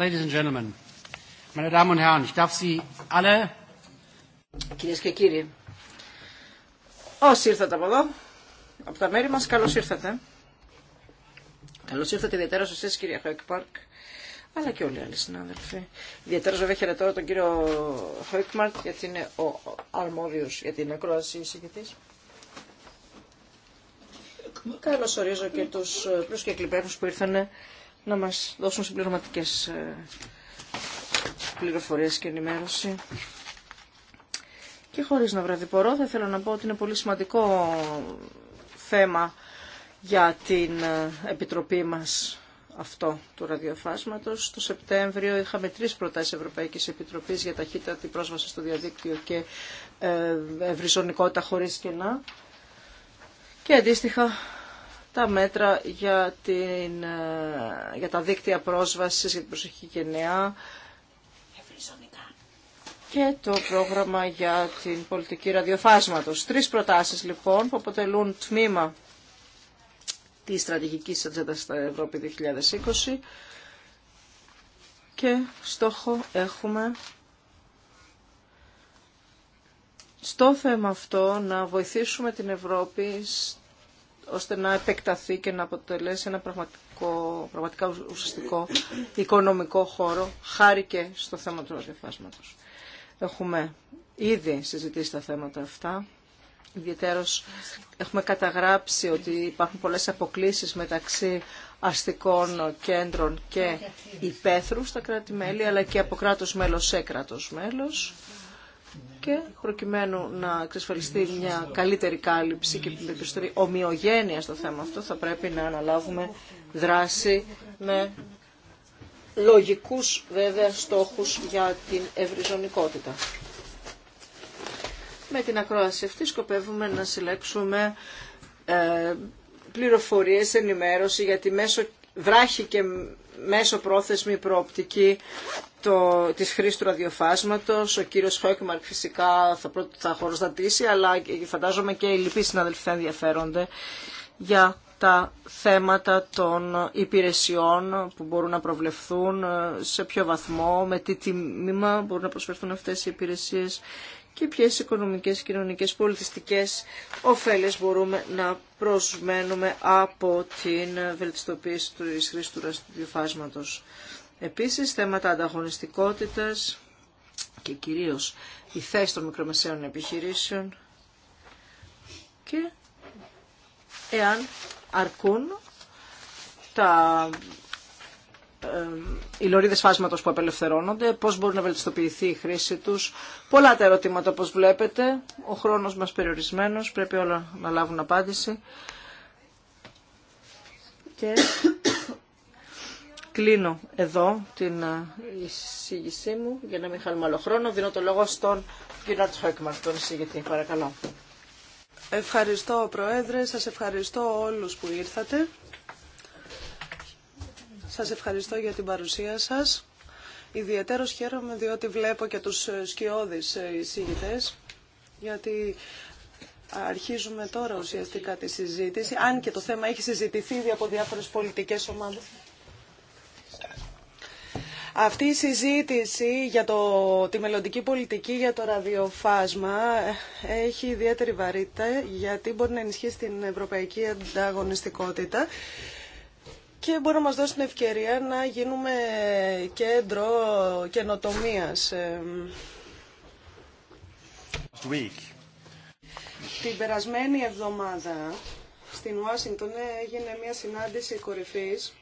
Ladies and gentlemen, meine Damen und Herren, ich darf Sie alle... Κυρίες και κύριοι, όσοι ήρθατε από εδώ, από τα μέρη μας, καλώς ήρθατε. Καλώς ήρθατε ιδιαίτερα εσείς κυρία Πάρκ, αλλά και όλοι οι άλλοι συνάδελφοι. Ιδιαίτερα βέβαια χαιρετώ τον κύριο Χόικμαρτ, γιατί είναι ο αρμόδιος για την ακρόαση εισηγητής. Καλώς ορίζω και τους προσκεκλημένους που ήρθανε να μας δώσουν συμπληρωματικές ε, πληροφορίες και ενημέρωση. Και χωρίς να βραδιπορώ, θα ήθελα να πω ότι είναι πολύ σημαντικό θέμα για την ε, Επιτροπή μας αυτό του ραδιοφάσματος. Το Σεπτέμβριο είχαμε τρεις προτάσεις Ευρωπαϊκής Επιτροπής για την πρόσβαση στο διαδίκτυο και ε, ευρυζωνικότητα χωρίς κενά. Και αντίστοιχα τα μέτρα για, την, ε, για τα δίκτυα πρόσβασης για την προσοχή και και το πρόγραμμα για την πολιτική ραδιοφάσματος. Τρεις προτάσεις λοιπόν που αποτελούν τμήμα της στρατηγικής ατζέντας στα Ευρώπη 2020 και στόχο έχουμε στο θέμα αυτό να βοηθήσουμε την Ευρώπη ώστε να επεκταθεί και να αποτελέσει ένα πραγματικό, πραγματικά ουσιαστικό οικονομικό χώρο, χάρη και στο θέμα του ραδιοφάσματος. Έχουμε ήδη συζητήσει τα θέματα αυτά. Ιδιαίτερος έχουμε καταγράψει ότι υπάρχουν πολλές αποκλήσεις μεταξύ αστικών κέντρων και υπαίθρου στα κράτη-μέλη, αλλά και από κράτος μέλος σε κράτος μέλος και προκειμένου να εξασφαλιστεί μια καλύτερη κάλυψη και περισσότερη ομοιογένεια στο θέμα αυτό θα πρέπει να αναλάβουμε δράση με λογικούς βέβαια στόχους για την ευρυζωνικότητα. Με την ακρόαση αυτή σκοπεύουμε να συλλέξουμε ε, πληροφορίες, ενημέρωση γιατί μέσω βράχη και μέσω πρόθεσμη προοπτική το, της χρήσης του ραδιοφάσματος. Ο κύριος Χόικμαρκ φυσικά θα, θα χωροστατήσει, αλλά φαντάζομαι και οι λοιποί συναδελφοί θα ενδιαφέρονται για τα θέματα των υπηρεσιών που μπορούν να προβλεφθούν, ε, σε ποιο βαθμό, με τι τιμήμα μπορούν να προσφερθούν αυτές οι υπηρεσίες και ποιες οικονομικές, κοινωνικές, πολιτιστικές ωφέλες μπορούμε να προσμένουμε από την βελτιστοποίηση του χρήσης του ραδιοφάσματος. Επίσης, θέματα ανταγωνιστικότητας και κυρίως η θέση των μικρομεσαίων επιχειρήσεων και εάν αρκούν τα ε, οι λωρίδες φάσματος που απελευθερώνονται, πώς μπορεί να βελτιστοποιηθεί η χρήση τους. Πολλά τα ερωτήματα όπως βλέπετε, ο χρόνος μας περιορισμένος, πρέπει όλα να λάβουν απάντηση. Και κλείνω εδώ την ε, εισήγησή μου για να μην χάνουμε άλλο χρόνο. Δίνω το λόγο στον κ. Χέκμαρτ, τον εισηγητή. Παρακαλώ. Ευχαριστώ Προέδρε, σας ευχαριστώ όλους που ήρθατε. Σας ευχαριστώ για την παρουσία σας. Ιδιαίτερος χαίρομαι διότι βλέπω και τους σκιώδεις εισηγητές, γιατί αρχίζουμε τώρα ουσιαστικά τη συζήτηση, αν και το θέμα έχει συζητηθεί ήδη από διάφορες πολιτικές ομάδες. Αυτή η συζήτηση για το, τη μελλοντική πολιτική για το ραδιοφάσμα έχει ιδιαίτερη βαρύτητα γιατί μπορεί να ενισχύσει την ευρωπαϊκή ανταγωνιστικότητα και μπορεί να μας δώσει την ευκαιρία να γίνουμε κέντρο καινοτομίας. Την περασμένη εβδομάδα στην Ουάσιγκτον έγινε μια συνάντηση κορυφής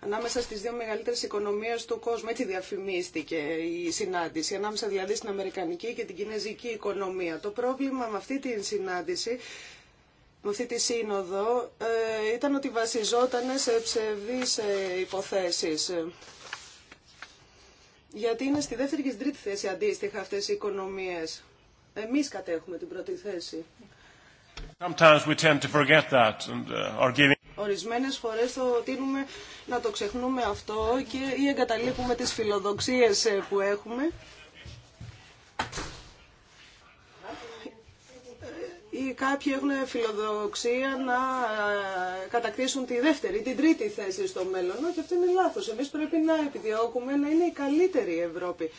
ανάμεσα στις δύο μεγαλύτερες οικονομίες του κόσμου. Έτσι διαφημίστηκε η συνάντηση, ανάμεσα δηλαδή στην Αμερικανική και την Κινέζικη οικονομία. Το πρόβλημα με αυτή τη συνάντηση με αυτή τη σύνοδο ε, ήταν ότι βασιζόταν σε ψευδείς ε, υποθέσεις. Γιατί είναι στη δεύτερη και στην τρίτη θέση αντίστοιχα αυτές οι οικονομίες. Εμείς κατέχουμε την πρώτη θέση. we tend to uh, Ορισμένες φορές το τείνουμε να το ξεχνούμε αυτό και ή εγκαταλείπουμε τις φιλοδοξίες ε, που έχουμε. κάποιοι έχουν φιλοδοξία να ε, κατακτήσουν τη δεύτερη, την τρίτη θέση στο μέλλον. Και αυτό είναι λάθος. Εμείς πρέπει να επιδιώκουμε να είναι η καλύτερη Ευρώπη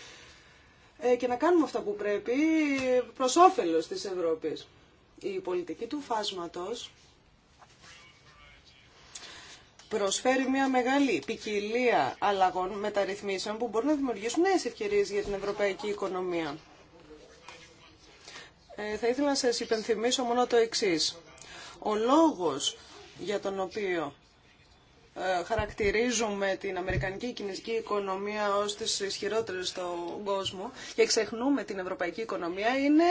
ε, και να κάνουμε αυτά που πρέπει προς όφελος της Ευρώπης. Η πολιτική του φάσματος προσφέρει μια μεγάλη ποικιλία αλλαγών μεταρρυθμίσεων που μπορούν να δημιουργήσουν νέες ευκαιρίες για την ευρωπαϊκή οικονομία. Ε, θα ήθελα να σας υπενθυμίσω μόνο το εξής. Ο λόγος για τον οποίο ε, χαρακτηρίζουμε την Αμερικανική και οικονομία ως τις ισχυρότερες στον κόσμο και ξεχνούμε την Ευρωπαϊκή οικονομία είναι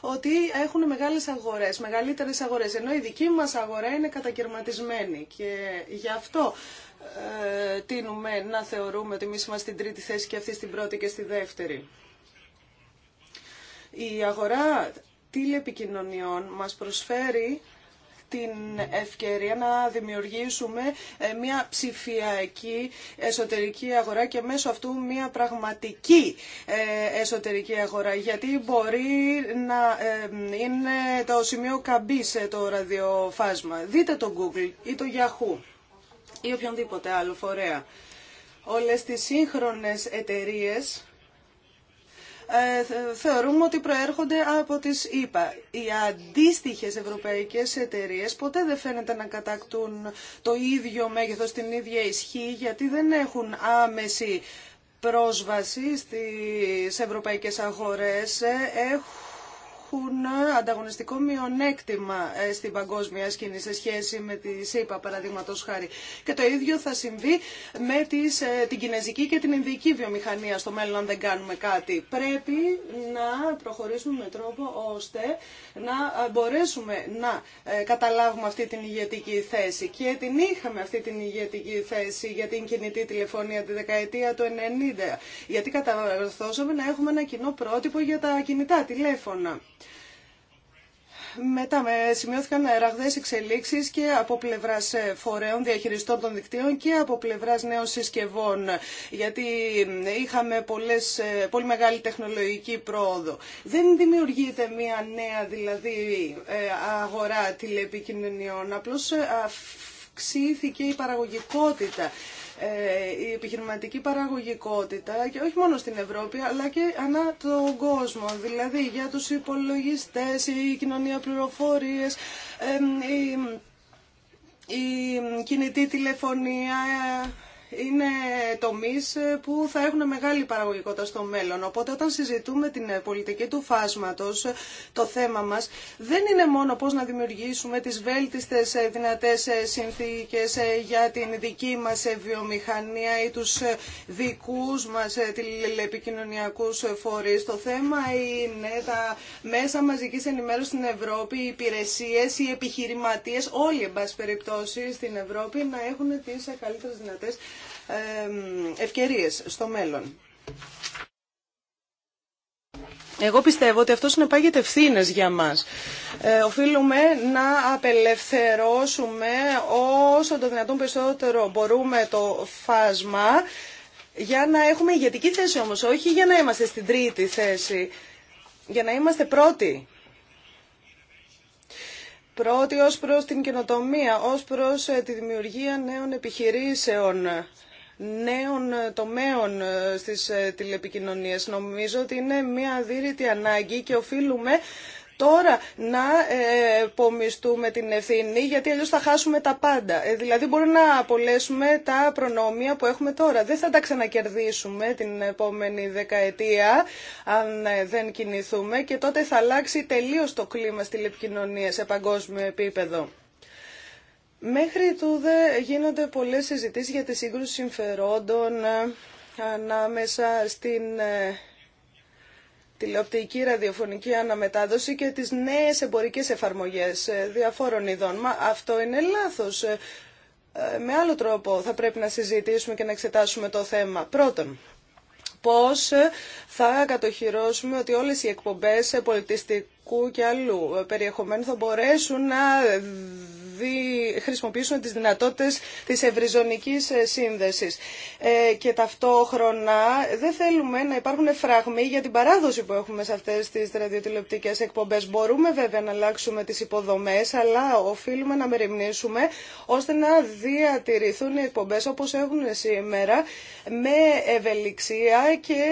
ότι έχουν μεγάλες αγορές, μεγαλύτερες αγορές, ενώ η δική μας αγορά είναι κατακαιρματισμένη και γι' αυτό ε, τίνουμε να θεωρούμε ότι εμείς είμαστε στην τρίτη θέση και αυτή στην πρώτη και στη δεύτερη. Η αγορά τηλεπικοινωνιών μας προσφέρει την ευκαιρία να δημιουργήσουμε ε, μια ψηφιακή εσωτερική αγορά και μέσω αυτού μια πραγματική ε, εσωτερική αγορά γιατί μπορεί να ε, είναι το σημείο σε το ραδιοφάσμα. Δείτε το Google ή το Yahoo ή οποιονδήποτε άλλο φορέα. Όλες τις σύγχρονες εταιρείες ε, θεωρούμε ότι προέρχονται από τις ΗΠΑ. Οι αντίστοιχες ευρωπαϊκές εταιρείες ποτέ δεν φαίνεται να κατακτούν το ίδιο μέγεθος, την ίδια ισχύ, γιατί δεν έχουν άμεση πρόσβαση στις ευρωπαϊκές αγορές, ε, έχουν ανταγωνιστικό μειονέκτημα ε, στην παγκόσμια σκηνή σε σχέση με τη ΣΥΠΑ, παραδείγματο χάρη. Και το ίδιο θα συμβεί με τις, ε, την κινέζικη και την ινδική βιομηχανία στο μέλλον, αν δεν κάνουμε κάτι. Πρέπει να προχωρήσουμε με τρόπο ώστε να ε, μπορέσουμε να καταλάβουμε αυτή την ηγετική θέση. Και την είχαμε αυτή την ηγετική θέση για την κινητή τηλεφωνία τη δεκαετία του 90. Γιατί καταρθώσαμε να έχουμε ένα κοινό πρότυπο για τα κινητά τηλέφωνα. Μετά με σημειώθηκαν ραγδαίες εξελίξεις και από πλευράς ε, φορέων διαχειριστών των δικτύων και από πλευράς νέων συσκευών, γιατί είχαμε πολλές, ε, πολύ μεγάλη τεχνολογική πρόοδο. Δεν δημιουργείται μια νέα δηλαδή ε, αγορά τηλεπικοινωνιών, απλώς αυξήθηκε η παραγωγικότητα ε, η επιχειρηματική παραγωγικότητα και όχι μόνο στην Ευρώπη αλλά και ανά τον κόσμο. Δηλαδή για τους υπολογιστές, η κοινωνία πληροφορίες, ε, η κινητή τηλεφωνία, ε, είναι τομείς που θα έχουν μεγάλη παραγωγικότητα στο μέλλον. Οπότε όταν συζητούμε την πολιτική του φάσματος, το θέμα μας δεν είναι μόνο πώς να δημιουργήσουμε τις βέλτιστες δυνατές συνθήκες για την δική μας βιομηχανία ή τους δικούς μας τηλεπικοινωνιακούς φορείς. Το θέμα είναι τα μέσα μαζικής ενημέρωσης στην Ευρώπη, οι υπηρεσίες, οι επιχειρηματίες, όλοι εν πάση περιπτώσει στην Ευρώπη να έχουν τις καλύτερες δυνατές ευκαιρίες στο μέλλον. Εγώ πιστεύω ότι αυτό συνεπάγεται ευθύνε για μα. Ε, οφείλουμε να απελευθερώσουμε όσο το δυνατόν περισσότερο μπορούμε το φάσμα για να έχουμε ηγετική θέση όμως, όχι για να είμαστε στην τρίτη θέση, για να είμαστε πρώτοι. Πρώτοι ως προς την καινοτομία, ως προς ε, τη δημιουργία νέων επιχειρήσεων νέων τομέων ε, στις ε, τηλεπικοινωνίες. Νομίζω ότι είναι μια δίρητη ανάγκη και οφείλουμε τώρα να ε, πομιστούμε την ευθύνη, γιατί αλλιώς θα χάσουμε τα πάντα. δηλαδή μπορούμε να απολέσουμε τα προνόμια που έχουμε τώρα. Δεν θα τα ξανακερδίσουμε την επόμενη δεκαετία, αν δεν κινηθούμε, και τότε θα αλλάξει τελείως το κλίμα στις τηλεπικοινωνία σε παγκόσμιο επίπεδο. Μέχρι τούδε γίνονται πολλές συζητήσεις για τη σύγκρουση συμφερόντων ε, ανάμεσα στην ε, τηλεοπτική ραδιοφωνική αναμετάδοση και τις νέες εμπορικές εφαρμογές ε, διαφόρων ειδών. Μα αυτό είναι λάθος. Με άλλο τρόπο θα πρέπει να συζητήσουμε και να εξετάσουμε το θέμα. Πρώτον, πώς θα κατοχυρώσουμε ότι όλες οι εκπομπές πολιτιστικού και άλλου περιεχομένου θα μπορέσουν να δι... χρησιμοποιήσουν τις δυνατότητες της ευρυζωνικής σύνδεσης. Ε, και ταυτόχρονα δεν θέλουμε να υπάρχουν φραγμοί για την παράδοση που έχουμε σε αυτές τις ραδιοτηλεοπτικές εκπομπές. Μπορούμε βέβαια να αλλάξουμε τις υποδομές, αλλά οφείλουμε να μεριμνήσουμε ώστε να διατηρηθούν οι εκπομπές όπως έχουν σήμερα με ευελιξία και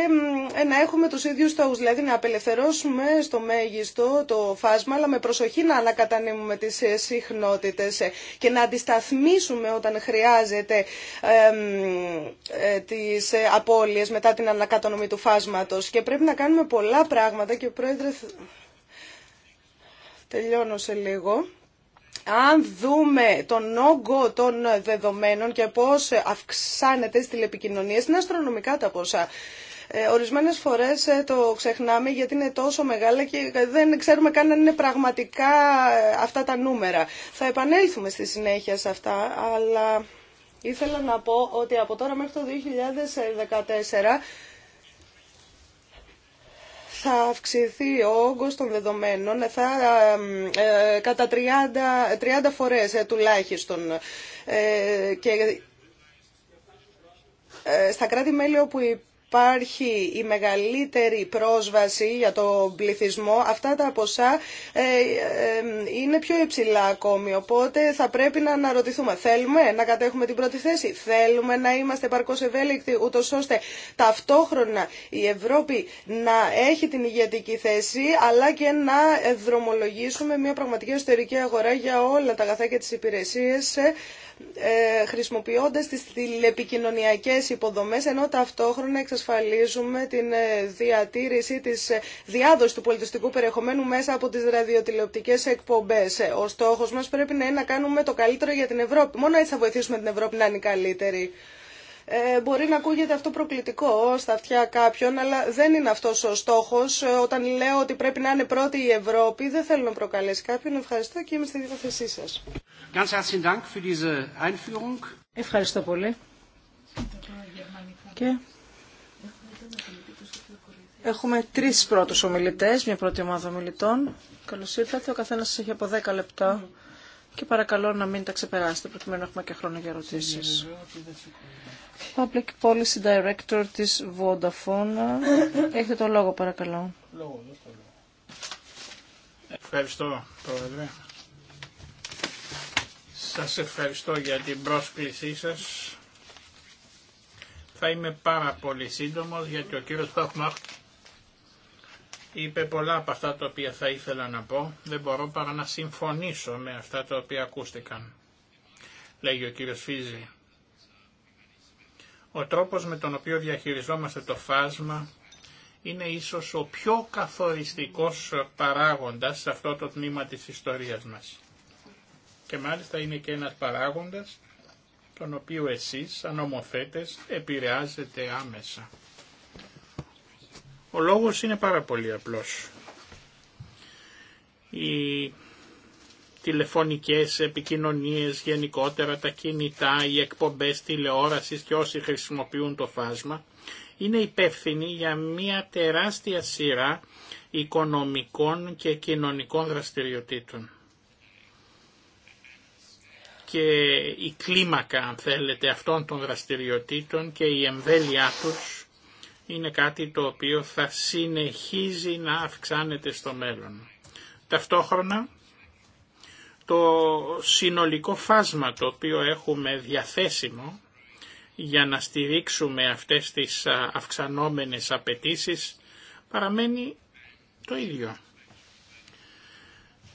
να έχουμε τους ίδιους στόχους, δηλαδή να απελευθερώσουμε στο μέγιστο το φάσμα, αλλά με προσοχή να ανακατανέμουμε τις ε, συχνότητες ε, και να αντισταθμίσουμε όταν χρειάζεται ε, τις απώλειες μετά την ανακατανομή του φάσματος. Και πρέπει να κάνουμε πολλά πράγματα και πρόεδρε... Τελειώνω σε λίγο. Αν δούμε τον όγκο των δεδομένων και πώς αυξάνεται στις τηλεπικοινωνίες, είναι αστρονομικά τα ποσά. Ε, ορισμένες φορές ε, το ξεχνάμε γιατί είναι τόσο μεγάλα και δεν ξέρουμε καν αν είναι πραγματικά ε, αυτά τα νούμερα. Θα επανέλθουμε στη συνέχεια σε αυτά, αλλά ήθελα να πω ότι από τώρα μέχρι το 2014 θα αυξηθεί ο όγκος των δεδομένων θα, κατά 30, 30 φορές τουλάχιστον και στα κράτη-μέλη όπου υπάρχει η μεγαλύτερη πρόσβαση για τον πληθυσμό, αυτά τα ποσά ε, ε, είναι πιο υψηλά ακόμη. Οπότε θα πρέπει να αναρωτηθούμε. Θέλουμε να κατέχουμε την πρώτη θέση. Θέλουμε να είμαστε παρκώ ευέλικτοι, ούτω ώστε ταυτόχρονα η Ευρώπη να έχει την ηγετική θέση, αλλά και να δρομολογήσουμε μια πραγματική εσωτερική αγορά για όλα τα αγαθά και τι ε, χρησιμοποιώντας τις τηλεπικοινωνιακές υποδομές ενώ ταυτόχρονα εξασφαλίζουμε την ε, διατήρηση της ε, διάδοσης του πολιτιστικού περιεχομένου μέσα από τις ραδιοτηλεοπτικές εκπομπές. Ο στόχος μας πρέπει να είναι να κάνουμε το καλύτερο για την Ευρώπη. Μόνο έτσι θα βοηθήσουμε την Ευρώπη να είναι καλύτερη. Ε, μπορεί να ακούγεται αυτό προκλητικό στα αυτιά κάποιων, αλλά δεν είναι αυτό ο στόχος. Ε, όταν λέω ότι πρέπει να είναι πρώτη η Ευρώπη, δεν θέλω να προκαλέσει κάποιον. Ευχαριστώ και είμαι στη διάθεσή σα. Ευχαριστώ πολύ. Και... Έχουμε τρει πρώτου ομιλητέ, μια πρώτη ομάδα ομιλητών. Καλώ ήρθατε. Ο καθένα έχει από δέκα λεπτά και παρακαλώ να μην τα ξεπεράσετε προκειμένου να έχουμε και χρόνο για ερωτήσει. Public Policy Director της Vodafone. Έχετε το λόγο παρακαλώ. Ευχαριστώ Πρόεδρε. Σας ευχαριστώ για την πρόσκλησή σας. Θα είμαι πάρα πολύ σύντομος γιατί ο κύριος Παχμάχ είπε πολλά από αυτά τα οποία θα ήθελα να πω. Δεν μπορώ παρά να συμφωνήσω με αυτά τα οποία ακούστηκαν. Λέγει ο κύριος Φίζη. Ο τρόπος με τον οποίο διαχειριζόμαστε το φάσμα είναι ίσως ο πιο καθοριστικός παράγοντας σε αυτό το τμήμα της ιστορίας μας. Και μάλιστα είναι και ένας παράγοντας τον οποίο εσείς, σαν επηρεάζετε άμεσα. Ο λόγος είναι πάρα πολύ απλός. Οι τηλεφωνικές επικοινωνίες γενικότερα, τα κινητά, οι εκπομπές τηλεόρασης και όσοι χρησιμοποιούν το φάσμα, είναι υπεύθυνοι για μια τεράστια σειρά οικονομικών και κοινωνικών δραστηριοτήτων. Και η κλίμακα, αν θέλετε, αυτών των δραστηριοτήτων και η εμβέλειά τους είναι κάτι το οποίο θα συνεχίζει να αυξάνεται στο μέλλον. Ταυτόχρονα το συνολικό φάσμα το οποίο έχουμε διαθέσιμο για να στηρίξουμε αυτές τις αυξανόμενες απαιτήσεις παραμένει το ίδιο.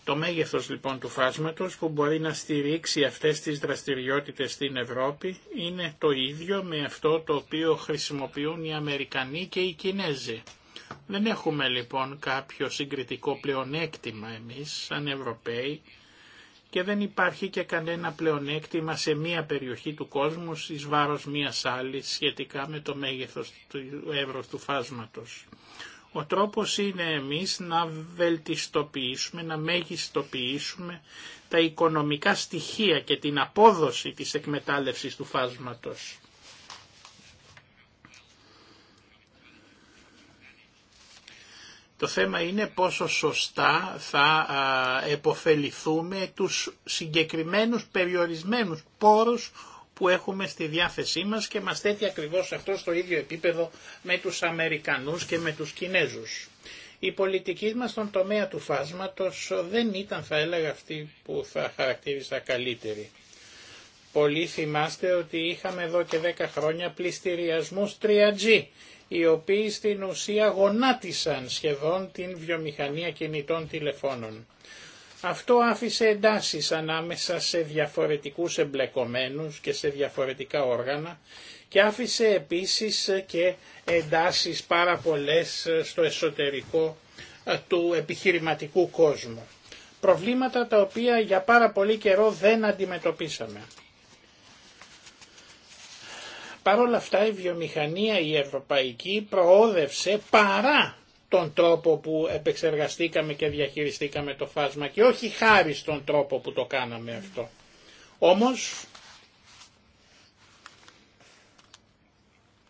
Το μέγεθος λοιπόν του φάσματος που μπορεί να στηρίξει αυτές τις δραστηριότητες στην Ευρώπη είναι το ίδιο με αυτό το οποίο χρησιμοποιούν οι Αμερικανοί και οι Κινέζοι. Δεν έχουμε λοιπόν κάποιο συγκριτικό πλεονέκτημα εμείς σαν Ευρωπαίοι και δεν υπάρχει και κανένα πλεονέκτημα σε μία περιοχή του κόσμου εις βάρος μίας άλλης σχετικά με το μέγεθος του εύρος του φάσματος. Ο τρόπος είναι εμείς να βελτιστοποιήσουμε, να μέγιστοποιήσουμε τα οικονομικά στοιχεία και την απόδοση της εκμετάλλευσης του φάσματος. Το θέμα είναι πόσο σωστά θα εποφεληθούμε τους συγκεκριμένους περιορισμένους πόρους που έχουμε στη διάθεσή μας και μας θέτει ακριβώς αυτό στο ίδιο επίπεδο με τους Αμερικανούς και με τους Κινέζους. Η πολιτική μας στον τομέα του φάσματος δεν ήταν θα έλεγα αυτή που θα χαρακτήριζα καλύτερη. Πολλοί θυμάστε ότι είχαμε εδώ και 10 χρόνια πληστηριασμούς 3G, οι οποίοι στην ουσία γονάτισαν σχεδόν την βιομηχανία κινητών τηλεφώνων. Αυτό άφησε εντάσεις ανάμεσα σε διαφορετικούς εμπλεκομένους και σε διαφορετικά όργανα και άφησε επίσης και εντάσεις πάρα πολλές στο εσωτερικό ε, του επιχειρηματικού κόσμου. Προβλήματα τα οποία για πάρα πολύ καιρό δεν αντιμετωπίσαμε. Παρ' όλα αυτά η βιομηχανία η ευρωπαϊκή προόδευσε παρά τον τρόπο που επεξεργαστήκαμε και διαχειριστήκαμε το φάσμα και όχι χάρη στον τρόπο που το κάναμε αυτό. Όμως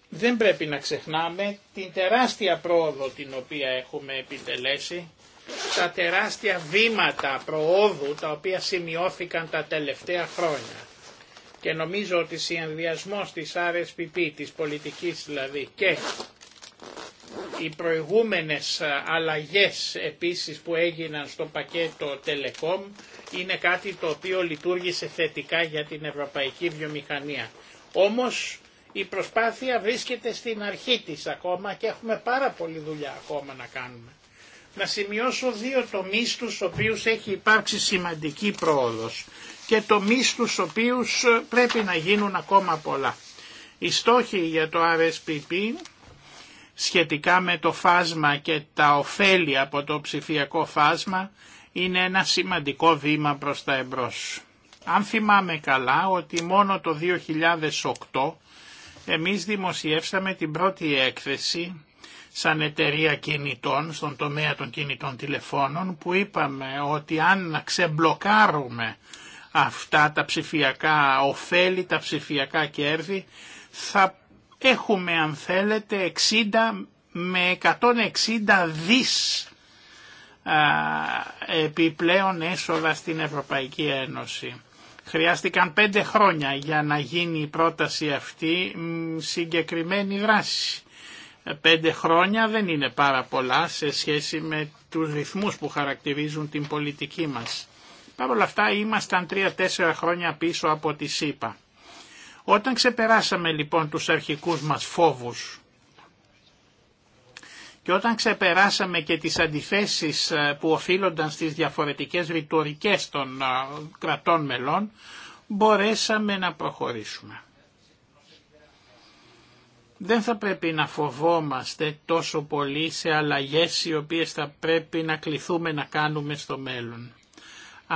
δεν πρέπει να ξεχνάμε την τεράστια πρόοδο την οποία έχουμε επιτελέσει, τα τεράστια βήματα προόδου τα οποία σημειώθηκαν τα τελευταία χρόνια. Και νομίζω ότι συνδυασμό της RSPP, της πολιτικής δηλαδή και οι προηγούμενες ε, αλλαγές επίσης που έγιναν στο πακέτο Telecom είναι κάτι το οποίο λειτουργήσε θετικά για την ευρωπαϊκή βιομηχανία. Όμως η προσπάθεια βρίσκεται στην αρχή της ακόμα και έχουμε πάρα πολλή δουλειά ακόμα να κάνουμε. Να σημειώσω δύο τομείς τους οποίους έχει υπάρξει σημαντική πρόοδος και τομείς τους οποίους ε, πρέπει να γίνουν ακόμα πολλά. Οι στόχοι για το RSPP σχετικά με το φάσμα και τα ωφέλη από το ψηφιακό φάσμα είναι ένα σημαντικό βήμα προς τα εμπρός. Αν θυμάμαι καλά ότι μόνο το 2008 εμείς δημοσιεύσαμε την πρώτη έκθεση σαν εταιρεία κινητών στον τομέα των κινητών τηλεφώνων που είπαμε ότι αν ξεμπλοκάρουμε αυτά τα ψηφιακά ωφέλη, τα ψηφιακά κέρδη θα έχουμε αν θέλετε 60 με 160 δις α, επιπλέον έσοδα στην Ευρωπαϊκή Ένωση. Χρειάστηκαν πέντε χρόνια για να γίνει η πρόταση αυτή συγκεκριμένη δράση. Πέντε χρόνια δεν είναι πάρα πολλά σε σχέση με τους ρυθμούς που χαρακτηρίζουν την πολιτική μας. Παρ' όλα αυτά ήμασταν τρία-τέσσερα χρόνια πίσω από τη ΣΥΠΑ. Όταν ξεπεράσαμε λοιπόν τους αρχικούς μας φόβους και όταν ξεπεράσαμε και τις αντιθέσεις ε, που οφείλονταν στις διαφορετικές ρητορικέ των ε, κρατών μελών, μπορέσαμε να προχωρήσουμε. Δεν θα πρέπει να φοβόμαστε τόσο πολύ σε αλλαγές οι οποίες θα πρέπει να κληθούμε να κάνουμε στο μέλλον.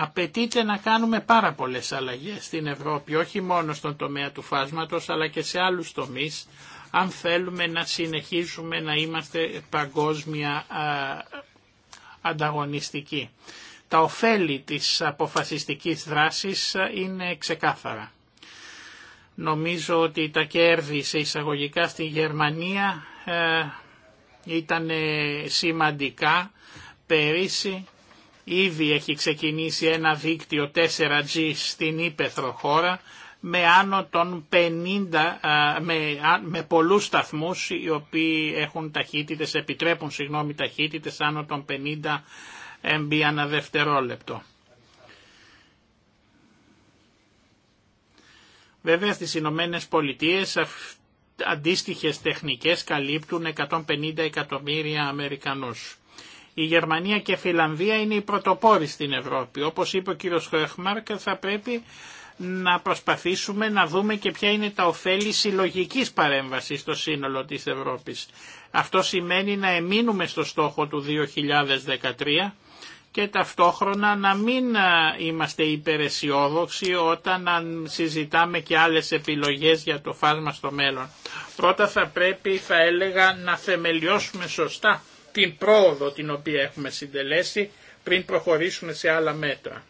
Απαιτείται να κάνουμε πάρα πολλές αλλαγές στην Ευρώπη, όχι μόνο στον τομέα του φάσματος, αλλά και σε άλλους τομείς, αν θέλουμε να συνεχίσουμε να είμαστε παγκόσμια ανταγωνιστικοί. Τα ωφέλη της αποφασιστικής δράσης είναι ξεκάθαρα. Νομίζω ότι τα κέρδη σε εισαγωγικά στη Γερμανία ε, ήταν σημαντικά πέρυσι Ήδη έχει ξεκινήσει ένα δίκτυο 4G στην Ήπεθρο χώρα με άνω των 50, με, με πολλούς σταθμούς οι οποίοι έχουν ταχύτητες, επιτρέπουν συγγνώμη ταχύτητες άνω των 50 MB ανά δευτερόλεπτο. Βέβαια στις Ηνωμένε Πολιτείες αντίστοιχες τεχνικές καλύπτουν 150 εκατομμύρια Αμερικανούς. Η Γερμανία και η Φιλανδία είναι οι πρωτοπόροι στην Ευρώπη. Όπως είπε ο κύριος Χρέχμαρκ θα πρέπει να προσπαθήσουμε να δούμε και ποια είναι τα ωφέλη συλλογική παρέμβαση στο σύνολο της Ευρώπης. Αυτό σημαίνει να εμείνουμε στο στόχο του 2013 και ταυτόχρονα να μην είμαστε υπεραισιόδοξοι όταν συζητάμε και άλλες επιλογές για το φάσμα στο μέλλον. Πρώτα θα πρέπει θα έλεγα να θεμελιώσουμε σωστά την πρόοδο την οποία έχουμε συντελέσει πριν προχωρήσουμε σε άλλα μέτρα.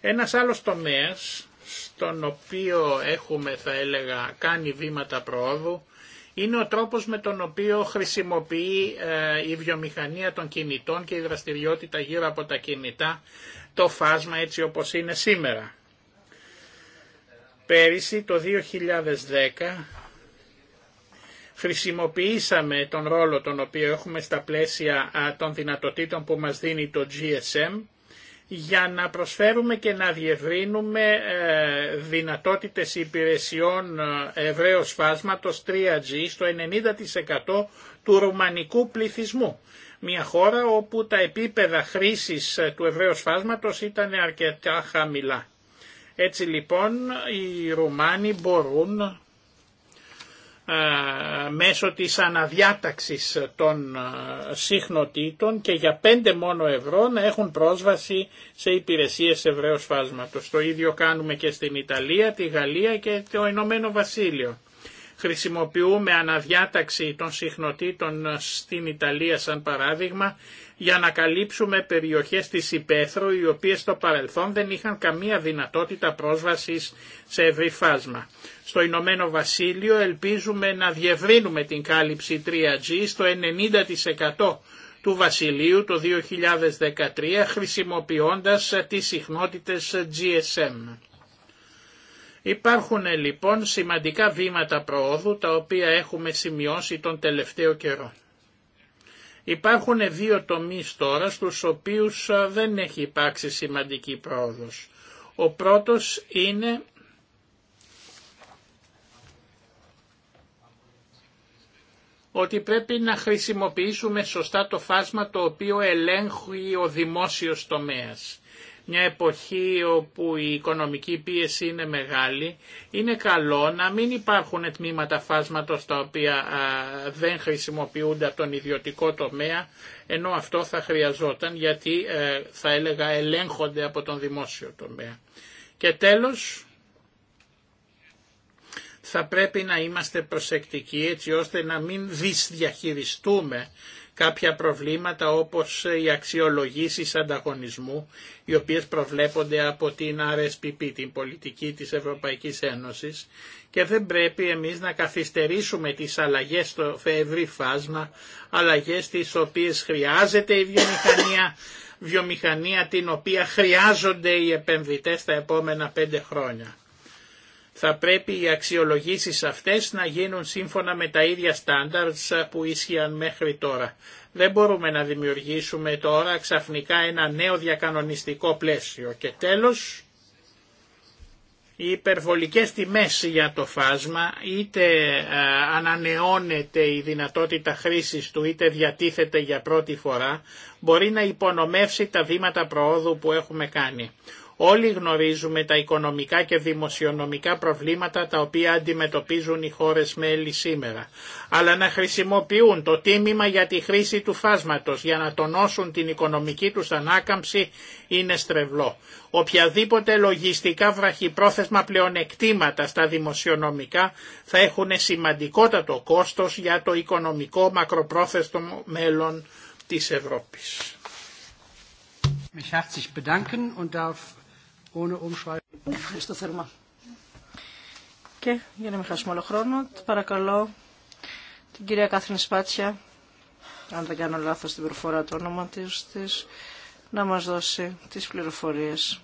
Ένας άλλος τομέας στον οποίο έχουμε θα έλεγα κάνει βήματα προόδου είναι ο τρόπος με τον οποίο χρησιμοποιεί ε, η βιομηχανία των κινητών και η δραστηριότητα γύρω από τα κινητά το φάσμα έτσι όπως είναι σήμερα. Πέρυσι το 2010 Χρησιμοποιήσαμε τον ρόλο τον οποίο έχουμε στα πλαίσια των δυνατοτήτων που μας δίνει το GSM για να προσφέρουμε και να διευρύνουμε ε, δυνατότητες υπηρεσιών ε, ευρέως φάσματος 3G στο 90% του ρουμανικού πληθυσμού. Μια χώρα όπου τα επίπεδα χρήσης ε, του ευρέως φάσματος ήταν αρκετά χαμηλά. Έτσι λοιπόν οι Ρουμάνοι μπορούν ε, μέσω της αναδιάταξης των ε, συχνοτήτων και για 5 μόνο ευρώ να έχουν πρόσβαση σε υπηρεσίες ευρέως φάσματος. Το ίδιο κάνουμε και στην Ιταλία, τη Γαλλία και το Ηνωμένο Βασίλειο χρησιμοποιούμε αναδιάταξη των συχνοτήτων στην Ιταλία σαν παράδειγμα για να καλύψουμε περιοχές της υπαίθρου οι οποίες στο παρελθόν δεν είχαν καμία δυνατότητα πρόσβασης σε ευρύ φάσμα. Στο Ηνωμένο Βασίλειο ελπίζουμε να διευρύνουμε την κάλυψη 3G στο 90% του Βασιλείου το 2013 χρησιμοποιώντας τις συχνότητες GSM. Υπάρχουν λοιπόν σημαντικά βήματα προόδου τα οποία έχουμε σημειώσει τον τελευταίο καιρό. Υπάρχουν δύο τομείς τώρα στους οποίους δεν έχει υπάρξει σημαντική πρόοδος. Ο πρώτος είναι ότι πρέπει να χρησιμοποιήσουμε σωστά το φάσμα το οποίο ελέγχει ο δημόσιος τομέας μια εποχή όπου η οικονομική πίεση είναι μεγάλη, είναι καλό να μην υπάρχουν τμήματα φάσματος τα οποία δεν χρησιμοποιούνται από τον ιδιωτικό τομέα, ενώ αυτό θα χρειαζόταν γιατί ε, θα έλεγα ελέγχονται από τον δημόσιο τομέα. Και τέλος, θα πρέπει να είμαστε προσεκτικοί έτσι ώστε να μην δυσδιαχειριστούμε κάποια προβλήματα όπως οι αξιολογήσεις ανταγωνισμού, οι οποίες προβλέπονται από την RSPP, την πολιτική της Ευρωπαϊκής Ένωσης, και δεν πρέπει εμείς να καθυστερήσουμε τις αλλαγές στο ευρύ φάσμα, αλλαγές τις οποίες χρειάζεται η βιομηχανία, βιομηχανία την οποία χρειάζονται οι επενδυτές τα επόμενα πέντε χρόνια θα πρέπει οι αξιολογήσεις αυτές να γίνουν σύμφωνα με τα ίδια standards που ίσχυαν μέχρι τώρα. Δεν μπορούμε να δημιουργήσουμε τώρα ξαφνικά ένα νέο διακανονιστικό πλαίσιο. Και τέλος, οι υπερβολικές τιμές για το φάσμα είτε ε, ανανεώνεται η δυνατότητα χρήσης του είτε διατίθεται για πρώτη φορά μπορεί να υπονομεύσει τα βήματα προόδου που έχουμε κάνει. Όλοι γνωρίζουμε τα οικονομικά και δημοσιονομικά προβλήματα τα οποία αντιμετωπίζουν οι χώρες μέλη σήμερα. Αλλά να χρησιμοποιούν το τίμημα για τη χρήση του φάσματος για να τονώσουν την οικονομική τους ανάκαμψη είναι στρεβλό. Οποιαδήποτε λογιστικά βραχυπρόθεσμα πλεονεκτήματα στα δημοσιονομικά θα έχουν σημαντικότατο κόστος για το οικονομικό μακροπρόθεσμο μέλλον της Ευρώπης. herzlich und darf Ευχαριστώ θερμά. Και για να μην χάσουμε όλο χρόνο, παρακαλώ την κυρία Κάθριν Σπάτσια, αν δεν κάνω λάθος την προφορά του όνομα της, της να μας δώσει τις πληροφορίες.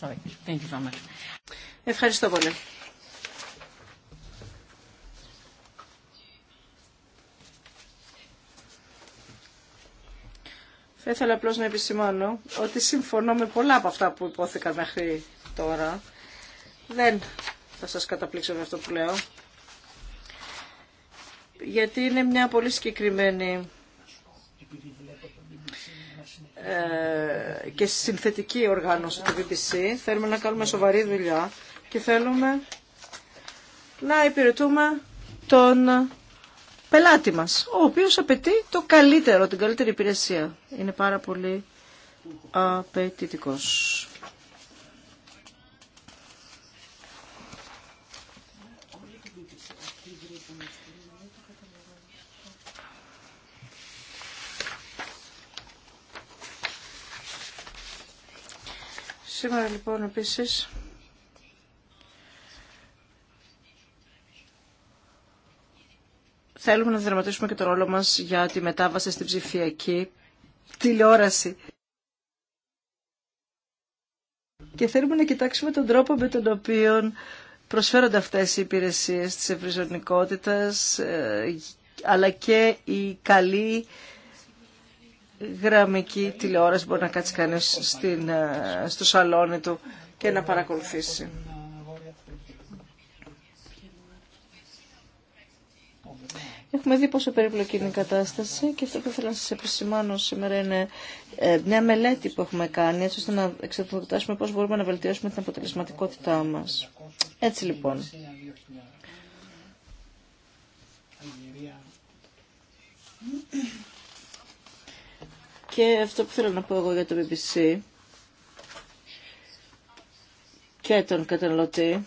Sorry. Thank you much. Ευχαριστώ πολύ. Θα ήθελα απλώς να επισημάνω ότι συμφωνώ με πολλά από αυτά που υπόθηκαν μέχρι τώρα. Δεν θα σας καταπλήξω με αυτό που λέω. Γιατί είναι μια πολύ συγκεκριμένη ε, και συνθετική οργάνωση του BBC. Θέλουμε να κάνουμε σοβαρή δουλειά και θέλουμε να υπηρετούμε τον πελάτη μας, ο οποίος απαιτεί το καλύτερο, την καλύτερη υπηρεσία. Είναι πάρα πολύ απαιτητικός. Σήμερα λοιπόν επίσης θέλουμε να δραματίσουμε και το ρόλο μας για τη μετάβαση στην ψηφιακή τηλεόραση. Και θέλουμε να κοιτάξουμε τον τρόπο με τον οποίο προσφέρονται αυτές οι υπηρεσίες της ευρυζωνικότητας, ε, αλλά και η καλή γραμμική τηλεόραση μπορεί να κάτσει κανείς στην, ε, στο σαλόνι του και να παρακολουθήσει. Έχουμε δει πόσο περίπλοκη είναι η κατάσταση και αυτό που ήθελα να σας επισημάνω σήμερα είναι ε, μια μελέτη που έχουμε κάνει έτσι ώστε να εξετάσουμε πώς μπορούμε να βελτιώσουμε την αποτελεσματικότητά μας. Έτσι λοιπόν. Και αυτό που θέλω να πω εγώ για το BBC και τον καταναλωτή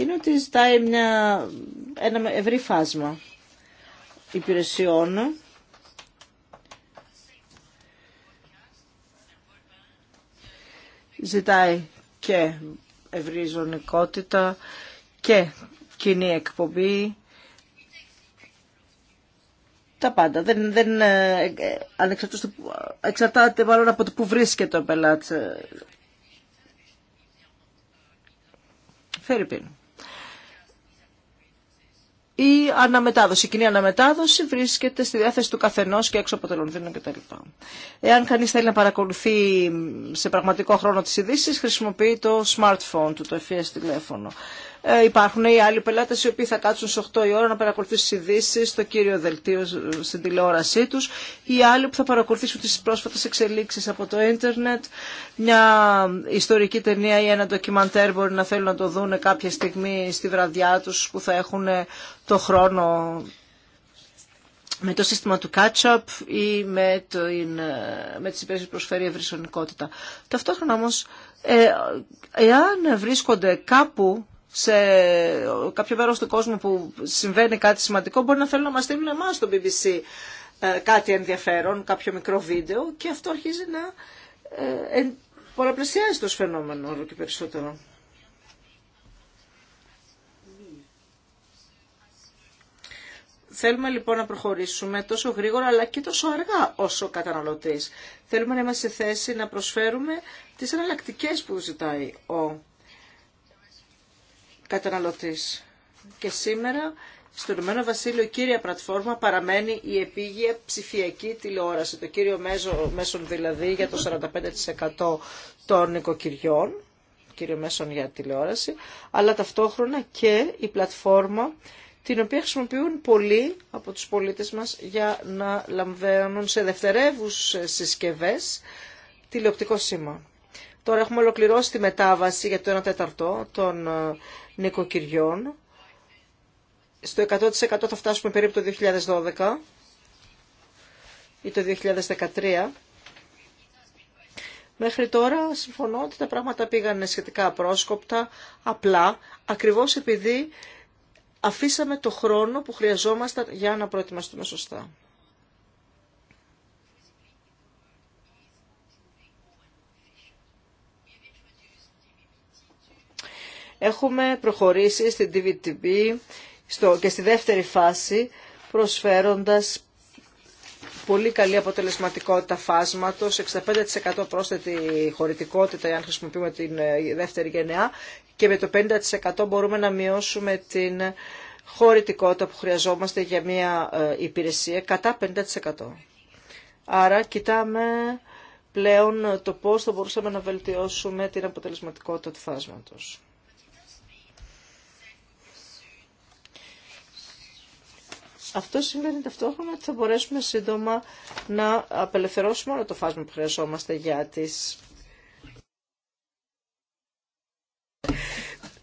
είναι ότι ζητάει μια, ένα ευρύ φάσμα υπηρεσιών ζητάει και ευρύ ζωνικότητα και κοινή εκπομπή τα πάντα. Δεν, δεν, ε, ε, εξαρτάται μάλλον από το που βρίσκεται ο πελάτης. Ε, πίνου η αναμετάδοση, η κοινή αναμετάδοση βρίσκεται στη διάθεση του καθενό και έξω από το Λονδίνο κτλ. Εάν κανείς θέλει να παρακολουθεί σε πραγματικό χρόνο τις ειδήσει, χρησιμοποιεί το smartphone του, το ευφυές τηλέφωνο. Ε, υπάρχουν οι άλλοι πελάτε οι οποίοι θα κάτσουν στι 8 η ώρα να παρακολουθήσουν τι ειδήσει στο κύριο δελτίο στην τηλεόρασή του. Οι άλλοι που θα παρακολουθήσουν τι πρόσφατε εξελίξει από το ίντερνετ. Μια ιστορική ταινία ή ένα ντοκιμαντέρ μπορεί να θέλουν να το δουν κάποια στιγμή στη βραδιά του που θα έχουν ε, το χρόνο με το σύστημα του catch-up ή με, το, ε, με τις υπηρεσίες που προσφέρει ευρυσονικότητα. Ταυτόχρονα όμως, ε, εάν βρίσκονται κάπου σε κάποιο μέρο του κόσμου που συμβαίνει κάτι σημαντικό μπορεί να θέλουν να μας στείλουν εμά στο BBC ε, κάτι ενδιαφέρον, κάποιο μικρό βίντεο και αυτό αρχίζει να ε, πολλαπλασιάζει το φαινόμενο όλο και περισσότερο. Θέλουμε λοιπόν να προχωρήσουμε τόσο γρήγορα αλλά και τόσο αργά όσο καταναλωτής. Θέλουμε να είμαστε σε θέση να προσφέρουμε τις εναλλακτικέ που ζητάει ο καταναλωτής. Και σήμερα στο Ηνωμένο Βασίλειο η κύρια πλατφόρμα παραμένει η επίγεια ψηφιακή τηλεόραση, το κύριο μέσο, μέσον δηλαδή για το 45% των νοικοκυριών, κύριο μέσον για τηλεόραση, αλλά ταυτόχρονα και η πλατφόρμα την οποία χρησιμοποιούν πολλοί από τους πολίτες μας για να λαμβάνουν σε δευτερεύους συσκευές τηλεοπτικό σήμα. Τώρα έχουμε ολοκληρώσει τη μετάβαση για το 1 τέταρτο των ε, νοικοκυριών. Στο 100% θα φτάσουμε περίπου το 2012 ή το 2013. Μέχρι τώρα συμφωνώ ότι τα πράγματα πήγαν σχετικά απρόσκοπτα, απλά, ακριβώς επειδή αφήσαμε το χρόνο που χρειαζόμασταν για να προετοιμαστούμε σωστά. έχουμε προχωρήσει στην DVTB στο, και στη δεύτερη φάση προσφέροντας πολύ καλή αποτελεσματικότητα φάσματος, 65% πρόσθετη χωρητικότητα αν χρησιμοποιούμε την ε, δεύτερη γενεά και με το 50% μπορούμε να μειώσουμε την χωρητικότητα που χρειαζόμαστε για μια ε, υπηρεσία κατά 50%. Άρα κοιτάμε πλέον το πώς θα μπορούσαμε να βελτιώσουμε την αποτελεσματικότητα του φάσματος. Αυτό σημαίνει ταυτόχρονα ότι θα μπορέσουμε σύντομα να απελευθερώσουμε όλο το φάσμα που χρειαζόμαστε για τις...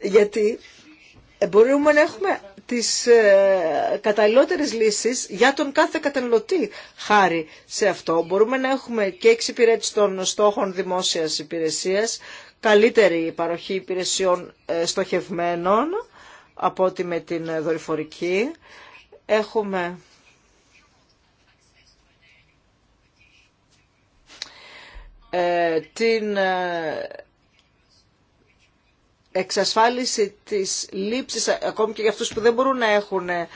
Γιατί μπορούμε να έχουμε τις ε, καταλληλότερες λύσεις για τον κάθε καταναλωτή χάρη σε αυτό. Μπορούμε να έχουμε και εξυπηρέτηση των στόχων δημόσιας υπηρεσίας, καλύτερη παροχή υπηρεσιών ε, στοχευμένων από ότι με την ε, δορυφορική έχουμε ε, την ε, εξασφάλιση της λήψης ακόμη και για αυτούς που δεν μπορούν να έχουν ε,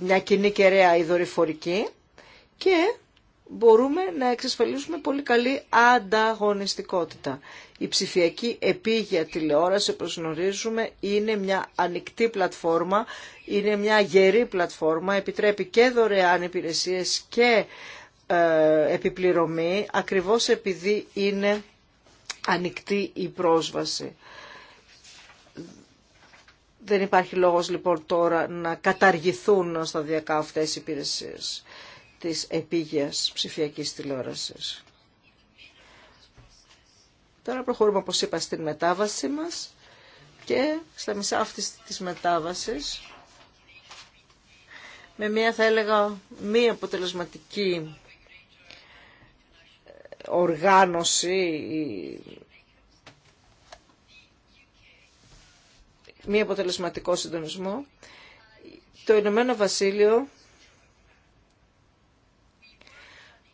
μια κοινή κεραία η δορυφορική και μπορούμε να εξασφαλίσουμε πολύ καλή ανταγωνιστικότητα. Η ψηφιακή επίγεια τηλεόραση, όπως γνωρίζουμε, είναι μια ανοιχτή πλατφόρμα, είναι μια γερή πλατφόρμα, επιτρέπει και δωρεάν υπηρεσίες και ε, επιπληρωμή, ακριβώς επειδή είναι ανοιχτή η πρόσβαση. Δεν υπάρχει λόγος λοιπόν τώρα να καταργηθούν σταδιακά αυτές οι υπηρεσίες της επίγειας ψηφιακής τηλεόρασης. Τώρα προχωρούμε, όπως είπα, στην μετάβαση μας και στα μισά αυτής της μετάβασης με μια, θα έλεγα, μία αποτελεσματική ε, οργάνωση μία αποτελεσματικό συντονισμό, το Ηνωμένο Βασίλειο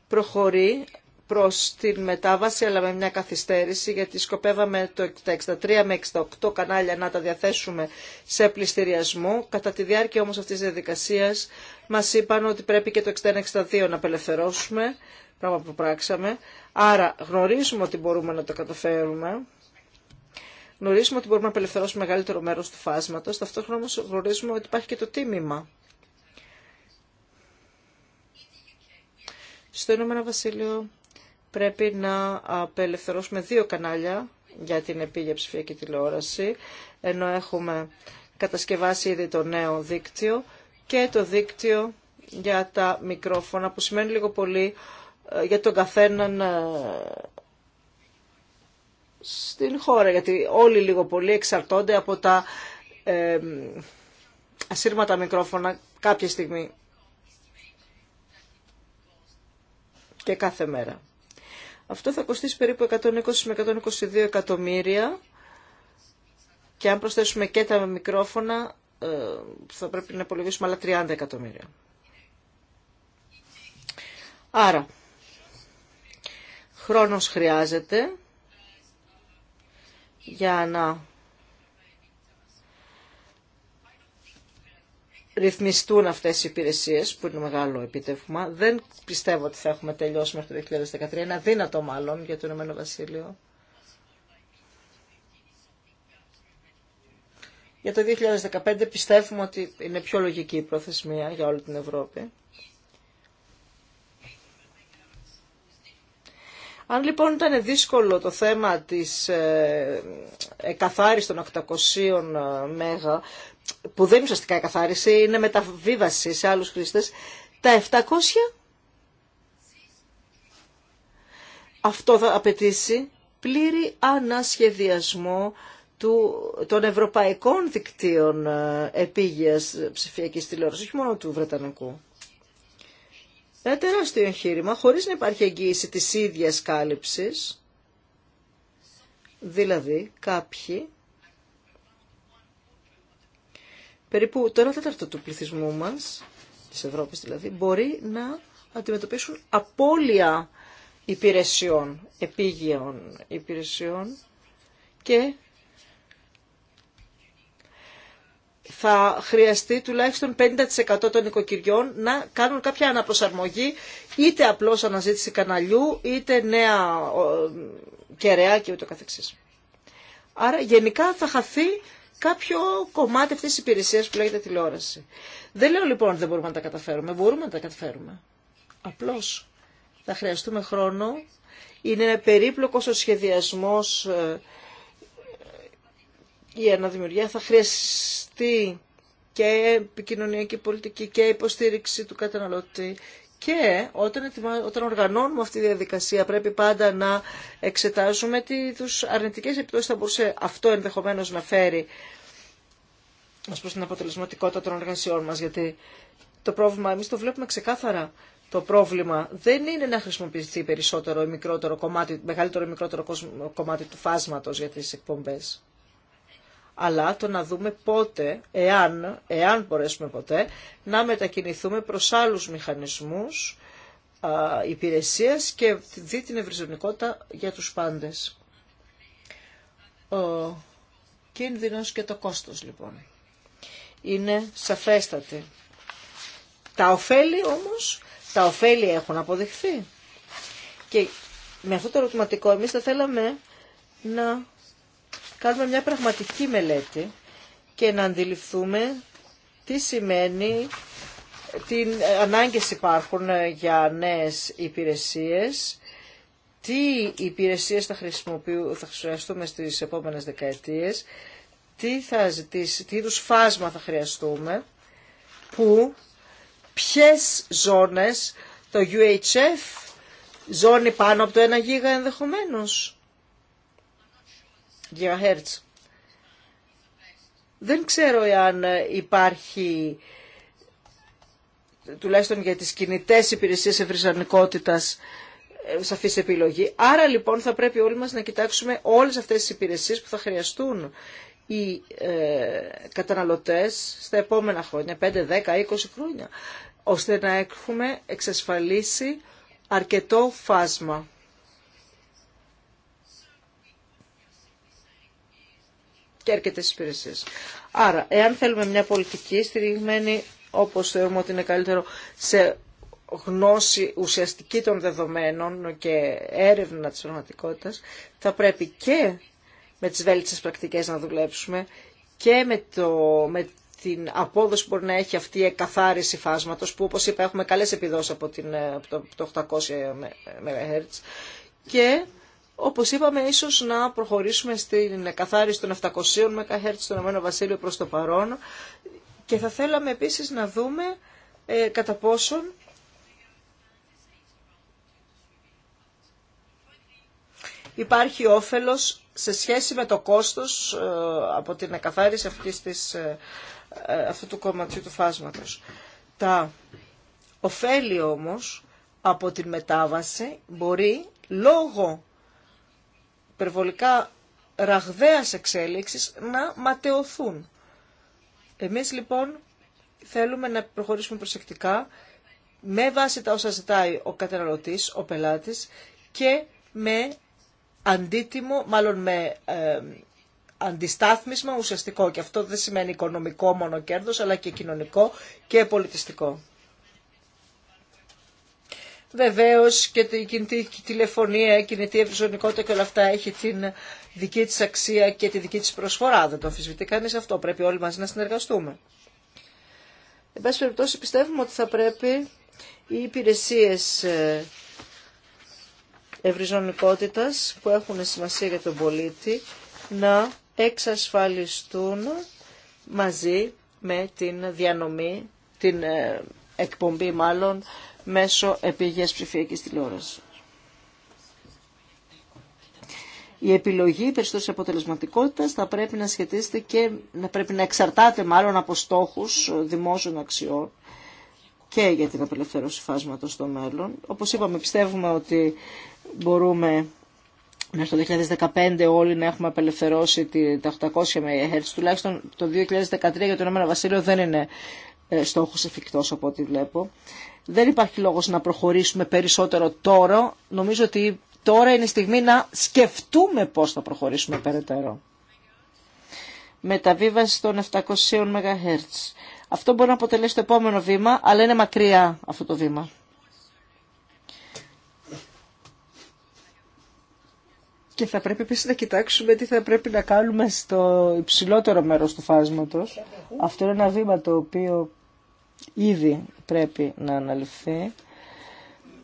προχωρεί προς την μετάβαση αλλά με μια καθυστέρηση γιατί σκοπεύαμε το, 63 με 68 κανάλια να τα διαθέσουμε σε πληστηριασμό. Κατά τη διάρκεια όμως αυτής της διαδικασίας μας είπαν ότι πρέπει και το 61-62 να απελευθερώσουμε, πράγμα που πράξαμε. Άρα γνωρίζουμε ότι μπορούμε να το καταφέρουμε. Γνωρίζουμε ότι μπορούμε να απελευθερώσουμε μεγαλύτερο μέρος του φάσματος, ταυτόχρονα όμως γνωρίζουμε ότι υπάρχει και το τίμημα Στο Ηνωμένο Βασίλειο πρέπει να απελευθερώσουμε δύο κανάλια για την επίγεια ψηφιακή τηλεόραση, ενώ έχουμε κατασκευάσει ήδη το νέο δίκτυο και το δίκτυο για τα μικρόφωνα, που σημαίνει λίγο πολύ ε, για τον καθέναν ε, στην χώρα, γιατί όλοι λίγο πολύ εξαρτώνται από τα ε, ασύρματα μικρόφωνα κάποια στιγμή και κάθε μέρα. Αυτό θα κοστίσει περίπου 120 με 122 εκατομμύρια και αν προσθέσουμε και τα μικρόφωνα ε, θα πρέπει να υπολογίσουμε άλλα 30 εκατομμύρια. Άρα, χρόνος χρειάζεται για να ρυθμιστούν αυτές οι υπηρεσίες, που είναι μεγάλο επίτευγμα. Δεν πιστεύω ότι θα έχουμε τελειώσει μέχρι το 2013, είναι αδύνατο μάλλον για το Ηνωμένο Βασίλειο. Για το 2015 πιστεύουμε ότι είναι πιο λογική η προθεσμία για όλη την Ευρώπη. Αν λοιπόν ήταν δύσκολο το θέμα της εκαθάρισης ε, των 800 ε, μέγα, που δεν είναι ουσιαστικά η καθάριση, είναι μεταβίβαση σε άλλους χρήστες, τα 700 αυτό θα απαιτήσει πλήρη ανασχεδιασμό του, των ευρωπαϊκών δικτύων ε, επίγειας ψηφιακής τηλεόρασης, όχι μόνο του Βρετανικού. Ένα τεράστιο εγχείρημα, χωρίς να υπάρχει εγγύηση της ίδιας κάλυψης, δηλαδή κάποιοι περίπου το 1 τέταρτο του πληθυσμού μας, της Ευρώπης δηλαδή, μπορεί να αντιμετωπίσουν απώλεια υπηρεσιών, επίγειων υπηρεσιών και θα χρειαστεί τουλάχιστον 50% των οικοκυριών να κάνουν κάποια αναπροσαρμογή, είτε απλώς αναζήτηση καναλιού, είτε νέα ε, κεραία και ούτω καθεξής. Άρα γενικά θα χαθεί κάποιο κομμάτι αυτής της υπηρεσίας που λέγεται τηλεόραση. Δεν λέω λοιπόν ότι δεν μπορούμε να τα καταφέρουμε. Μπορούμε να τα καταφέρουμε. Απλώς θα χρειαστούμε χρόνο. Είναι ένα περίπλοκος ο σχεδιασμός η ε, ε, αναδημιουργία. Θα χρειαστεί και επικοινωνιακή πολιτική και υποστήριξη του καταναλωτή και όταν, οργανώνουμε αυτή τη διαδικασία πρέπει πάντα να εξετάζουμε τι τους αρνητικές επιπτώσεις θα μπορούσε αυτό ενδεχομένως να φέρει ως προς την αποτελεσματικότητα των εργασιών μας. Γιατί το πρόβλημα, εμείς το βλέπουμε ξεκάθαρα, το πρόβλημα δεν είναι να χρησιμοποιηθεί περισσότερο ή μικρότερο κομμάτι, μεγαλύτερο ή μικρότερο κομμάτι του φάσματος για τις εκπομπές αλλά το να δούμε πότε, εάν, εάν μπορέσουμε ποτέ, να μετακινηθούμε προς άλλους μηχανισμούς α, υπηρεσίας και δει την ευρυζωνικότητα για τους πάντες. Ο κίνδυνος και το κόστος λοιπόν είναι σαφέστατη. Τα ωφέλη όμως, τα ωφέλη έχουν αποδειχθεί. Και με αυτό το ερωτηματικό εμείς θα θέλαμε να κάνουμε μια πραγματική μελέτη και να αντιληφθούμε τι σημαίνει, τι ανάγκες υπάρχουν ε, για νέες υπηρεσίες, τι υπηρεσίες θα, θα χρησιμοποιούμε στις επόμενες δεκαετίες, τι, θα ζητήσει, τι είδους φάσμα θα χρειαστούμε, που, ποιες ζώνες, το UHF, ζώνη πάνω από το 1 γίγα ενδεχομένως. GHz. Δεν ξέρω αν υπάρχει τουλάχιστον για τις κινητές υπηρεσίες ευρυζανικότητας ε, σαφής επιλογή. Άρα λοιπόν θα πρέπει όλοι μας να κοιτάξουμε όλες αυτές τις υπηρεσίες που θα χρειαστούν οι ε, καταναλωτές στα επόμενα χρόνια, 5, 10, 20 χρόνια, ώστε να έχουμε εξασφαλίσει αρκετό φάσμα. και αρκετέ υπηρεσίε. Άρα, εάν θέλουμε μια πολιτική στηριγμένη, όπω θεωρούμε ότι είναι καλύτερο, σε γνώση ουσιαστική των δεδομένων και έρευνα της πραγματικότητα, θα πρέπει και με τις βέλτιστες πρακτικές να δουλέψουμε και με, το, με την απόδοση που μπορεί να έχει αυτή η εκαθάριση φάσματος που όπως είπα έχουμε καλές επιδόσεις από, από το 800 MHz και όπως είπαμε, ίσως να προχωρήσουμε στην καθάριση των 700 MHz στον Αμένο Βασίλειο προς το παρόν και θα θέλαμε επίσης να δούμε ε, κατά πόσον υπάρχει όφελος σε σχέση με το κόστος ε, από την εκαθάριση αυτής της, ε, αυτού του κομματιού του φάσματος. Τα ωφέλη όμως από την μετάβαση μπορεί λόγω υπερβολικά ραγδαίας εξέλιξης να ματαιωθούν. Εμείς λοιπόν θέλουμε να προχωρήσουμε προσεκτικά με βάση τα όσα ζητάει ο καταναλωτής, ο πελάτης και με αντίτιμο, μάλλον με ε, αντιστάθμισμα ουσιαστικό. Και αυτό δεν σημαίνει οικονομικό μόνο κέρδος, αλλά και κοινωνικό και πολιτιστικό. Βεβαίω και η κινητή τηλεφωνία, η κινητή ευρυζωνικότητα και όλα αυτά έχει την δική της αξία και τη δική της προσφορά. Δεν το αμφισβητεί κανείς αυτό. Πρέπει όλοι μαζί να συνεργαστούμε. Εν πάση περιπτώσει πιστεύουμε ότι θα πρέπει οι υπηρεσίες ε, ευρυζωνικότητας που έχουν σημασία για τον πολίτη να εξασφαλιστούν μαζί με την διανομή, την ε, εκπομπή μάλλον μέσω επίγειας ψηφιακής τηλεόρασης. Η επιλογή περισσότερης αποτελεσματικότητας θα πρέπει να σχετίζεται και να πρέπει να εξαρτάται μάλλον από στόχους δημόσιων αξιών και για την απελευθέρωση φάσματος στο μέλλον. Όπως είπαμε, πιστεύουμε ότι μπορούμε μέχρι το 2015 όλοι να έχουμε απελευθερώσει τα 800 MHz. Τουλάχιστον το 2013 για το Ηνωμένο Βασίλειο δεν είναι ε, στόχος εφικτός από ό,τι βλέπω. Δεν υπάρχει λόγος να προχωρήσουμε περισσότερο τώρα. Νομίζω ότι τώρα είναι η στιγμή να σκεφτούμε πώς θα προχωρήσουμε περαιτέρω. Μεταβίβαση των 700 MHz. Αυτό μπορεί να αποτελέσει το επόμενο βήμα, αλλά είναι μακριά αυτό το βήμα. Και θα πρέπει επίση να κοιτάξουμε τι θα πρέπει να κάνουμε στο υψηλότερο μέρος του φάσματος. Αυτό είναι ένα βήμα το οποίο ήδη πρέπει να αναλυθεί.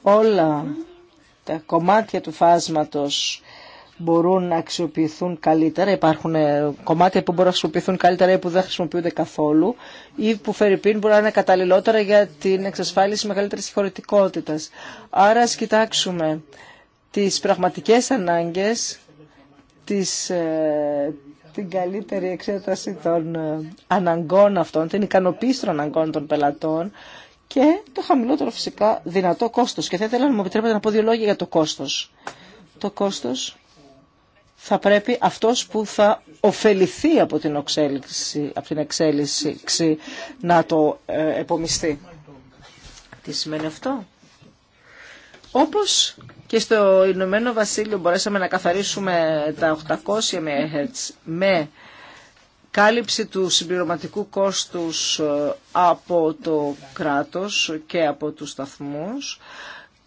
Όλα τα κομμάτια του φάσματος μπορούν να αξιοποιηθούν καλύτερα. Υπάρχουν ε, κομμάτια που μπορούν να αξιοποιηθούν καλύτερα ή που δεν χρησιμοποιούνται καθόλου ή που φερειπίν μπορούν να είναι καταλληλότερα για την εξασφάλιση μεγαλύτερης συγχωρητικότητας. Άρα ας κοιτάξουμε τις πραγματικές ανάγκες, τις, ε, την καλύτερη εξέταση των ε, αναγκών αυτών, την ικανοποίηση των αναγκών των πελατών και το χαμηλότερο φυσικά δυνατό κόστος. Και θα ήθελα να μου επιτρέπετε να πω δύο λόγια για το κόστος. Το κόστος θα πρέπει αυτός που θα ωφεληθεί από την, από την εξέλιξη να το ε, επομιστεί. Τι σημαίνει αυτό. Όπως και στο Ηνωμένο Βασίλειο μπορέσαμε να καθαρίσουμε τα 800 MHz με κάλυψη του συμπληρωματικού κόστους ε, από το κράτος και από τους σταθμούς.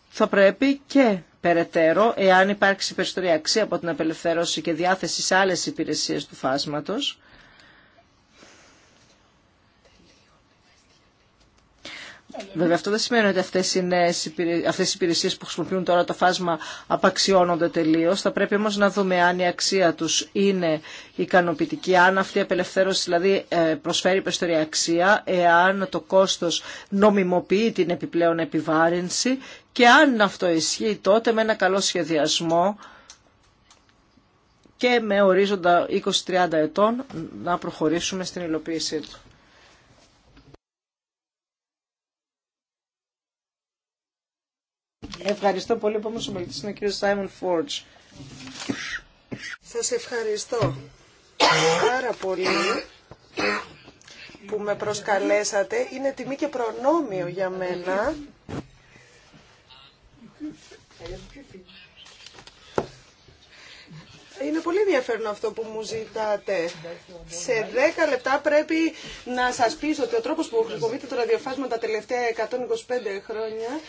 Θα πρέπει και περαιτέρω, εάν υπάρξει περισσότερη αξία από την απελευθέρωση και διάθεση σε άλλες υπηρεσίες του φάσματος, Βέβαια αυτό δεν σημαίνει ότι αυτέ οι, υπηρεσίε που χρησιμοποιούν τώρα το φάσμα απαξιώνονται τελείω. Θα πρέπει όμω να δούμε αν η αξία του είναι ικανοποιητική, αν αυτή η απελευθέρωση δηλαδή ε, προσφέρει περισσότερη αξία, εάν το κόστο νομιμοποιεί την επιπλέον επιβάρυνση και αν αυτό ισχύει τότε με ένα καλό σχεδιασμό και με ορίζοντα 20-30 ετών να προχωρήσουμε στην υλοποίησή του. Ευχαριστώ πολύ. Επόμενο ομιλητή είναι ο κύριο Σάιμον Φόρτ. Σα ευχαριστώ πάρα πολύ που με προσκαλέσατε. Είναι τιμή και προνόμιο για μένα. Είναι πολύ ενδιαφέρον αυτό που μου ζητάτε. Σε 10 λεπτά πρέπει να σας πείσω ότι ο τρόπος που χρησιμοποιείτε το ραδιοφάσμα τα τελευταία 125 χρόνια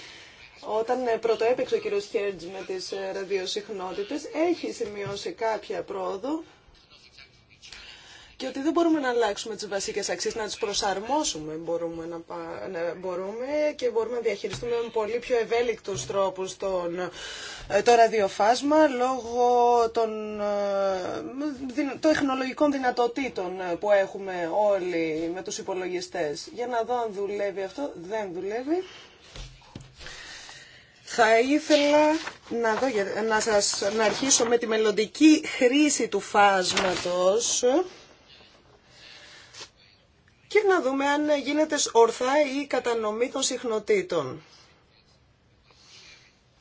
όταν ε, πρωτοέπαιξε ο κύριος Χέρτζ με τις ε, ραδιοσυχνότητες, έχει σημειώσει κάποια πρόοδο και ότι δεν μπορούμε να αλλάξουμε τις βασικές αξίες, να τις προσαρμόσουμε μπορούμε, να, μπορούμε και μπορούμε να διαχειριστούμε με πολύ πιο ευέλικτους τρόπους τον, ε, το ραδιοφάσμα λόγω των τεχνολογικών δυνατοτήτων που έχουμε όλοι με τους υπολογιστές. Για να δω αν δουλεύει αυτό, δεν δουλεύει. Θα ήθελα να, να, σας, να αρχίσω με τη μελλοντική χρήση του φάσματος και να δούμε αν γίνεται ορθά η κατανομή των συχνοτήτων.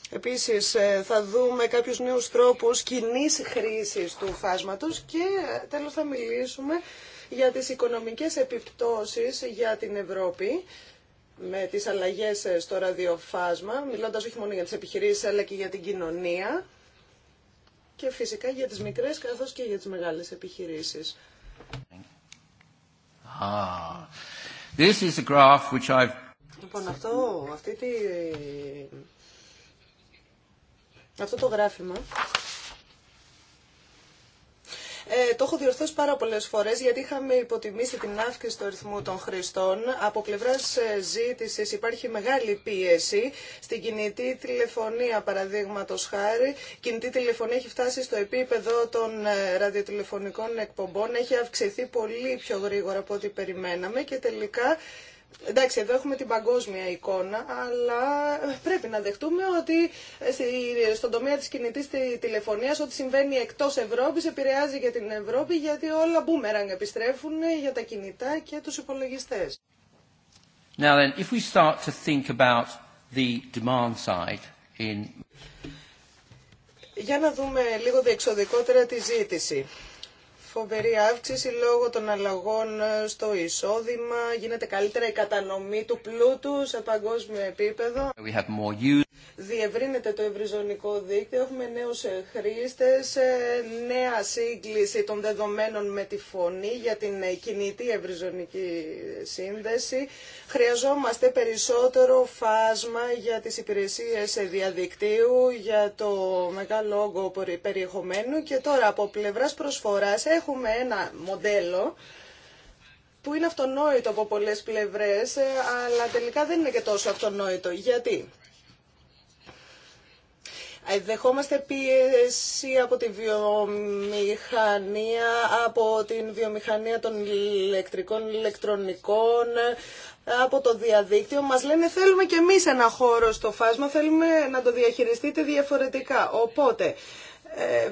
Επίσης ε, θα δούμε κάποιους νέους τρόπους κοινή χρήσης του φάσματος και ε, τέλος θα μιλήσουμε για τις οικονομικές επιπτώσεις για την Ευρώπη με τις αλλαγές ε, στο ραδιοφάσμα, μιλώντας όχι μόνο για τις επιχειρήσεις αλλά και για την κοινωνία και φυσικά για τις μικρές καθώς και για τις μεγάλες επιχειρήσεις. Ah, this is graph which I've... Λοιπόν, αυτό, αυτή τη... αυτό το γράφημα ε, το έχω διορθώσει πάρα πολλέ φορέ γιατί είχαμε υποτιμήσει την αύξηση του αριθμού των χρηστών. Από πλευρά ε, ζήτηση υπάρχει μεγάλη πίεση στην κινητή τηλεφωνία, παραδείγματο χάρη. Η κινητή τηλεφωνία έχει φτάσει στο επίπεδο των ε, ραδιοτηλεφωνικών εκπομπών. Έχει αυξηθεί πολύ πιο γρήγορα από ό,τι περιμέναμε και τελικά Εντάξει, εδώ έχουμε την παγκόσμια εικόνα, αλλά πρέπει να δεχτούμε ότι στον τομέα της κινητής τηλεφωνίας ό,τι συμβαίνει εκτός Ευρώπης επηρεάζει και την Ευρώπη γιατί όλα μπούμερανγκ επιστρέφουν για τα κινητά και τους υπολογιστές. Για να δούμε λίγο διεξοδικότερα τη ζήτηση φοβερή αύξηση λόγω των αλλαγών ε, στο εισόδημα, γίνεται καλύτερα η κατανομή του πλούτου σε παγκόσμιο επίπεδο. We Διευρύνεται το ευρυζωνικό δίκτυο, έχουμε νέους ε, χρήστες, ε, νέα σύγκληση των δεδομένων με τη φωνή για την κινητή ευρυζωνική σύνδεση. Χρειαζόμαστε περισσότερο φάσμα για τις υπηρεσίες διαδικτύου, για το μεγάλο όγκο περιεχομένου και τώρα από προσφοράς έχουμε ένα μοντέλο που είναι αυτονόητο από πολλέ πλευρές, ε, αλλά τελικά δεν είναι και τόσο αυτονόητο. Γιατί? Ε, δεχόμαστε πίεση από τη βιομηχανία, από την βιομηχανία των ηλεκτρικών, ηλεκτρονικών, από το διαδίκτυο. Μας λένε θέλουμε και εμείς ένα χώρο στο φάσμα, θέλουμε να το διαχειριστείτε διαφορετικά. Οπότε ε,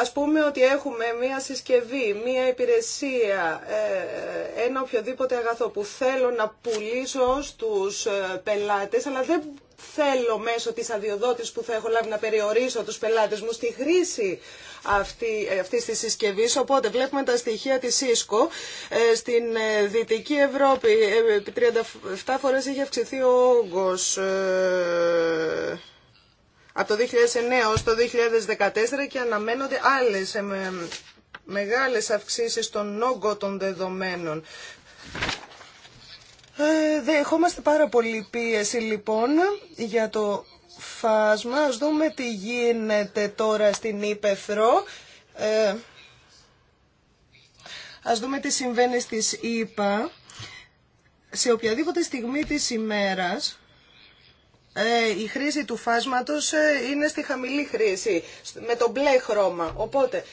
ας πούμε ότι έχουμε μία συσκευή, μία υπηρεσία, ε, ένα οποιοδήποτε αγαθό που θέλω να πουλήσω στους ε, πελάτες, αλλά δεν θέλω μέσω της αδειοδότησης που θα έχω λάβει να περιορίσω τους πελάτες μου στη χρήση αυτή, αυτής της συσκευής. Οπότε βλέπουμε τα στοιχεία της ίσκο στην Δυτική Ευρώπη 37 φορές έχει αυξηθεί ο όγκος από το 2009 ως το 2014 και αναμένονται άλλες ε, μεγάλες αυξήσεις στον όγκο των δεδομένων. Ε, δεχόμαστε πάρα πολύ πίεση λοιπόν για το φάσμα. Ας δούμε τι γίνεται τώρα στην Ήπεθρο. Ε, ας δούμε τι συμβαίνει στις Ήπα. Σε οποιαδήποτε στιγμή της ημέρας ε, η χρήση του φάσματος ε, είναι στη χαμηλή χρήση, με το μπλε χρώμα. Οπότε,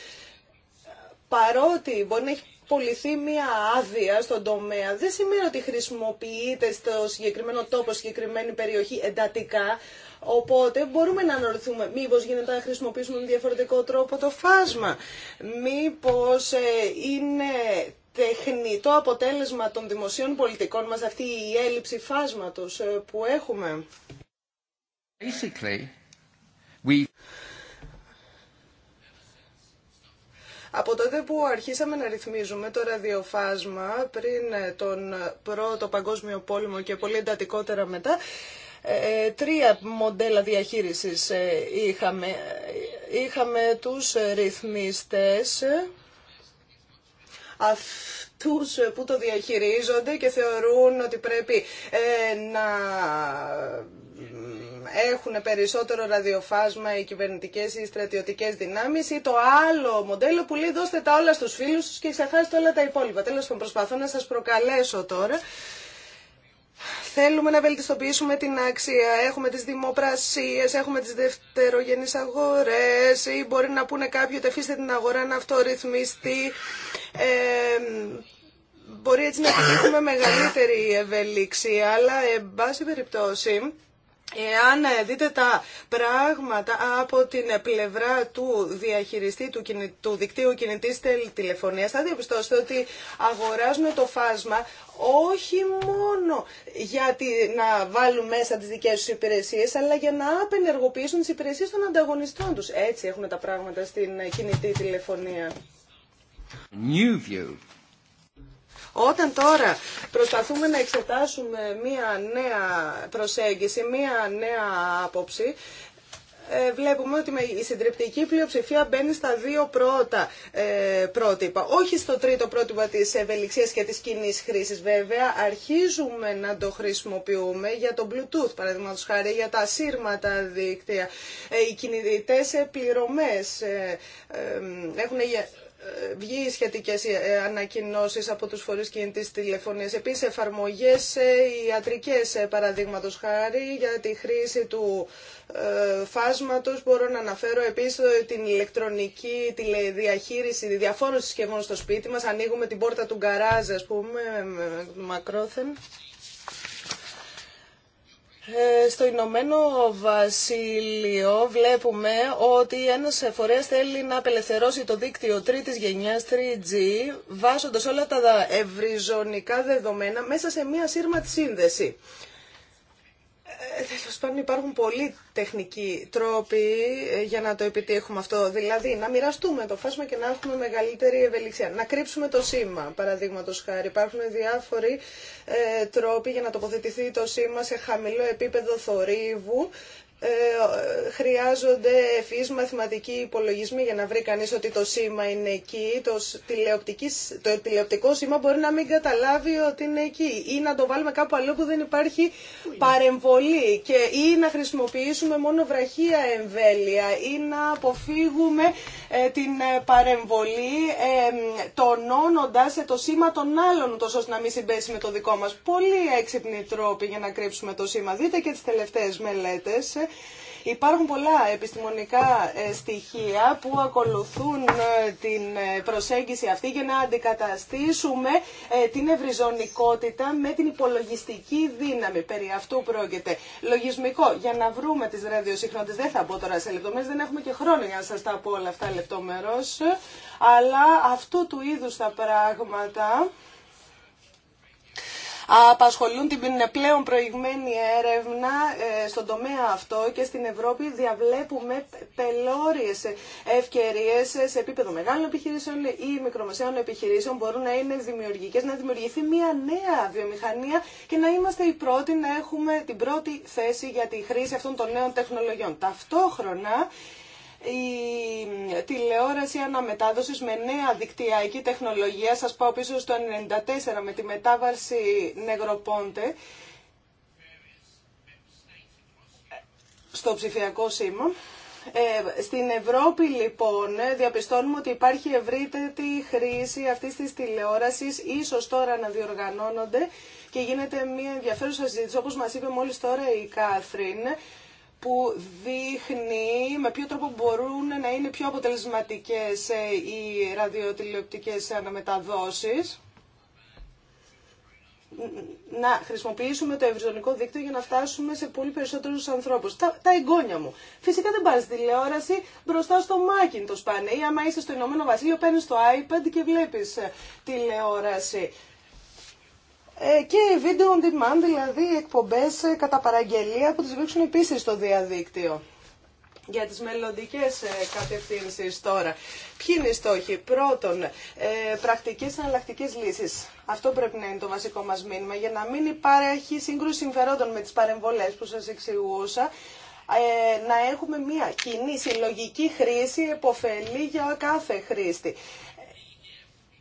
παρότι μπορεί να έχει πουληθεί μία άδεια στον τομέα, δεν σημαίνει ότι χρησιμοποιείται στο συγκεκριμένο τόπο, συγκεκριμένη περιοχή εντατικά. Οπότε μπορούμε να αναρωτηθούμε μήπως γίνεται να χρησιμοποιήσουμε με διαφορετικό τρόπο το φάσμα. Μήπως ε, είναι τεχνητό αποτέλεσμα των δημοσίων πολιτικών μας αυτή η έλλειψη φάσματος που έχουμε. Basically, Από τότε που αρχίσαμε να ρυθμίζουμε το ραδιοφάσμα πριν ε, τον Πρώτο Παγκόσμιο Πόλεμο και πολύ εντατικότερα μετά, ε, ε, τρία μοντέλα διαχείρισης είχαμε. Είχαμε τους ρυθμιστές, αυτούς που το διαχειρίζονται και θεωρούν ότι πρέπει να έχουν περισσότερο ραδιοφάσμα οι κυβερνητικέ ή οι στρατιωτικές δυνάμεις ή το άλλο μοντέλο που λέει δώστε τα όλα στους φίλου του και ξεχάστε όλα τα υπόλοιπα. Τέλο πάντων προσπαθώ να σα προκαλέσω τώρα. Θέλουμε να βελτιστοποιήσουμε την άξια, έχουμε τι δημοπρασίε, έχουμε τι δευτερογενεί αγορέ ή μπορεί να πούνε κάποιοι ότι αφήστε την αγορά να αυτορυθμιστεί. Ε, μπορεί έτσι να επιτύχουμε μεγαλύτερη ευελιξία, αλλά εν πάση περιπτώσει Εάν ε, δείτε τα πράγματα από την πλευρά του διαχειριστή του, δικτύου κινητής τηλεφωνίας, θα διαπιστώσετε ότι αγοράζουν το φάσμα όχι μόνο για να βάλουν μέσα τις δικές τους υπηρεσίες, αλλά για να απενεργοποιήσουν τις υπηρεσίες των ανταγωνιστών τους. Έτσι έχουν τα πράγματα στην ε, κινητή τηλεφωνία. New view. Όταν τώρα προσπαθούμε να εξετάσουμε μία νέα προσέγγιση, μία νέα άποψη, ε, βλέπουμε ότι η συντριπτική πλειοψηφία μπαίνει στα δύο πρώτα ε, πρότυπα. Όχι στο τρίτο πρότυπα της ευελιξίας και της κοινή χρήσης βέβαια. Αρχίζουμε να το χρησιμοποιούμε για το Bluetooth παραδείγματος χάρη, για τα σύρματα δίκτυα. Ε, οι κινητές πληρωμές έχουν βγει σχετικές ε, ανακοινώσει από τους φορείς κινητής τηλεφωνίας. Επίσης εφαρμογέ ε, ιατρικές ε, παραδείγματο χάρη για τη χρήση του φάσματος. Μπορώ να αναφέρω επίση την ηλεκτρονική τηλεδιαχείριση διαφόρων συσκευών στο σπίτι μας. Ανοίγουμε την πόρτα του γκαράζ α πούμε μακρόθεν. Ε, στο Ηνωμένο Βασίλειο βλέπουμε ότι ένας φορέας θέλει να απελευθερώσει το δίκτυο τρίτης γενιάς 3G βάζοντας όλα τα ευρυζωνικά δεδομένα μέσα σε μία σύρματη σύνδεση. Τέλο πάντων, υπάρχουν πολλοί τεχνικοί τρόποι ε, για να το επιτύχουμε αυτό. Δηλαδή, να μοιραστούμε το φάσμα και να έχουμε μεγαλύτερη ευελιξία. Να κρύψουμε το σήμα, παραδείγματο χάρη. Υπάρχουν διάφοροι ε, τρόποι για να τοποθετηθεί το σήμα σε χαμηλό επίπεδο θορύβου ε, χρειάζονται ευφυείς μαθηματικοί υπολογισμοί για να βρει κανείς ότι το σήμα είναι εκεί, το, το τηλεοπτικό σήμα μπορεί να μην καταλάβει ότι είναι εκεί ή να το βάλουμε κάπου αλλού που δεν υπάρχει παρεμβολή και, ή να χρησιμοποιήσουμε μόνο βραχία εμβέλεια ή να αποφύγουμε ε, την ε, παρεμβολή ε, τονώνοντας το σήμα των άλλων τόσο ώστε να μην συμπέσει με το δικό μας. Πολύ έξυπνοι τρόποι για να κρύψουμε το σήμα. Δείτε και τις τελευταίες μελέτες Υπάρχουν πολλά επιστημονικά ε, στοιχεία που ακολουθούν ε, την ε, προσέγγιση αυτή για να αντικαταστήσουμε την ευρυζωνικότητα με την υπολογιστική δύναμη. Περί αυτού πρόκειται. Λογισμικό, για να βρούμε τις ραδιοσυχνότητες, δεν θα μπω τώρα σε λεπτομέρειες, δεν έχουμε και χρόνο για να σας τα πω όλα αυτά λεπτομερώς, αλλά αυτού του είδους τα πράγματα απασχολούν την πλέον προηγμένη έρευνα ε, στον τομέα αυτό και στην Ευρώπη διαβλέπουμε πελώριες ευκαιρίες σε επίπεδο μεγάλων επιχειρήσεων ή μικρομεσαίων επιχειρήσεων μπορούν να είναι δημιουργικές, να δημιουργηθεί μια νέα βιομηχανία και να είμαστε οι πρώτοι να έχουμε την πρώτη θέση για τη χρήση αυτών των νέων τεχνολογιών. Ταυτόχρονα η τηλεόραση αναμετάδοσης με νέα δικτυακή τεχνολογία, σας πάω πίσω στο 1994 με τη μετάβαση Νεγροπόντε, στο ψηφιακό σήμα. Ε, στην Ευρώπη λοιπόν διαπιστώνουμε ότι υπάρχει ευρύτερη χρήση αυτής της τηλεόρασης, ίσως τώρα να διοργανώνονται και γίνεται μια ενδιαφέρουσα συζήτηση όπως μας είπε μόλις τώρα η Κάθριν που δείχνει με ποιο τρόπο μπορούν να είναι πιο αποτελεσματικές ε, οι ραδιοτηλεοπτικές αναμεταδόσεις. Να χρησιμοποιήσουμε το ευρυζωνικό δίκτυο για να φτάσουμε σε πολύ περισσότερους ανθρώπους. Τα, τα εγγόνια μου. Φυσικά δεν πάρεις τηλεόραση μπροστά στο Macintosh πάνε. Ή άμα είσαι στο Ηνωμένο Βασίλειο παίρνεις το iPad και βλέπεις ε, τηλεόραση. Ε, και video on demand, δηλαδή εκπομπές ε, κατά παραγγελία που τις βρίσκουν επίσης στο διαδίκτυο. Για τις μελλοντικές ε, κατευθύνσεις τώρα. Ποιοι είναι οι στόχοι. Πρώτον, πρακτικές εναλλακτικέ λύσεις. Αυτό πρέπει να είναι το βασικό μας μήνυμα για να μην υπάρχει σύγκρουση συμφερόντων με τις παρεμβολές που σας εξηγούσα να έχουμε μια κοινή συλλογική χρήση επωφελή για κάθε χρήστη.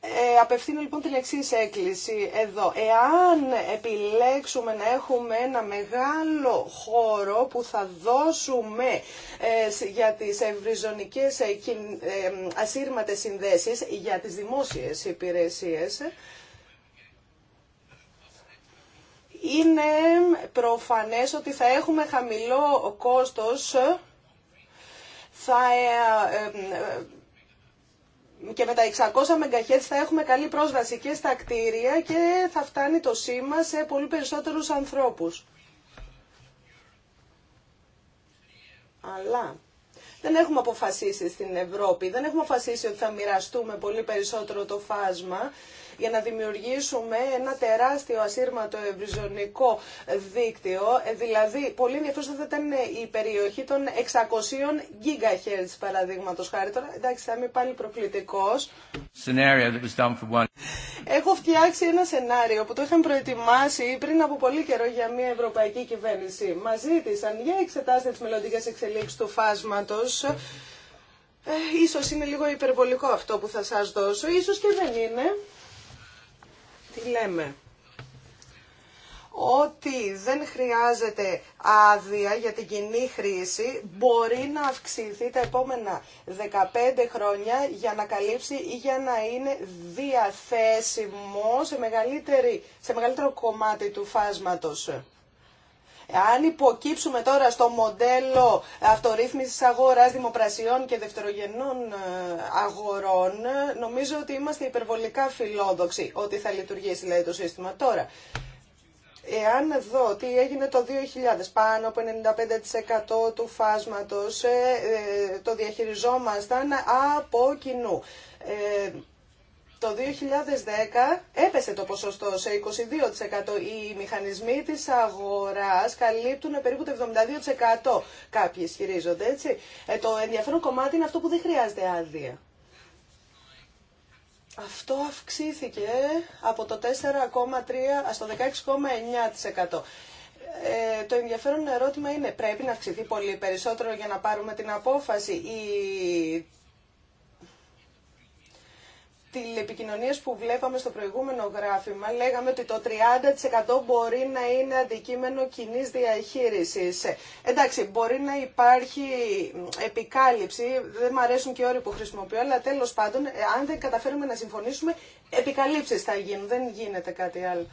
Ε, απευθύνω λοιπόν την εξή έκκληση εδώ. Εάν επιλέξουμε να έχουμε ένα μεγάλο χώρο που θα δώσουμε ε, για τις ευρυζωνικές ε, ε ασύρματες συνδέσεις, για τις δημόσιες υπηρεσίες, είναι προφανές ότι θα έχουμε χαμηλό κόστος, θα ε, και με τα 600 MHz θα έχουμε καλή πρόσβαση και στα κτίρια και θα φτάνει το σήμα σε πολύ περισσότερους ανθρώπους. Αλλά δεν έχουμε αποφασίσει στην Ευρώπη, δεν έχουμε αποφασίσει ότι θα μοιραστούμε πολύ περισσότερο το φάσμα για να δημιουργήσουμε ένα τεράστιο ασύρματο ευρυζωνικό δίκτυο. Ε, δηλαδή, πολύ ενδιαφέρουσα θα ήταν η περιοχή των 600 GHz παραδείγματο χάρη. Τώρα, εντάξει, θα είμαι πάλι προκλητικό. Έχω φτιάξει ένα σενάριο που το είχαν προετοιμάσει πριν από πολύ καιρό για μια ευρωπαϊκή κυβέρνηση. Μα ζήτησαν για εξετάσει τι μελλοντικέ εξελίξει του φάσματο. Ε, ίσως είναι λίγο υπερβολικό αυτό που θα σας δώσω, ίσως και δεν είναι. Τι λέμε. Ότι δεν χρειάζεται άδεια για την κοινή χρήση μπορεί να αυξηθεί τα επόμενα 15 χρόνια για να καλύψει ή για να είναι διαθέσιμο σε, σε μεγαλύτερο κομμάτι του φάσματος. Αν υποκύψουμε τώρα στο μοντέλο αυτορύθμισης αγοράς δημοπρασιών και δευτερογενών ε, αγορών, ε, νομίζω ότι είμαστε υπερβολικά φιλόδοξοι ότι θα λειτουργήσει λέει, το σύστημα τώρα. Εάν δω τι έγινε το 2000, πάνω από 95% του φάσματος ε, το διαχειριζόμασταν από κοινού. Το 2010 έπεσε το ποσοστό σε 22%. Οι μηχανισμοί της αγοράς καλύπτουν περίπου το 72%. Κάποιοι ισχυρίζονται, έτσι. Ε, το ενδιαφέρον κομμάτι είναι αυτό που δεν χρειάζεται άδεια. Αυτό αυξήθηκε από το 4,3% στο 16,9%. το ενδιαφέρον ερώτημα είναι πρέπει να αυξηθεί πολύ περισσότερο για να πάρουμε την απόφαση ή τηλεπικοινωνίες που βλέπαμε στο προηγούμενο γράφημα, λέγαμε ότι το 30% μπορεί να είναι αντικείμενο κοινή διαχείρισης. Εντάξει, μπορεί να υπάρχει επικάλυψη, δεν μου αρέσουν και οι όροι που χρησιμοποιώ, αλλά τέλος πάντων, ε, αν δεν καταφέρουμε να συμφωνήσουμε, επικαλύψεις θα γίνουν, δεν γίνεται κάτι άλλο.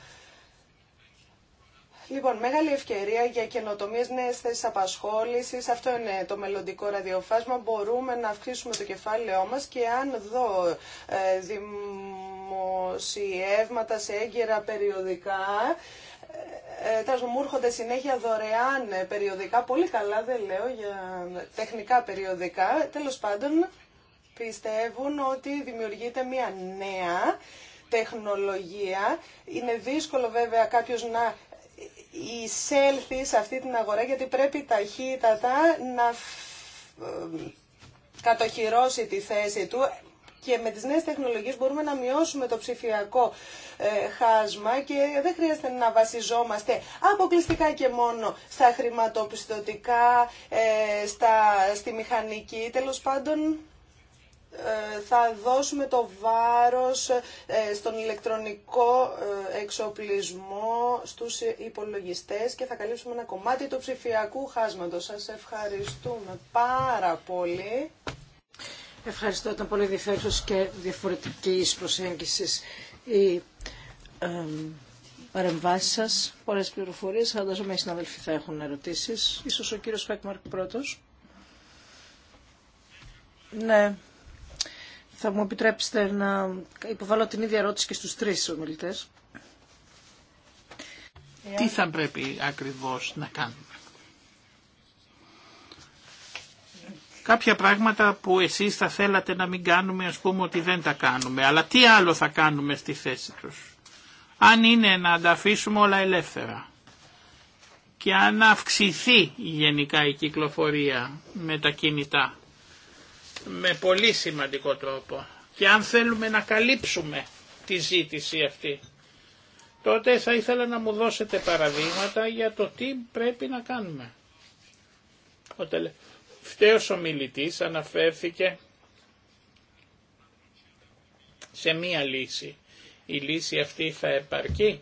Λοιπόν, μεγάλη ευκαιρία για καινοτομίε, νέε θέσει απασχόληση. Αυτό είναι το μελλοντικό ραδιοφάσμα. Μπορούμε να αυξήσουμε το κεφάλαιό μα και αν δω ε, δημοσιεύματα σε έγκαιρα περιοδικά. Ε, ε τα μου έρχονται συνέχεια δωρεάν περιοδικά, πολύ καλά δεν λέω για τεχνικά περιοδικά. Τέλος πάντων πιστεύουν ότι δημιουργείται μια νέα τεχνολογία. Είναι δύσκολο βέβαια κάποιος να εισέλθει σε αυτή την αγορά γιατί πρέπει ταχύτατα να κατοχυρώσει τη θέση του και με τις νέες τεχνολογίες μπορούμε να μειώσουμε το ψηφιακό ε, χάσμα και δεν χρειάζεται να βασιζόμαστε αποκλειστικά και μόνο στα χρηματοπιστωτικά, ε, στα, στη μηχανική, τέλος πάντων ε, θα δώσουμε το βάρος ε, στον ηλεκτρονικό ε, εξοπλισμό στους υπολογιστές και θα καλύψουμε ένα κομμάτι του ψηφιακού χάσματος. Σας ευχαριστούμε πάρα πολύ. Ευχαριστώ. Ήταν πολύ ενδιαφέρουσα και διαφορετική προσέγγιση η ε, παρεμβάση σα. Πολλέ πληροφορίε. Φαντάζομαι οι συναδελφοί θα έχουν ερωτήσει. σω ο κύριο Φέκμαρκ πρώτο. Ναι. Θα μου επιτρέψετε να υποβάλω την ίδια ερώτηση και στους τρεις ομιλητές. Τι θα πρέπει ακριβώς να κάνουμε. Κάποια πράγματα που εσείς θα θέλατε να μην κάνουμε, ας πούμε ότι δεν τα κάνουμε. Αλλά τι άλλο θα κάνουμε στη θέση τους. Αν είναι να τα αφήσουμε όλα ελεύθερα και αν αυξηθεί γενικά η κυκλοφορία με τα κινητά με πολύ σημαντικό τρόπο. Και αν θέλουμε να καλύψουμε τη ζήτηση αυτή, τότε θα ήθελα να μου δώσετε παραδείγματα για το τι πρέπει να κάνουμε. Ο τελευταίος ομιλητής αναφέρθηκε σε μία λύση. Η λύση αυτή θα επαρκεί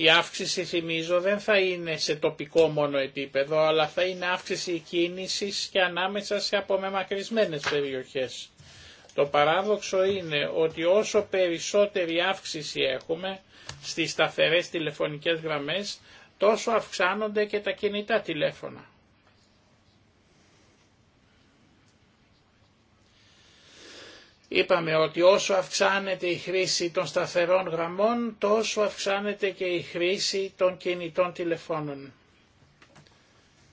Η αύξηση, θυμίζω, δεν θα είναι σε τοπικό μόνο επίπεδο, αλλά θα είναι αύξηση κίνησης και ανάμεσα σε απομεμακρυσμένες περιοχές. Το παράδοξο είναι ότι όσο περισσότερη αύξηση έχουμε στις σταθερές τηλεφωνικές γραμμές, τόσο αυξάνονται και τα κινητά τηλέφωνα. Είπαμε ότι όσο αυξάνεται η χρήση των σταθερών γραμμών, τόσο αυξάνεται και η χρήση των κινητών τηλεφώνων.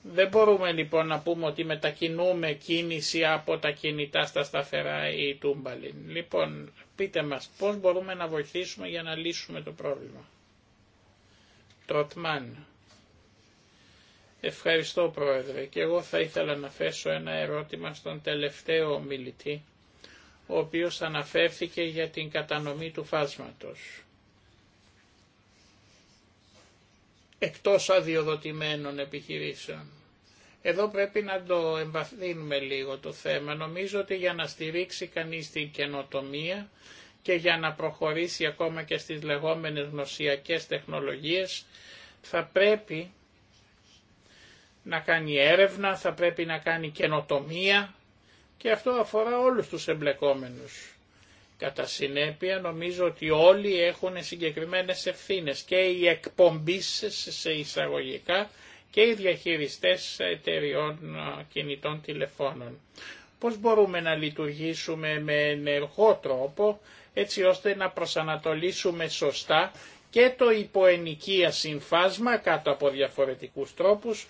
Δεν μπορούμε λοιπόν να πούμε ότι μετακινούμε κίνηση από τα κινητά στα σταθερά ή τούμπαλιν. Λοιπόν, πείτε μας πώς μπορούμε να βοηθήσουμε για να λύσουμε το πρόβλημα. Τροτμάν. Ευχαριστώ Πρόεδρε και εγώ θα ήθελα να θέσω ένα ερώτημα στον τελευταίο ομιλητή ο οποίος αναφέρθηκε για την κατανομή του φάσματος. Εκτός αδειοδοτημένων επιχειρήσεων. Εδώ πρέπει να το εμβαθύνουμε λίγο το θέμα. Νομίζω ότι για να στηρίξει κανείς την καινοτομία και για να προχωρήσει ακόμα και στις λεγόμενες γνωσιακές τεχνολογίες θα πρέπει να κάνει έρευνα, θα πρέπει να κάνει καινοτομία και αυτό αφορά όλους τους εμπλεκόμενους. Κατά συνέπεια νομίζω ότι όλοι έχουν συγκεκριμένες ευθύνες και οι εκπομπής σε εισαγωγικά και οι διαχειριστές εταιριών κινητών τηλεφώνων. Πώς μπορούμε να λειτουργήσουμε με ενεργό τρόπο έτσι ώστε να προσανατολίσουμε σωστά και το υποενικία συμφάσμα κάτω από διαφορετικούς τρόπους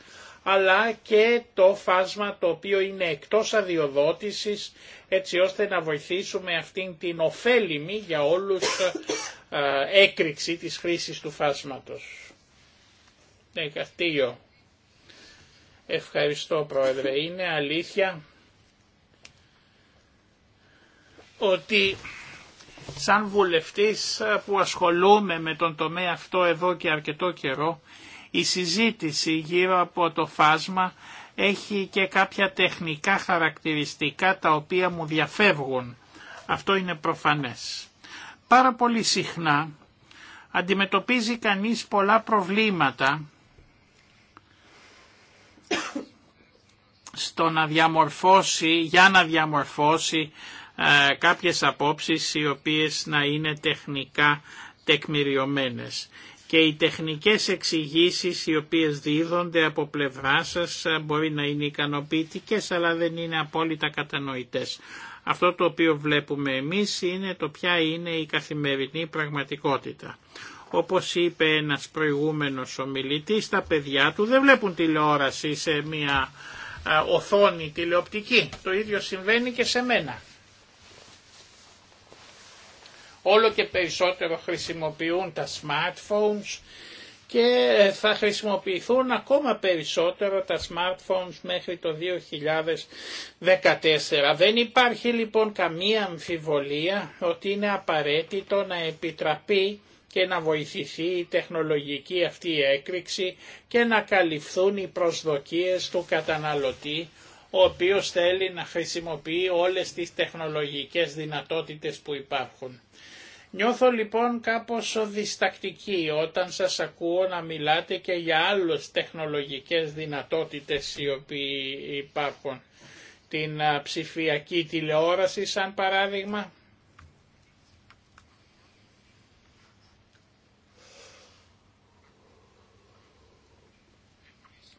αλλά και το φάσμα το οποίο είναι εκτός αδειοδότησης έτσι ώστε να βοηθήσουμε αυτήν την ωφέλιμη για όλους ε, ε, έκρηξη της χρήσης του φάσματος. Ναι, Ευχαριστώ Πρόεδρε. Είναι αλήθεια ότι σαν βουλευτής που ασχολούμαι με τον τομέα αυτό εδώ και αρκετό καιρό η συζήτηση γύρω από το φάσμα έχει και κάποια τεχνικά χαρακτηριστικά τα οποία μου διαφεύγουν. Αυτό είναι προφανές. Πάρα πολύ συχνά αντιμετωπίζει κανείς πολλά προβλήματα στο να διαμορφώσει, για να διαμορφώσει ε, κάποιες απόψεις οι οποίες να είναι τεχνικά τεκμηριωμένες και οι τεχνικές εξηγήσει οι οποίες δίδονται από πλευρά σας μπορεί να είναι ικανοποιητικέ αλλά δεν είναι απόλυτα κατανοητές. Αυτό το οποίο βλέπουμε εμείς είναι το ποια είναι η καθημερινή πραγματικότητα. Όπως είπε ένας προηγούμενος ομιλητής, τα παιδιά του δεν βλέπουν τηλεόραση σε μια ε, οθόνη τηλεοπτική. Το ίδιο συμβαίνει και σε μένα όλο και περισσότερο χρησιμοποιούν τα smartphones και θα χρησιμοποιηθούν ακόμα περισσότερο τα smartphones μέχρι το 2014. Δεν υπάρχει λοιπόν καμία αμφιβολία ότι είναι απαραίτητο να επιτραπεί και να βοηθηθεί η τεχνολογική αυτή έκρηξη και να καλυφθούν οι προσδοκίες του καταναλωτή ο οποίος θέλει να χρησιμοποιεί όλες τις τεχνολογικές δυνατότητες που υπάρχουν. Νιώθω λοιπόν κάπως διστακτική όταν σας ακούω να μιλάτε και για άλλες τεχνολογικές δυνατότητες οι οποίοι υπάρχουν. Την ψηφιακή τηλεόραση σαν παράδειγμα.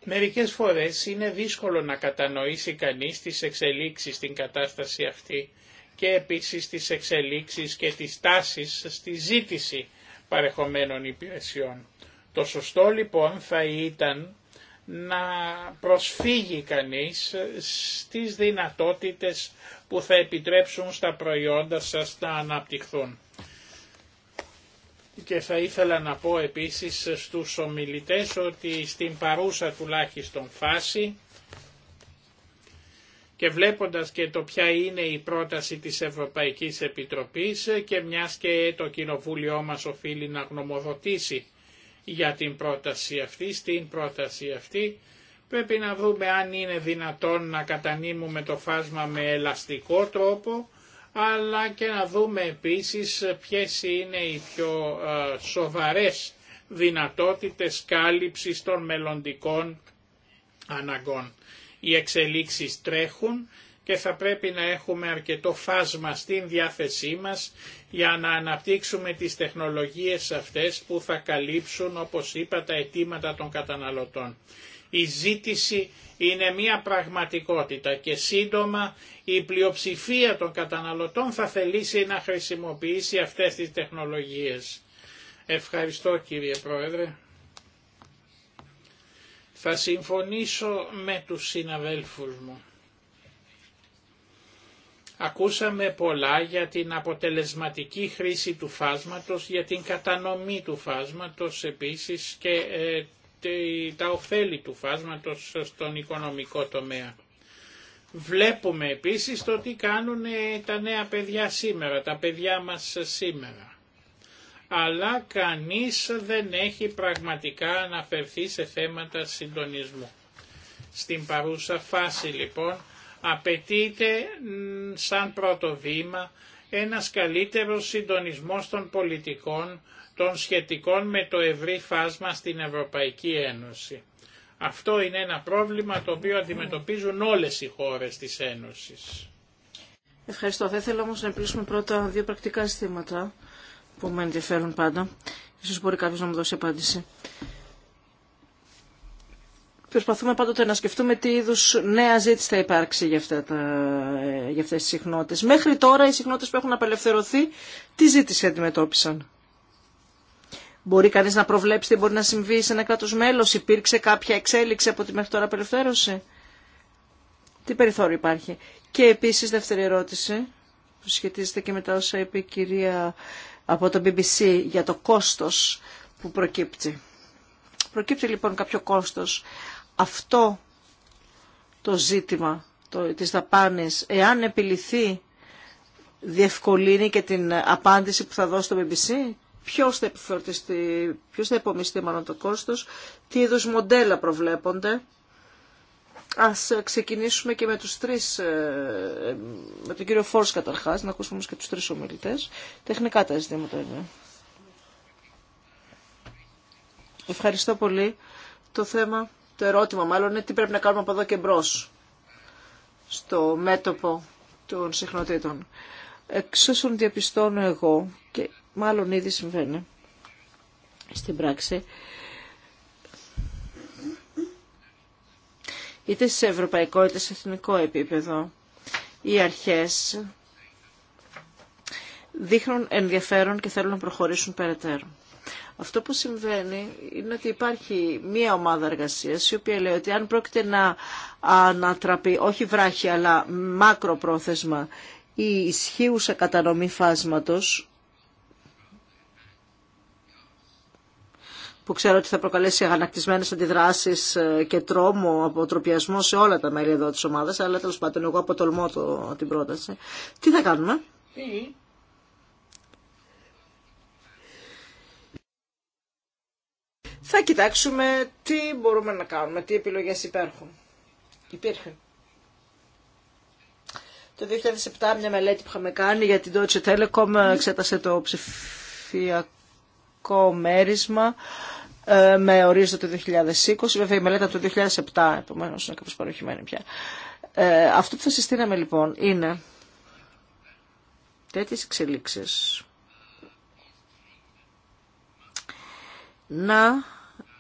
Μερικές φορές είναι δύσκολο να κατανοήσει κανείς τις εξελίξεις στην κατάσταση αυτή και επίσης τις εξελίξεις και τις τάσεις στη ζήτηση παρεχομένων υπηρεσιών. Το σωστό λοιπόν θα ήταν να προσφύγει κανείς στις δυνατότητες που θα επιτρέψουν στα προϊόντα σας να αναπτυχθούν. Και θα ήθελα να πω επίσης στους ομιλητές ότι στην παρούσα τουλάχιστον φάση και βλέποντας και το ποια είναι η πρόταση της Ευρωπαϊκής Επιτροπής και μιας και το Κοινοβούλιο μας οφείλει να γνωμοδοτήσει για την πρόταση αυτή, στην πρόταση αυτή, πρέπει να δούμε αν είναι δυνατόν να κατανείμουμε το φάσμα με ελαστικό τρόπο, αλλά και να δούμε επίσης ποιες είναι οι πιο σοβαρές δυνατότητες κάλυψης των μελλοντικών αναγκών. Οι εξελίξεις τρέχουν και θα πρέπει να έχουμε αρκετό φάσμα στην διάθεσή μας για να αναπτύξουμε τις τεχνολογίες αυτές που θα καλύψουν, όπως είπα, τα αιτήματα των καταναλωτών. Η ζήτηση είναι μια πραγματικότητα και σύντομα η πλειοψηφία των καταναλωτών θα θελήσει να χρησιμοποιήσει αυτές τις τεχνολογίες. Ευχαριστώ κύριε Πρόεδρε. Θα συμφωνήσω με τους συναδέλφους μου. Ακούσαμε πολλά για την αποτελεσματική χρήση του φάσματος, για την κατανομή του φάσματος επίσης και ε, τα ωφέλη του φάσματος στον οικονομικό τομέα. Βλέπουμε επίσης το τι κάνουν ε, τα νέα παιδιά σήμερα, τα παιδιά μας σήμερα αλλά κανείς δεν έχει πραγματικά αναφερθεί σε θέματα συντονισμού. Στην παρούσα φάση λοιπόν απαιτείται σαν πρώτο βήμα ένας καλύτερος συντονισμός των πολιτικών των σχετικών με το ευρύ φάσμα στην Ευρωπαϊκή Ένωση. Αυτό είναι ένα πρόβλημα το οποίο αντιμετωπίζουν όλες οι χώρες της Ένωσης. Ευχαριστώ. Θα ήθελα όμως να επιλύσουμε πρώτα δύο πρακτικά ζητήματα που με ενδιαφέρουν πάντα. Ίσως μπορεί κάποιος να μου δώσει απάντηση. Προσπαθούμε πάντοτε να σκεφτούμε τι είδους νέα ζήτηση θα υπάρξει για, αυτά τα, για αυτές τις συχνότητες. Μέχρι τώρα οι συχνότητες που έχουν απελευθερωθεί, τι ζήτηση αντιμετώπισαν. Μπορεί κανείς να προβλέψει τι μπορεί να συμβεί σε ένα κράτος μέλος, υπήρξε κάποια εξέλιξη από τη μέχρι τώρα απελευθέρωση. Τι περιθώριο υπάρχει. Και επίσης δεύτερη ερώτηση που σχετίζεται και με όσα είπε η κυρία από το BBC για το κόστος που προκύπτει. Προκύπτει λοιπόν κάποιο κόστος. Αυτό το ζήτημα το, της δαπάνης, εάν επιληθεί, διευκολύνει και την απάντηση που θα δώσει το BBC. Ποιος θα, ποιος θα μάλλον το κόστος, τι είδους μοντέλα προβλέπονται Ας ξεκινήσουμε και με τους τρεις, ε, με τον κύριο Φόρς καταρχάς, να ακούσουμε όμως και τους τρεις ομιλητές. Τεχνικά τα ζητήματα είναι. Ευχαριστώ πολύ. Το θέμα, το ερώτημα μάλλον είναι τι πρέπει να κάνουμε από εδώ και στο μέτωπο των συχνοτήτων. Εξ όσων διαπιστώνω εγώ, και μάλλον ήδη συμβαίνει στην πράξη, είτε σε ευρωπαϊκό είτε σε εθνικό επίπεδο. Οι αρχές δείχνουν ενδιαφέρον και θέλουν να προχωρήσουν περαιτέρω. Αυτό που συμβαίνει είναι ότι υπάρχει μία ομάδα εργασίας η οποία λέει ότι αν πρόκειται να ανατραπεί, όχι βράχη αλλά μακροπρόθεσμα, η ισχύουσα κατανομή φάσματος που ξέρω ότι θα προκαλέσει αγανακτισμένες αντιδράσεις ε, και τρόμο, αποτροπιασμό σε όλα τα μέλη εδώ της ομάδας, αλλά τέλος πάντων εγώ αποτολμώ το, την πρόταση. Τι θα κάνουμε? Θα κοιτάξουμε τι μπορούμε να κάνουμε, τι επιλογές υπάρχουν. Υπήρχε. Το 2007 μια μελέτη που είχαμε κάνει για την Deutsche Telekom ε, εξέτασε το ψηφιακό γεωγραφικό μέρισμα ε, με ορίζοντα το 2020. Βέβαια η μελέτα το 2007, επομένως είναι κάπως παροχημένη πια. Ε, αυτό που θα συστήναμε λοιπόν είναι τέτοιες εξελίξεις να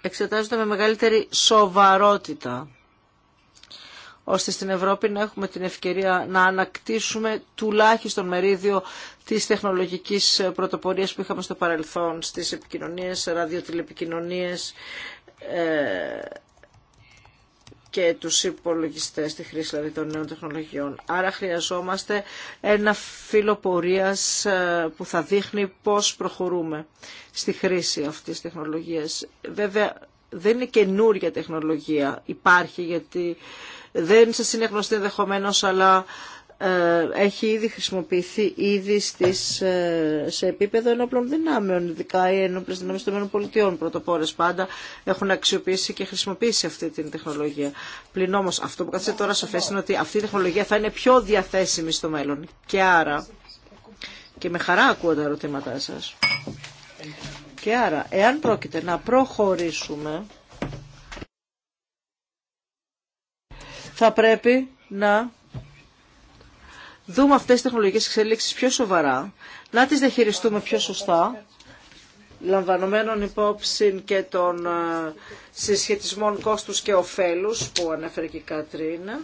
εξετάζονται με μεγαλύτερη σοβαρότητα ώστε στην Ευρώπη να έχουμε την ευκαιρία να ανακτήσουμε τουλάχιστον μερίδιο της τεχνολογικής πρωτοπορίας που είχαμε στο παρελθόν στις επικοινωνίες, ραδιοτηλεπικοινωνίες ε, και τους υπολογιστές στη χρήση δηλαδή, των νέων τεχνολογιών. Άρα χρειαζόμαστε ένα φύλλο πορείας ε, που θα δείχνει πώς προχωρούμε στη χρήση αυτής της τεχνολογίας. Βέβαια δεν είναι καινούρια τεχνολογία, υπάρχει γιατί δεν σας είναι γνωστή ενδεχομένω, αλλά ε, έχει ήδη χρησιμοποιηθεί ήδη στις, ε, σε επίπεδο ενόπλων δυνάμεων, ειδικά οι ενόπλες δυνάμεις των ΗΠΑ πρωτοπόρες πάντα έχουν αξιοποιήσει και χρησιμοποιήσει αυτή την τεχνολογία. Πλην όμως αυτό που κάθεται τώρα σαφές είναι ότι αυτή η τεχνολογία θα είναι πιο διαθέσιμη στο μέλλον και άρα και με χαρά ακούω τα ερωτήματά σας. Και άρα, εάν πρόκειται να προχωρήσουμε θα πρέπει να δούμε αυτές τις τεχνολογικές εξελίξεις πιο σοβαρά, να τις διαχειριστούμε πιο σωστά, λαμβανομένων υπόψη και των ε, συσχετισμών κόστους και ωφέλους που ανέφερε και η Κατρίνα.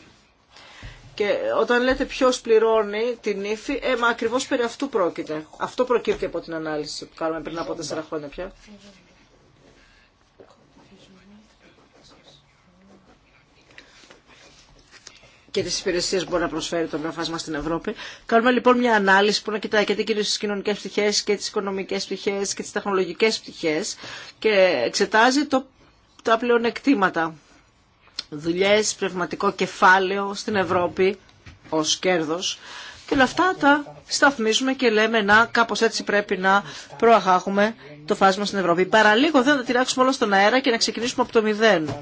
Και όταν λέτε ποιο πληρώνει την ύφη, ε, μα ακριβώ περί αυτού πρόκειται. Αυτό προκύπτει από την ανάλυση που κάνουμε πριν από τέσσερα χρόνια πια. και τις υπηρεσίες που μπορεί να προσφέρει το φάσμα στην Ευρώπη. Κάνουμε λοιπόν μια ανάλυση που να κοιτάει και κυρίως στις κοινωνικές πτυχές και τις οικονομικές πτυχές και τις τεχνολογικές πτυχές και εξετάζει το, τα πλεονεκτήματα. Δουλειές, πνευματικό κεφάλαιο στην Ευρώπη ως κέρδος. Και όλα αυτά τα σταθμίζουμε και λέμε να κάπως έτσι πρέπει να προαγάγουμε το φάσμα στην Ευρώπη. Παραλίγο δεν θα τυράξουμε όλο στον αέρα και να ξεκινήσουμε από το μηδέν.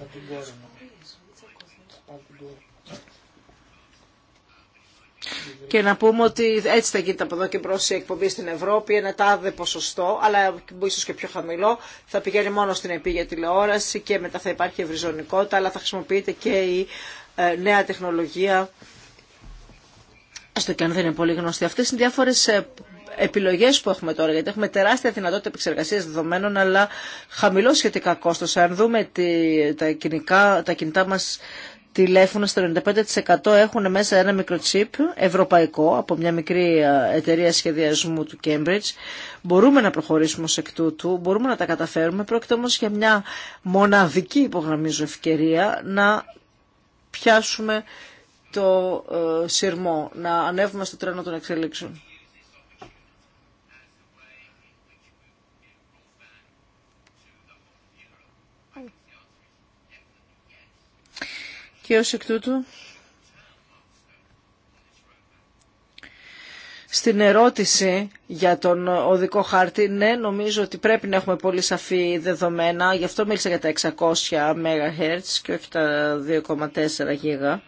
και να πούμε ότι έτσι θα γίνεται από εδώ και μπρος η εκπομπή στην Ευρώπη, ένα τάδε ποσοστό, αλλά ίσως και πιο χαμηλό, θα πηγαίνει μόνο στην επίγεια τηλεόραση και μετά θα υπάρχει ευρυζωνικότητα, αλλά θα χρησιμοποιείται και η ε, νέα τεχνολογία, έστω και αν δεν είναι πολύ γνωστή. Αυτές είναι διάφορες ε, επιλογέ που έχουμε τώρα, γιατί έχουμε τεράστια δυνατότητα επεξεργασία δεδομένων, αλλά χαμηλό σχετικά κόστο. Αν δούμε τα, κινικά, τα κινητά μα τηλέφωνα στο 95% έχουν μέσα ένα μικροτσίπ ευρωπαϊκό από μια μικρή εταιρεία σχεδιασμού του Cambridge. Μπορούμε να προχωρήσουμε σε εκ τούτου, μπορούμε να τα καταφέρουμε. Πρόκειται όμως για μια μοναδική υπογραμμίζω ευκαιρία να πιάσουμε το ε, σειρμό, να ανέβουμε στο τρένο των εξελίξεων. και ως εκ τούτου στην ερώτηση για τον οδικό χάρτη, ναι, νομίζω ότι πρέπει να έχουμε πολύ σαφή δεδομένα. Γι' αυτό μίλησα για τα 600 MHz και όχι τα 2,4 GHz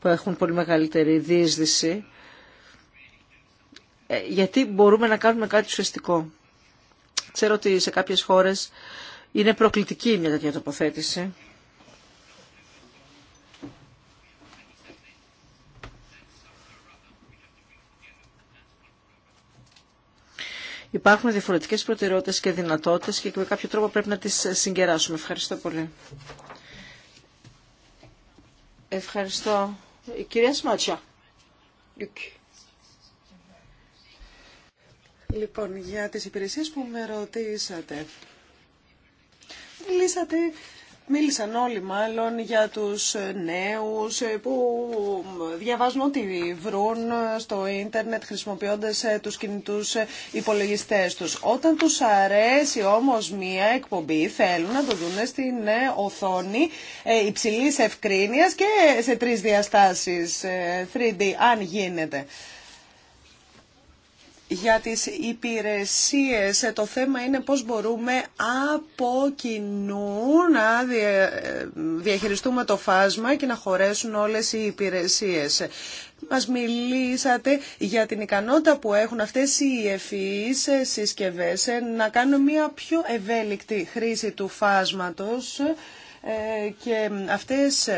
που έχουν πολύ μεγαλύτερη δίσδυση ε, Γιατί μπορούμε να κάνουμε κάτι ουσιαστικό. Ξέρω ότι σε κάποιες χώρες είναι προκλητική μια τέτοια τοποθέτηση. Υπάρχουν διαφορετικές προτεραιότητε και δυνατότητες και με κάποιο τρόπο πρέπει να τις συγκεράσουμε. Ευχαριστώ πολύ. Ευχαριστώ. Η κυρία Σμάτσα. Λοιπόν, για τις υπηρεσίες που με ρωτήσατε. Μιλήσατε Μίλησαν όλοι μάλλον για τους ε, νέους ε, που διαβάζουν ό,τι βρουν στο ίντερνετ χρησιμοποιώντας ε, τους κινητούς υπολογιστές τους. Όταν τους αρέσει όμως μία εκπομπή θέλουν να το δουν στην οθόνη υψηλής ευκρίνειας και σε τρεις διαστάσεις 3D αν γίνεται για τις υπηρεσίες. Ε, το θέμα είναι πώς μπορούμε από κοινού να ε, διαχειριστούμε το φάσμα και να χωρέσουν όλες οι υπηρεσίες. Μας μιλήσατε για την ικανότητα που έχουν αυτές οι ευφυείς ε, συσκευές να κάνουν μια πιο ευέλικτη χρήση του φάσματος και αυτές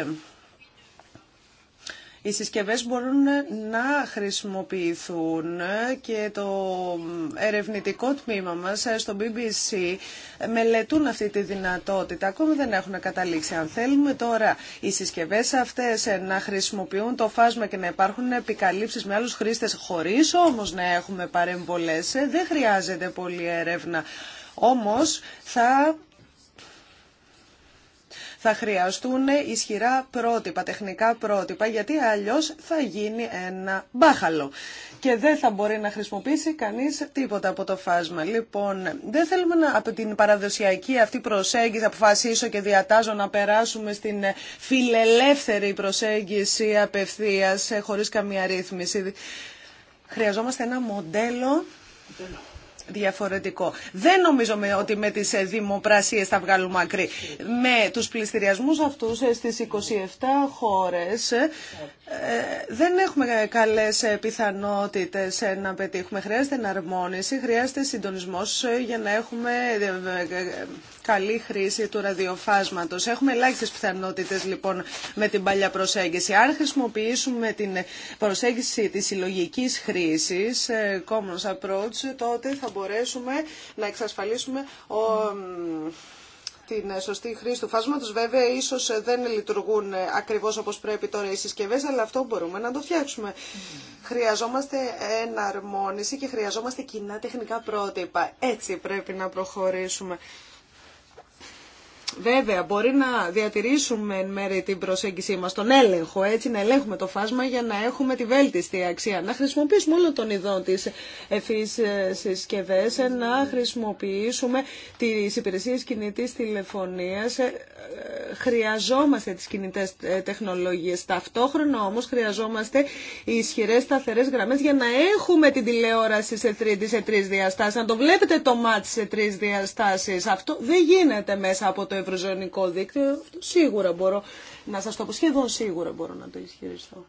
οι συσκευές μπορούν να χρησιμοποιηθούν και το ερευνητικό τμήμα μας στο BBC μελετούν αυτή τη δυνατότητα. Ακόμη δεν έχουν καταλήξει. Αν θέλουμε τώρα οι συσκευές αυτές να χρησιμοποιούν το φάσμα και να υπάρχουν επικαλύψεις με άλλους χρήστες χωρίς όμως να έχουμε παρεμβολές, δεν χρειάζεται πολύ έρευνα. Όμως θα θα χρειαστούν ισχυρά πρότυπα, τεχνικά πρότυπα, γιατί αλλιώς θα γίνει ένα μπάχαλο και δεν θα μπορεί να χρησιμοποιήσει κανείς τίποτα από το φάσμα. Λοιπόν, δεν θέλουμε να, από την παραδοσιακή αυτή προσέγγιση, αποφασίσω και διατάζω να περάσουμε στην φιλελεύθερη προσέγγιση απευθείας, ε, χωρίς καμία ρύθμιση. Χρειαζόμαστε ένα μοντέλο διαφορετικό. Δεν νομίζω ότι με τις ε, δημοπρασίες θα βγάλουμε μακρύ. Με τους πληστηριασμούς αυτούς ε, στις 27 χώρες ε, δεν έχουμε καλές πιθανότητες να πετύχουμε. Χρειάζεται εναρμόνιση, χρειάζεται συντονισμός για να έχουμε καλή χρήση του ραδιοφάσματος. Έχουμε ελάχιστες πιθανότητες λοιπόν με την παλιά προσέγγιση. Αν χρησιμοποιήσουμε την προσέγγιση της συλλογική χρήσης, common approach, τότε θα μπορέσουμε να εξασφαλίσουμε την σωστή χρήση του φάσματος. Βέβαια, ίσως δεν λειτουργούν ακριβώς όπως πρέπει τώρα οι συσκευές, αλλά αυτό μπορούμε να το φτιάξουμε. Χρειαζόμαστε εναρμόνιση και χρειαζόμαστε κοινά τεχνικά πρότυπα. Έτσι πρέπει να προχωρήσουμε. Βέβαια, μπορεί να διατηρήσουμε εν μέρει την προσέγγιση μας, τον έλεγχο, έτσι, να ελέγχουμε το φάσμα για να έχουμε τη βέλτιστη αξία. Να χρησιμοποιήσουμε όλο τον ειδών της ευθύς ε, συσκευέ, ε, να χρησιμοποιήσουμε τις υπηρεσίες κινητής τηλεφωνίας. Ε, χρειαζόμαστε τις κινητές τεχνολογίες. Ταυτόχρονα όμως χρειαζόμαστε ισχυρές σταθερές γραμμές για να έχουμε την τηλεόραση σε, τρίτη, σε τρεις διαστάσεις, να το βλέπετε το μάτι σε τρει διαστάσει. Αυτό δεν γίνεται μέσα από το ευρωζωνικό δίκτυο. Σίγουρα μπορώ να σας το πω, σχεδόν σίγουρα μπορώ να το ισχυριστώ.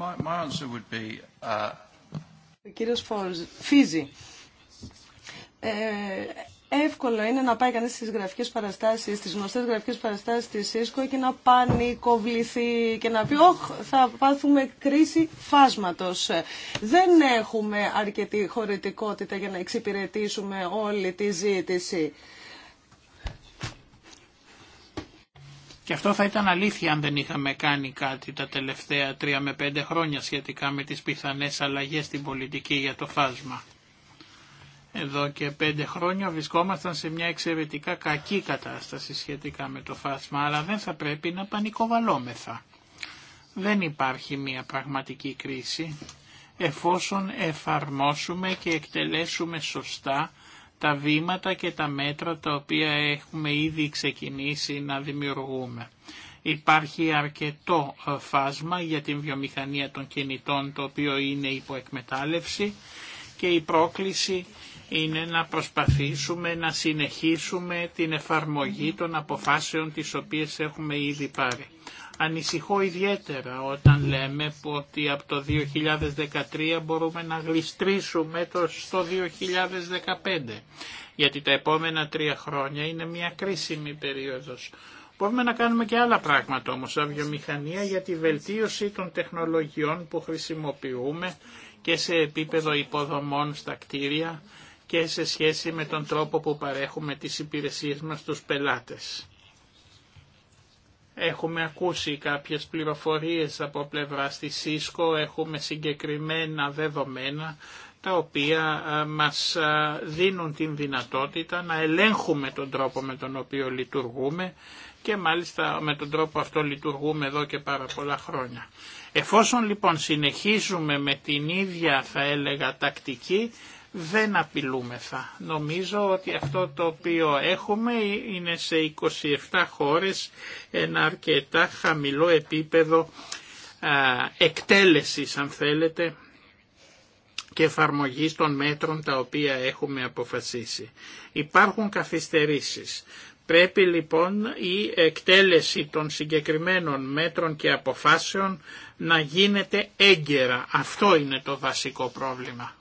My, my uh, κύριος Φίζη. Ε, εύκολο είναι να πάει κανεί στις γραφικές παραστάσεις, στις γνωστές γραφικές παραστάσεις της ΣΥΣΚΟ και να πανικοβληθεί και να πει όχι θα πάθουμε κρίση φάσματος». Δεν έχουμε αρκετή χωρητικότητα για να εξυπηρετήσουμε όλη τη ζήτηση. Και αυτό θα ήταν αλήθεια αν δεν είχαμε κάνει κάτι τα τελευταία τρία με πέντε χρόνια σχετικά με τις πιθανές αλλαγές στην πολιτική για το φάσμα. Εδώ και πέντε χρόνια βρισκόμασταν σε μια εξαιρετικά κακή κατάσταση σχετικά με το φάσμα, αλλά δεν θα πρέπει να πανικοβαλόμεθα. Δεν υπάρχει μια πραγματική κρίση εφόσον εφαρμόσουμε και εκτελέσουμε σωστά τα βήματα και τα μέτρα τα οποία έχουμε ήδη ξεκινήσει να δημιουργούμε. Υπάρχει αρκετό ε, φάσμα για την βιομηχανία των κινητών το οποίο είναι υποεκμετάλλευση και η πρόκληση είναι να προσπαθήσουμε να συνεχίσουμε την εφαρμογή των αποφάσεων τις οποίες έχουμε ήδη πάρει. Ανησυχώ ιδιαίτερα όταν λέμε ότι από το 2013 μπορούμε να γλιστρήσουμε το στο 2015, γιατί τα επόμενα τρία χρόνια είναι μια κρίσιμη περίοδος. Μπορούμε να κάνουμε και άλλα πράγματα όμως σαν βιομηχανία για τη βελτίωση των τεχνολογιών που χρησιμοποιούμε και σε επίπεδο υποδομών στα κτίρια και σε σχέση με τον τρόπο που παρέχουμε τις υπηρεσίες μας στους πελάτες. Έχουμε ακούσει κάποιες πληροφορίες από πλευρά στη ΣΥΣΚΟ, έχουμε συγκεκριμένα δεδομένα τα οποία μας δίνουν την δυνατότητα να ελέγχουμε τον τρόπο με τον οποίο λειτουργούμε και μάλιστα με τον τρόπο αυτό λειτουργούμε εδώ και πάρα πολλά χρόνια. Εφόσον λοιπόν συνεχίζουμε με την ίδια θα έλεγα τακτική δεν απειλούμεθα. Νομίζω ότι αυτό το οποίο έχουμε είναι σε 27 χώρες ένα αρκετά χαμηλό επίπεδο εκτέλεσης αν θέλετε και εφαρμογή των μέτρων τα οποία έχουμε αποφασίσει. Υπάρχουν καθυστερήσεις. Πρέπει λοιπόν η εκτέλεση των συγκεκριμένων μέτρων και αποφάσεων να γίνεται έγκαιρα. Αυτό είναι το βασικό πρόβλημα.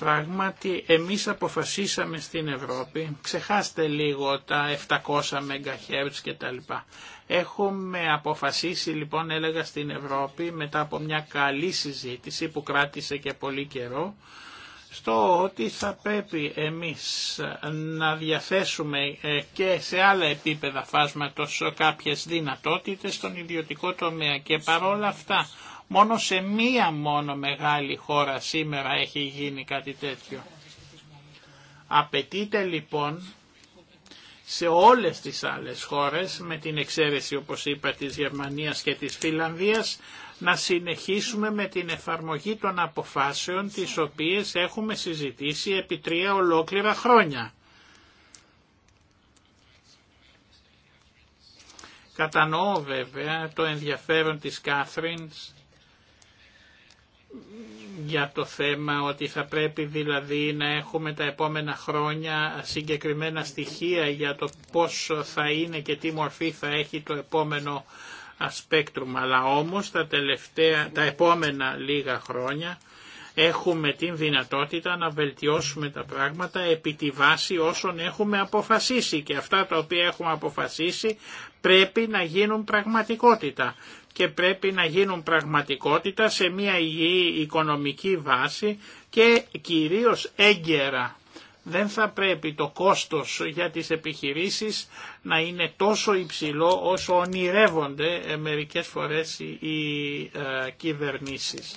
Πράγματι, εμείς αποφασίσαμε στην Ευρώπη, ξεχάστε λίγο τα 700 MHz και τα λοιπά. Έχουμε αποφασίσει λοιπόν έλεγα στην Ευρώπη μετά από μια καλή συζήτηση που κράτησε και πολύ καιρό στο ότι θα πρέπει εμείς να διαθέσουμε ε, και σε άλλα επίπεδα φάσματος κάποιες δυνατότητες στον ιδιωτικό τομέα και παρόλα αυτά Μόνο σε μία μόνο μεγάλη χώρα σήμερα έχει γίνει κάτι τέτοιο. Απαιτείται λοιπόν σε όλες τις άλλες χώρες, με την εξαίρεση όπως είπα της Γερμανίας και της Φιλανδίας, να συνεχίσουμε με την εφαρμογή των αποφάσεων τις οποίες έχουμε συζητήσει επί τρία ολόκληρα χρόνια. Κατανοώ βέβαια το ενδιαφέρον της Κάθρινς για το θέμα ότι θα πρέπει δηλαδή να έχουμε τα επόμενα χρόνια συγκεκριμένα στοιχεία για το πώς θα είναι και τι μορφή θα έχει το επόμενο ασπέκτρουμα. Αλλά όμως τα, τελευταία, τα επόμενα λίγα χρόνια έχουμε την δυνατότητα να βελτιώσουμε τα πράγματα επί τη βάση όσων έχουμε αποφασίσει και αυτά τα οποία έχουμε αποφασίσει πρέπει να γίνουν πραγματικότητα και πρέπει να γίνουν πραγματικότητα σε μια υγιή οικονομική βάση και κυρίως έγκαιρα. Δεν θα πρέπει το κόστος για τις επιχειρήσεις να είναι τόσο υψηλό όσο ονειρεύονται ε, μερικές φορές οι ε, κυβερνήσεις.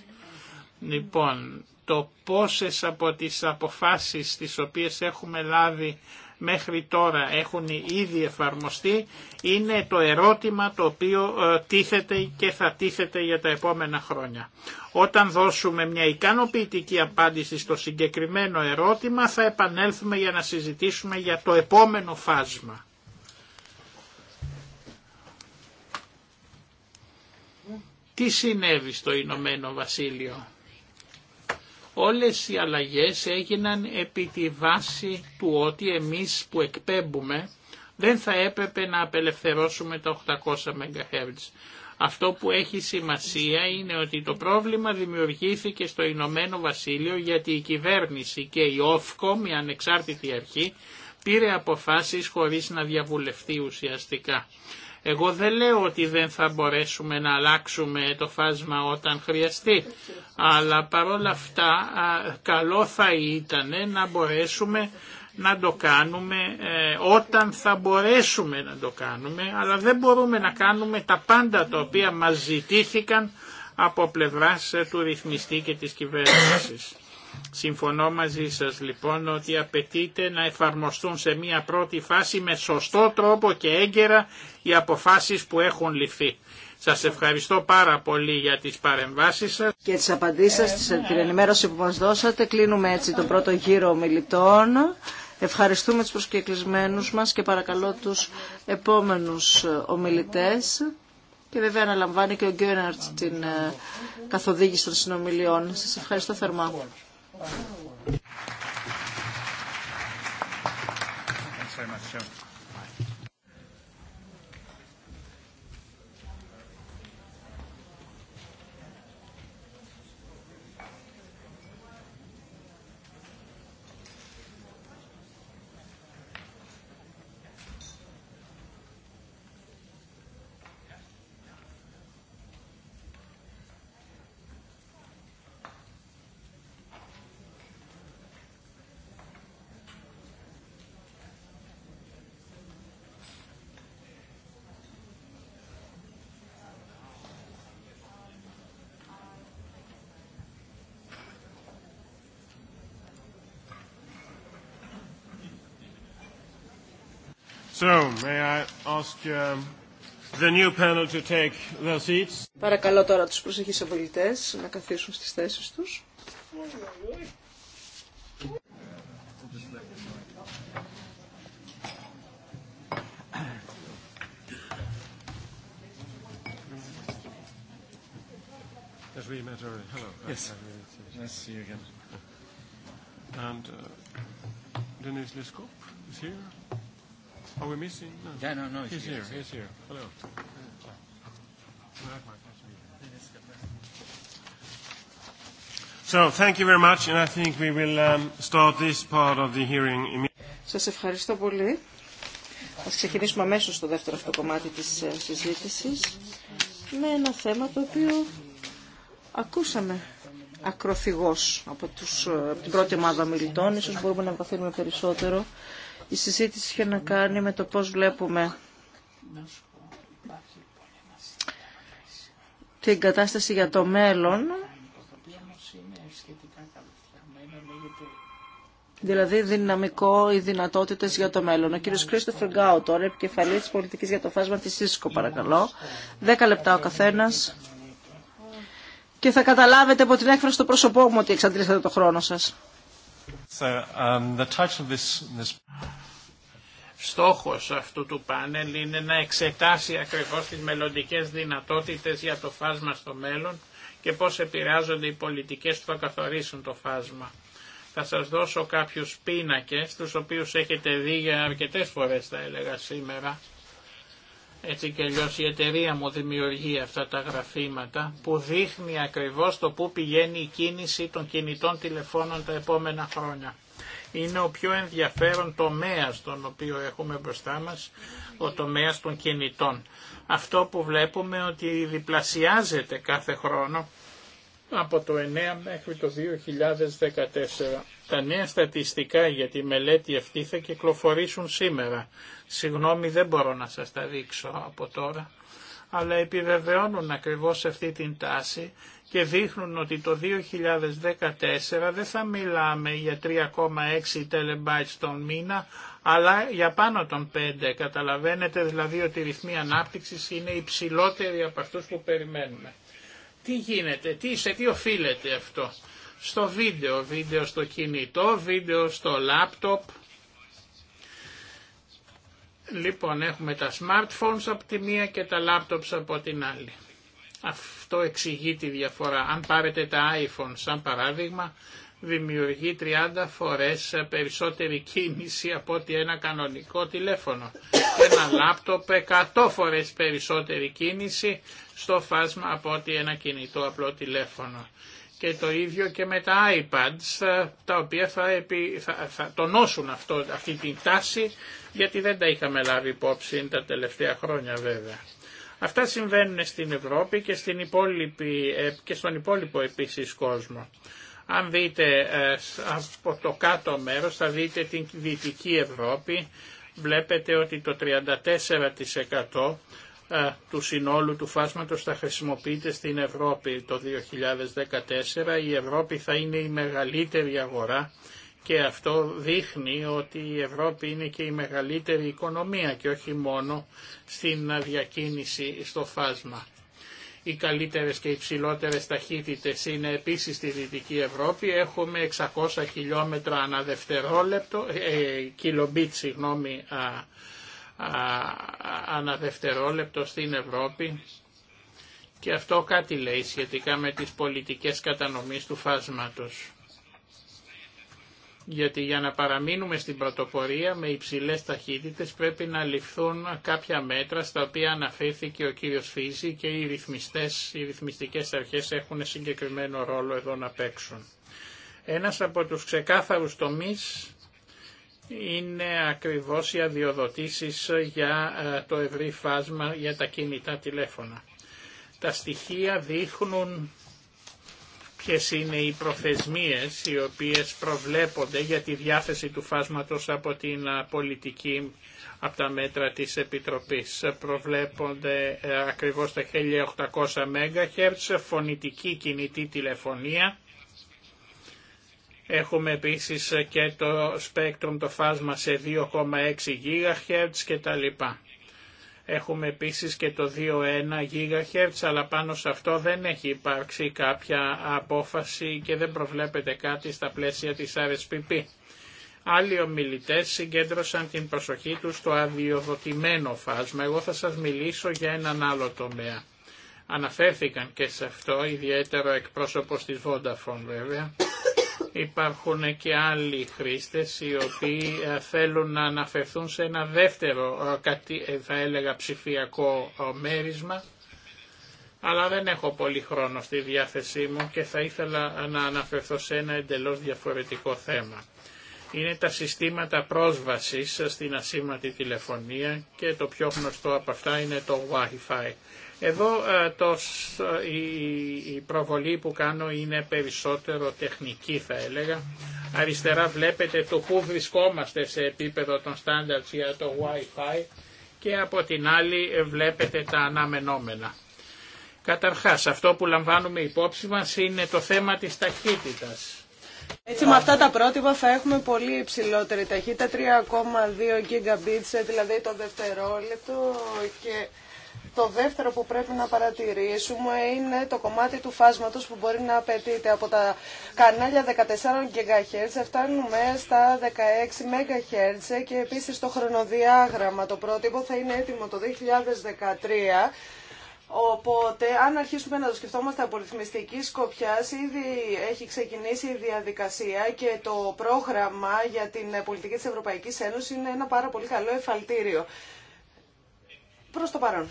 Λοιπόν, το πόσες από τις αποφάσεις τις οποίες έχουμε λάβει μέχρι τώρα έχουν ήδη εφαρμοστεί είναι το ερώτημα το οποίο ε, τίθεται και θα τίθεται για τα επόμενα χρόνια. Όταν δώσουμε μια ικανοποιητική απάντηση στο συγκεκριμένο ερώτημα θα επανέλθουμε για να συζητήσουμε για το επόμενο φάσμα. Τι συνέβη στο Ηνωμένο Βασίλειο. Όλες οι αλλαγές έγιναν επί τη βάση του ότι εμείς που εκπέμπουμε δεν θα έπρεπε να απελευθερώσουμε τα 800 MHz. Αυτό που έχει σημασία είναι ότι το πρόβλημα δημιουργήθηκε στο Ηνωμένο Βασίλειο γιατί η κυβέρνηση και η ΟΦΚΟ η ανεξάρτητη αρχή, πήρε αποφάσεις χωρίς να διαβουλευτεί ουσιαστικά. Εγώ δεν λέω ότι δεν θα μπορέσουμε να αλλάξουμε το φάσμα όταν χρειαστεί, αλλά παρόλα αυτά καλό θα ήταν να μπορέσουμε να το κάνουμε ε, όταν θα μπορέσουμε να το κάνουμε, αλλά δεν μπορούμε να κάνουμε τα πάντα τα οποία μας ζητήθηκαν από πλευράς ε, του ρυθμιστή και της κυβέρνησης. Συμφωνώ μαζί σας λοιπόν ότι απαιτείται να εφαρμοστούν σε μία πρώτη φάση με σωστό τρόπο και έγκαιρα οι αποφάσεις που έχουν ληφθεί. Σας ευχαριστώ πάρα πολύ για τις παρεμβάσεις σας. Και τις απαντήσεις σας, την ενημέρωση που μας δώσατε. Κλείνουμε έτσι τον πρώτο γύρο ομιλητών. Ευχαριστούμε τους προσκεκλισμένους μας και παρακαλώ τους επόμενους ε, ομιλητές. Και βέβαια αναλαμβάνει και ο Γκέναρτ την ε, καθοδήγηση των συνομιλιών. Σας ευχαριστώ θερμά. Σας ευχαριστώ. So, may I ask the new panel to take their seats. Παρακαλώ τώρα τους προσεχείς απολυτές να καθίσουν στις θέσεις τους. As we met earlier. Hello. Yes. Nice to see you again. And uh, Denise Leskop is here. Are we missing? No. Yeah, no, no. He's, here. He's here. Hello. So, thank you very much, and I think we will um, start this part of the hearing. Σας ευχαριστώ πολύ. Ας ξεκινήσουμε αμέσως το δεύτερο αυτό κομμάτι της ε, συζήτησης με ένα θέμα το οποίο ακούσαμε ακροθυγός από, τους, ε, από την πρώτη ομάδα μιλητών. Ίσως μπορούμε να βαθύνουμε περισσότερο η συζήτηση είχε να κάνει με το πώς βλέπουμε την κατάσταση για το μέλλον. Δηλαδή δυναμικό ή δυνατότητε για το μέλλον. Ο κύριο Κρίστοφερ Γκάου, τώρα επικεφαλή τη πολιτική για το φάσμα τη ΣΥΣΚΟ, παρακαλώ. Δέκα λεπτά ο καθένα. Και θα καταλάβετε από την έκφραση στο πρόσωπό μου ότι εξαντλήσατε το χρόνο σας. So, um, Στόχος αυτού του πάνελ είναι να εξετάσει ακριβώς τις μελλοντικές δυνατότητες για το φάσμα στο μέλλον και πώς επηρεάζονται οι πολιτικές που θα καθορίσουν το φάσμα. Θα σας δώσω κάποιους πίνακες, τους οποίους έχετε δει για αρκετές φορές θα έλεγα σήμερα, έτσι και αλλιώ η εταιρεία μου δημιουργεί αυτά τα γραφήματα που δείχνει ακριβώς το πού πηγαίνει η κίνηση των κινητών τηλεφώνων τα επόμενα χρόνια. Είναι ο πιο ενδιαφέρον τομέας τον οποίο έχουμε μπροστά μας, ο τομέας των κινητών. Αυτό που βλέπουμε ότι διπλασιάζεται κάθε χρόνο από το 9 μέχρι το 2014. Τα νέα στατιστικά για τη μελέτη αυτή θα κυκλοφορήσουν σήμερα. Συγγνώμη δεν μπορώ να σας τα δείξω από τώρα, αλλά επιβεβαιώνουν ακριβώς αυτή την τάση και δείχνουν ότι το 2014 δεν θα μιλάμε για 3,6 τελεμπάιτ τον μήνα, αλλά για πάνω των 5. Καταλαβαίνετε δηλαδή ότι η ρυθμοί ανάπτυξης είναι υψηλότερη από αυτούς που περιμένουμε. Τι γίνεται, τι, σε τι οφείλεται αυτό στο βίντεο, βίντεο στο κινητό, βίντεο στο λάπτοπ. Λοιπόν, έχουμε τα smartphones από τη μία και τα laptops από την άλλη. Αυτό εξηγεί τη διαφορά. Αν πάρετε τα iPhone σαν παράδειγμα, δημιουργεί 30 φορές περισσότερη κίνηση από ότι ένα κανονικό τηλέφωνο. Ένα λάπτοπ 100 φορές περισσότερη κίνηση στο φάσμα από ότι ένα κινητό απλό τηλέφωνο και το ίδιο και με τα iPads ε, τα οποία θα, θα, τονώσουν αυτό, αυτή την τάση γιατί δεν τα είχαμε λάβει υπόψη τα τελευταία χρόνια βέβαια. Αυτά συμβαίνουν στην Ευρώπη και, στην ε, και στον υπόλοιπο επίσης κόσμο. Αν δείτε ε, από το κάτω μέρος θα δείτε την Δυτική Ευρώπη βλέπετε ότι το 34% του συνόλου του φάσματος θα χρησιμοποιείται στην Ευρώπη το 2014. Η Ευρώπη θα είναι η μεγαλύτερη αγορά και αυτό δείχνει ότι η Ευρώπη είναι και η μεγαλύτερη οικονομία και όχι μόνο στην διακίνηση στο φάσμα. Οι καλύτερες και ψηλότερες ταχύτητες είναι επίσης στη Δυτική Ευρώπη. Έχουμε 600 χιλιόμετρα ανά δευτερόλεπτο, ε, ε, κιλομπίτ, συγγνώμη, αναδευτερόλεπτο στην Ευρώπη και αυτό κάτι λέει σχετικά με τις πολιτικές κατανομής του φάσματος. Γιατί για να παραμείνουμε στην πρωτοπορία με υψηλές ταχύτητες πρέπει να ληφθούν κάποια μέτρα στα οποία αναφέρθηκε ο κύριος Φύση και οι, ρυθμιστές, οι ρυθμιστικές αρχές έχουν συγκεκριμένο ρόλο εδώ να παίξουν. Ένας από τους ξεκάθαρους τομείς είναι ακριβώς οι αδειοδοτήσεις για ε, το ευρύ φάσμα για τα κινητά τηλέφωνα. Τα στοιχεία δείχνουν ποιες είναι οι προθεσμίες οι οποίες προβλέπονται για τη διάθεση του φάσματος από την ε, πολιτική, από τα μέτρα της Επιτροπής. Προβλέπονται ε, ακριβώς τα 1800 MHz, φωνητική κινητή τηλεφωνία, Έχουμε επίσης και το σπέκτρουμ το φάσμα σε 2,6 GHz και τα λοιπά. Έχουμε επίσης και το 2,1 GHz, αλλά πάνω σε αυτό δεν έχει υπάρξει κάποια απόφαση και δεν προβλέπεται κάτι στα πλαίσια της RSPP. Άλλοι ομιλητές συγκέντρωσαν την προσοχή τους στο αδειοδοτημένο φάσμα. Εγώ θα σας μιλήσω για έναν άλλο τομέα. Αναφέρθηκαν και σε αυτό, ιδιαίτερο εκπρόσωπος της Vodafone βέβαια. Υπάρχουν και άλλοι χρήστες οι οποίοι ε, θέλουν να αναφερθούν σε ένα δεύτερο, ε, ε, θα έλεγα, ψηφιακό μέρισμα, αλλά δεν έχω πολύ χρόνο στη διάθεσή μου και θα ήθελα να αναφερθώ σε ένα εντελώς διαφορετικό θέμα. Είναι τα συστήματα πρόσβασης στην ασήμαντη τηλεφωνία και το πιο γνωστό από αυτά είναι το Wi-Fi. Εδώ ε, η, προβολή που κάνω είναι περισσότερο τεχνική θα έλεγα. Αριστερά βλέπετε το πού βρισκόμαστε σε επίπεδο των standards για το Wi-Fi και από την άλλη βλέπετε τα αναμενόμενα. Καταρχάς αυτό που λαμβάνουμε υπόψη μας είναι το θέμα της ταχύτητας. Έτσι με αυτά τα πρότυπα θα έχουμε πολύ υψηλότερη ταχύτητα, 3,2 Gbps δηλαδή το δευτερόλεπτο και το δεύτερο που πρέπει να παρατηρήσουμε είναι το κομμάτι του φάσματος που μπορεί να απαιτείται. Από τα κανάλια 14 GHz ε, φτάνουμε στα 16 MHz ε, και επίσης το χρονοδιάγραμμα. Το πρότυπο θα είναι έτοιμο το 2013. Οπότε, αν αρχίσουμε να το σκεφτόμαστε από ρυθμιστική σκοπιά, ήδη έχει ξεκινήσει η διαδικασία και το πρόγραμμα για την πολιτική της Ευρωπαϊκής Ένωσης είναι ένα πάρα πολύ καλό εφαλτήριο. Προς το παρόν.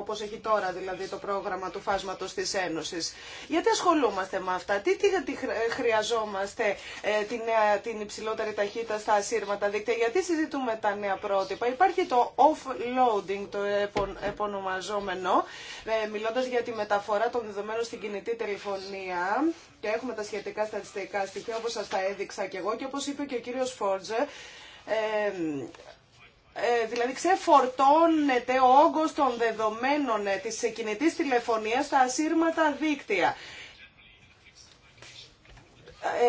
Όπω έχει τώρα δηλαδή το πρόγραμμα του φάσματος της Ένωσης. Γιατί ασχολούμαστε με αυτά, τι, τι χρειαζόμαστε ε, την, την υψηλότερη ταχύτητα στα ασύρματα δίκτυα, γιατί συζητούμε τα νέα πρότυπα. Υπάρχει το offloading, το επωνομαζόμενο, ε, μιλώντας για τη μεταφορά των δεδομένων στην κινητή τηλεφωνία και έχουμε τα σχετικά στατιστικά στοιχεία όπω σα τα έδειξα και εγώ και όπω είπε και ο κύριο Φόρτζε, ε, ε, δηλαδή ξεφορτώνεται ο όγκος των δεδομένων ε, της κινητής τηλεφωνίας στα ασύρματα δίκτυα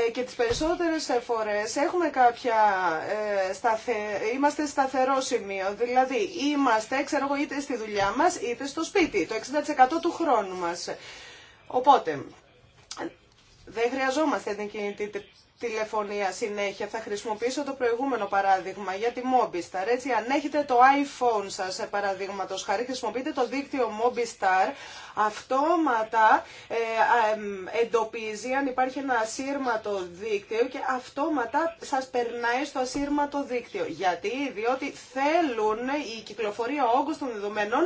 ε, και τις περισσότερες φορές έχουμε κάποια, ε, σταθε... είμαστε σταθερό σημείο, δηλαδή είμαστε, ξέρω εγώ, είτε στη δουλειά μας είτε στο σπίτι, το 60% του χρόνου μας. Οπότε, δεν χρειαζόμαστε την κινητή τηλεφωνία συνέχεια. Θα χρησιμοποιήσω το προηγούμενο παράδειγμα για τη Mobistar. Έτσι, αν έχετε το iPhone σας, ε, παραδείγματο χάρη, χρησιμοποιείτε το δίκτυο Mobistar, αυτόματα ε, ε, εντοπίζει αν υπάρχει ένα ασύρματο δίκτυο και αυτόματα σας περνάει στο ασύρματο δίκτυο. Γιατί, διότι θέλουν η κυκλοφορία όγκου των δεδομένων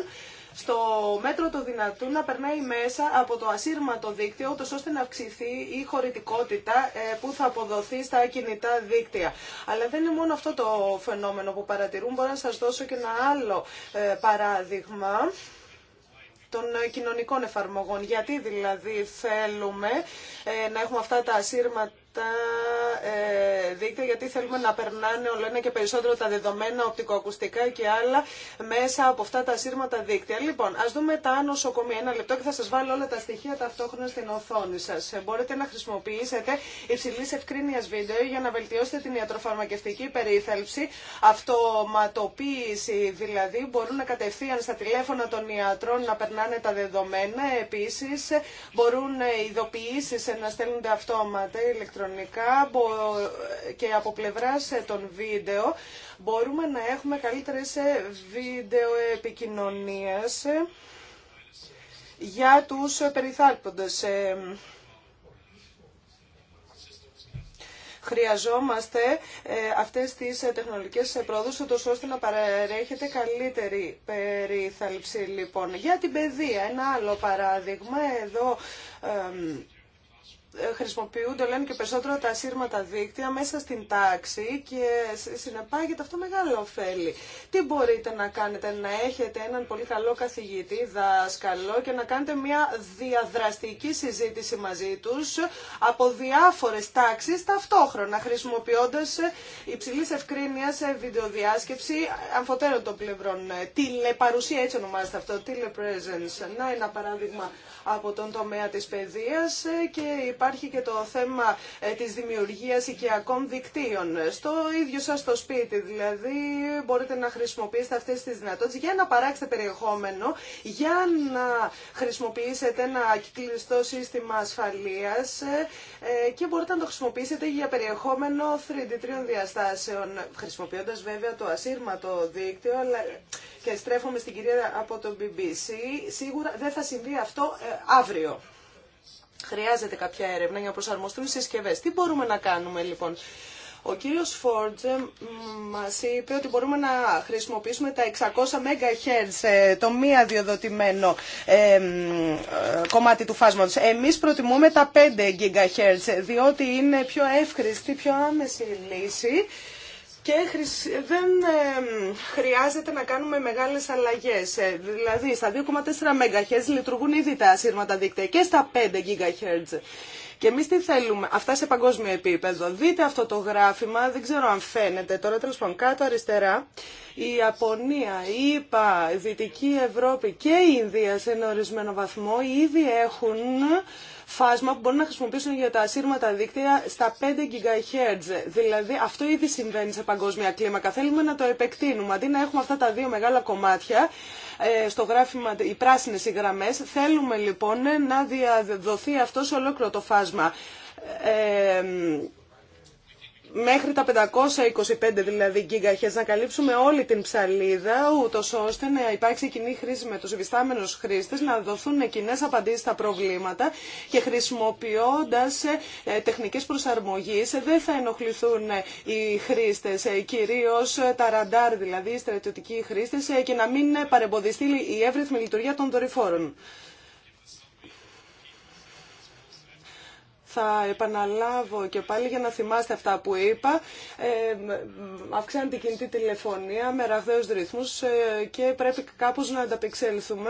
στο μέτρο του δυνατού να περνάει μέσα από το ασύρματο δίκτυο, ώστε να αυξηθεί η χωρητικότητα ε, που θα αποδοθεί στα κινητά δίκτυα. Αλλά δεν είναι μόνο αυτό το φαινόμενο που παρατηρούν. Μπορώ να σας δώσω και ένα άλλο ε, παράδειγμα των κοινωνικών εφαρμογών. Γιατί δηλαδή θέλουμε ε, να έχουμε αυτά τα ασύρματα τα ε, δίκτυα γιατί θέλουμε να περνάνε όλο ένα και περισσότερο τα δεδομένα οπτικοακουστικά και άλλα μέσα από αυτά τα σύρματα δίκτυα. Λοιπόν, ας δούμε τα νοσοκομεία. Ένα λεπτό και θα σας βάλω όλα τα στοιχεία ταυτόχρονα στην οθόνη σας. Μπορείτε να χρησιμοποιήσετε υψηλή ευκρίνεια βίντεο για να βελτιώσετε την ιατροφαρμακευτική περίθαλψη, αυτοματοποίηση δηλαδή, μπορούν να κατευθείαν στα τηλέφωνα των ιατρών να περνάνε τα δεδομένα. Επίσης, μπορούν ειδοποιήσεις να στέλνονται αυτόματα ηλεκτρονικά και από πλευρά ε, των βίντεο μπορούμε να έχουμε καλύτερες ε, βίντεο επικοινωνίε ε, για τους περιθάλποντες. Χρειαζόμαστε αυτές τις τεχνολογικές πρόοδους, ώστε να παρέχεται καλύτερη περίθαλψη. Λοιπόν, για την παιδεία, ένα άλλο παράδειγμα, εδώ χρησιμοποιούνται λένε και περισσότερο τα σύρματα δίκτυα μέσα στην τάξη και συνεπάγεται αυτό μεγάλο ωφέλη. Τι μπορείτε να κάνετε, να έχετε έναν πολύ καλό καθηγητή, δάσκαλο και να κάνετε μια διαδραστική συζήτηση μαζί τους από διάφορες τάξεις ταυτόχρονα χρησιμοποιώντας υψηλής σε βιντεοδιάσκεψη αμφωτέρων των πλευρών. Ε, τηλεπαρουσία έτσι ονομάζεται αυτό, telepresence. Να ένα παράδειγμα από τον τομέα της παιδείας ε, και υπάρχει και το θέμα ε, της δημιουργίας οικιακών δικτύων. Στο ίδιο σας το σπίτι δηλαδή μπορείτε να χρησιμοποιήσετε αυτές τις δυνατότητες για να παράξετε περιεχόμενο, για να χρησιμοποιήσετε ένα κλειστό σύστημα ασφαλείας ε, και μπορείτε να το χρησιμοποιήσετε για περιεχόμενο 3D διαστάσεων, χρησιμοποιώντας βέβαια το ασύρματο δίκτυο, αλλά και στρέφομαι στην κυρία από το BBC, σίγουρα δεν θα συμβεί αυτό ε, αύριο. Χρειάζεται κάποια έρευνα για να προσαρμοστούν οι συσκευέ. Τι μπορούμε να κάνουμε λοιπόν. Ο κύριος Φόρτζ μας είπε ότι μπορούμε να χρησιμοποιήσουμε τα 600 MHz, ε, το μη αδειοδοτημένο ε, κομμάτι του φάσματος. Εμείς προτιμούμε τα 5 GHz, διότι είναι πιο εύχριστη, πιο άμεση λύση και δεν χρειάζεται να κάνουμε μεγάλες αλλαγές. Ε, δηλαδή στα 2,4 MHz λειτουργούν ήδη τα ασύρματα δίκτυα και στα 5 GHz. Και εμεί τι θέλουμε, αυτά σε παγκόσμιο επίπεδο. Δείτε αυτό το γράφημα, δεν ξέρω αν φαίνεται τώρα, τέλο πάντων κάτω αριστερά. Η Ιαπωνία, η ΙΠΑ, η Δυτική Ευρώπη και η Ινδία σε ένα ορισμένο βαθμό ήδη έχουν φάσμα που μπορούν να χρησιμοποιήσουν για τα ασύρματα δίκτυα στα 5 GHz. Δηλαδή αυτό ήδη συμβαίνει σε παγκόσμια κλίμακα. Θέλουμε να το επεκτείνουμε. Αντί να έχουμε αυτά τα δύο μεγάλα κομμάτια, ε, στο γράφημα οι πράσινε οι θέλουμε λοιπόν να διαδοθεί αυτό σε ολόκληρο το φάσμα. Ε, μέχρι τα 525 δηλαδή γίγκαχες να καλύψουμε όλη την ψαλίδα, ούτω ώστε να υπάρξει κοινή χρήση με τους υφιστάμενου χρήστες, να δοθούν κοινέ απαντήσεις στα προβλήματα και χρησιμοποιώντα ε, τεχνικέ προσαρμογής δεν θα ενοχληθούν ε, οι χρήστε, κυρίω ε, τα ραντάρ δηλαδή, οι στρατιωτικοί χρήστε και να μην παρεμποδιστεί η εύρυθμη λειτουργία των δορυφόρων. θα επαναλάβω και πάλι για να θυμάστε αυτά που είπα. Ε, αυξάνεται η κινητή τηλεφωνία με ραγδαίους ρυθμούς ε, και πρέπει κάπως να ανταπεξέλθουμε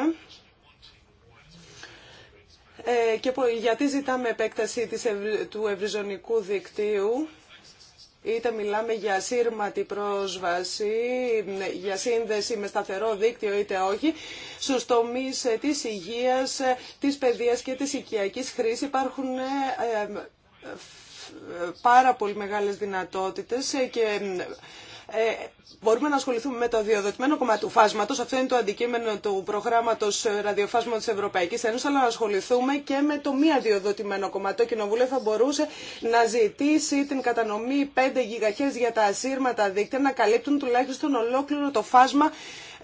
ε, και γιατί ζητάμε επέκταση του ευρυζωνικού δικτύου είτε μιλάμε για σύρματη πρόσβαση, για σύνδεση με σταθερό δίκτυο είτε όχι, στους τομείς ε, της υγείας, ε, της παιδείας και της οικιακής χρήση, υπάρχουν ε, πάρα πολύ μεγάλες δυνατότητες και ε, μπορούμε να ασχοληθούμε με το αδειοδοτημένο κομμάτι του φάσματο. Αυτό είναι το αντικείμενο του προγράμματο ε, ραδιοφάσματο τη Ευρωπαϊκή Ένωση. Αλλά να ασχοληθούμε και με το μη αδειοδοτημένο κομμάτι. Το Κοινοβούλιο θα μπορούσε να ζητήσει την κατανομή 5 GHz για τα ασύρματα δίκτυα να καλύπτουν τουλάχιστον ολόκληρο το φάσμα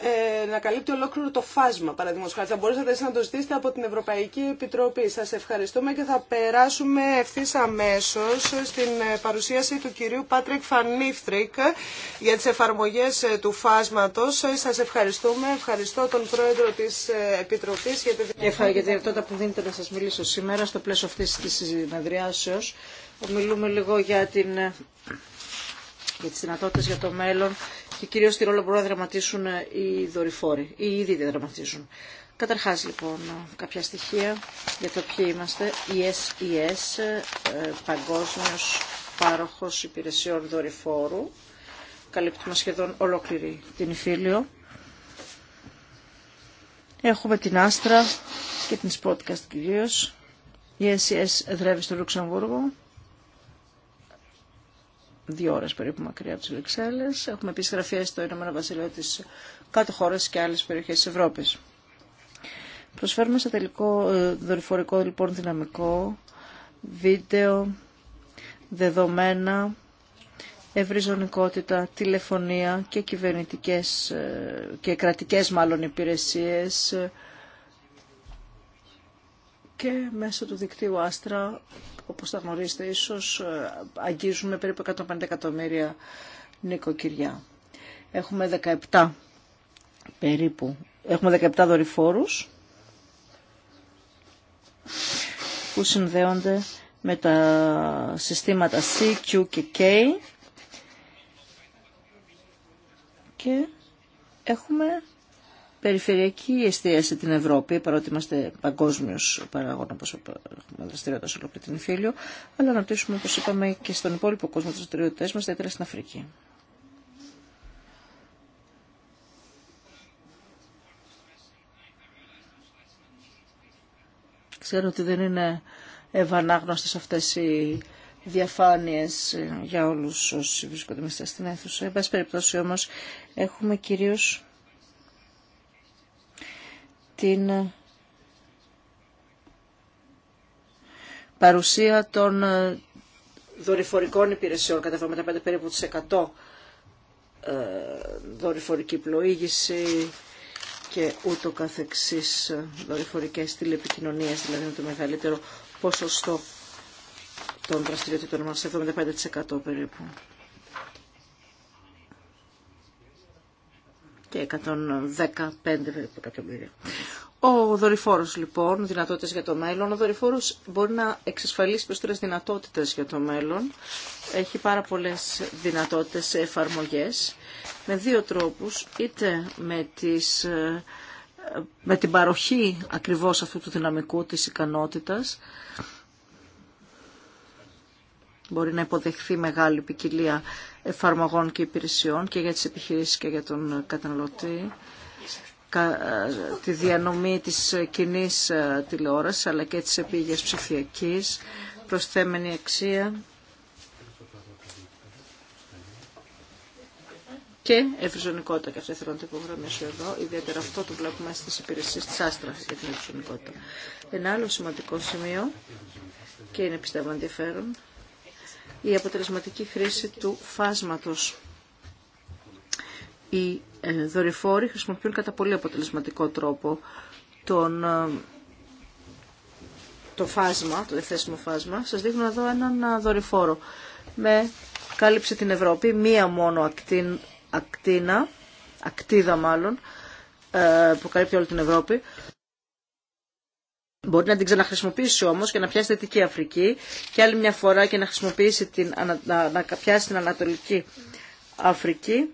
ε, να καλύπτει ολόκληρο το φάσμα, παραδείγματος Θα μπορούσατε να το ζητήσετε από την Ευρωπαϊκή Επιτροπή. Σας ευχαριστούμε και θα περάσουμε ευθύ αμέσω στην ε, παρουσίαση του κυρίου Πάτρικ Φανίφτρικ για τις εφαρμογές ε, του φάσματος. Σας ευχαριστούμε. Ευχαριστώ τον Πρόεδρο της Επιτροπής για τη δυνατότητα που δίνετε να σας μιλήσω σήμερα στο πλαίσιο αυτή τη συνεδριάσεως. Μιλούμε λίγο για, την... για τις για το μέλλον και κυρίως τη ρόλο μπορούν να δραματίσουν ε, οι δορυφόροι, οι ήδη δραματίζουν. Καταρχάς λοιπόν ε, κάποια στοιχεία για το ποιοι είμαστε. Η SES, e ε, Παγκόσμιος Πάροχος Υπηρεσιών Δορυφόρου. Καλύπτουμε σχεδόν ολόκληρη την Ιφίλιο. Έχουμε την Άστρα και την Spotcast κυρίως. Η SES e δρεύει στο Λουξεμβούργο δύο ώρες περίπου μακριά από τι Βρυξέλλε. Έχουμε επίση στο Ηνωμένο Βασίλειο τη κάτω χώρες και άλλε περιοχέ τη Ευρώπη. Προσφέρουμε σε τελικό ε, δορυφορικό λοιπόν δυναμικό, βίντεο, δεδομένα, ευρυζωνικότητα, τηλεφωνία και κυβερνητικές ε, και κρατικές μάλλον υπηρεσίες, και μέσω του δικτύου Άστρα, όπως θα γνωρίζετε ίσως, ε, αγγίζουμε περίπου 150 εκατομμύρια νοικοκυριά. Έχουμε 17 περίπου, έχουμε 17 δορυφόρους που συνδέονται με τα συστήματα C, Q και K και έχουμε περιφερειακή εστίαση την Ευρώπη, παρότι είμαστε παγκόσμιο παράγοντα όπω έχουμε δραστηριότητα σε ολόκληρη την Φίλιο, αλλά να αναπτύσσουμε, όπω είπαμε, και στον υπόλοιπο κόσμο τι δραστηριότητέ μα, ιδιαίτερα στην Αφρική. Ξέρω ότι δεν είναι ευανάγνωστες αυτές οι διαφάνειες για όλους όσοι βρίσκονται μέσα στην αίθουσα. Εν πάση περιπτώσει όμως έχουμε κυρίως την παρουσία των ε, δορυφορικών υπηρεσιών, κατά 75 περίπου ε, δορυφορική πλοήγηση και ούτω καθεξής ε, δορυφορικές τηλεπικοινωνίες, δηλαδή είναι το μεγαλύτερο ποσοστό των δραστηριοτήτων μας, 75% περίπου. και 115 εκατομμύρια. Ο δορυφόρο λοιπόν, δυνατότητε για το μέλλον. Ο δορυφόρο μπορεί να εξασφαλίσει περισσότερε δυνατότητε για το μέλλον. Έχει πάρα πολλέ δυνατότητε σε εφαρμογέ με δύο τρόπου. Είτε με, τις, ε, με την παροχή ακριβώ αυτού του δυναμικού τη ικανότητα μπορεί να υποδεχθεί μεγάλη ποικιλία εφαρμογών και υπηρεσιών και για τις επιχειρήσεις και για τον καταναλωτή ε, τη διανομή της κοινή ε, τηλεόρασης αλλά και της επίγειας ψηφιακής, προσθέμενη αξία και ευρυζωνικότητα. Και αυτό θέλω να το υπογραμμίσω εδώ. Ιδιαίτερα αυτό το βλέπουμε στις υπηρεσίες της Άστρα για την ευρυζωνικότητα. Ένα άλλο σημαντικό σημείο και είναι πιστεύω ενδιαφέρον η αποτελεσματική χρήση του φάσματος. Οι ε, δορυφόροι χρησιμοποιούν κατά πολύ αποτελεσματικό τρόπο τον, ε, το φάσμα, το διαθέσιμο φάσμα. Σας δείχνω εδώ έναν ε, δορυφόρο με κάλυψη την Ευρώπη, μία μόνο ακτίνα, ακτίδα μάλλον, που καλύπτει όλη την Ευρώπη. Μπορεί να την ξαναχρησιμοποιήσει όμως και να πιάσει Δυτική Αφρική και άλλη μια φορά και να χρησιμοποιήσει την, να, να πιάσει την Ανατολική Αφρική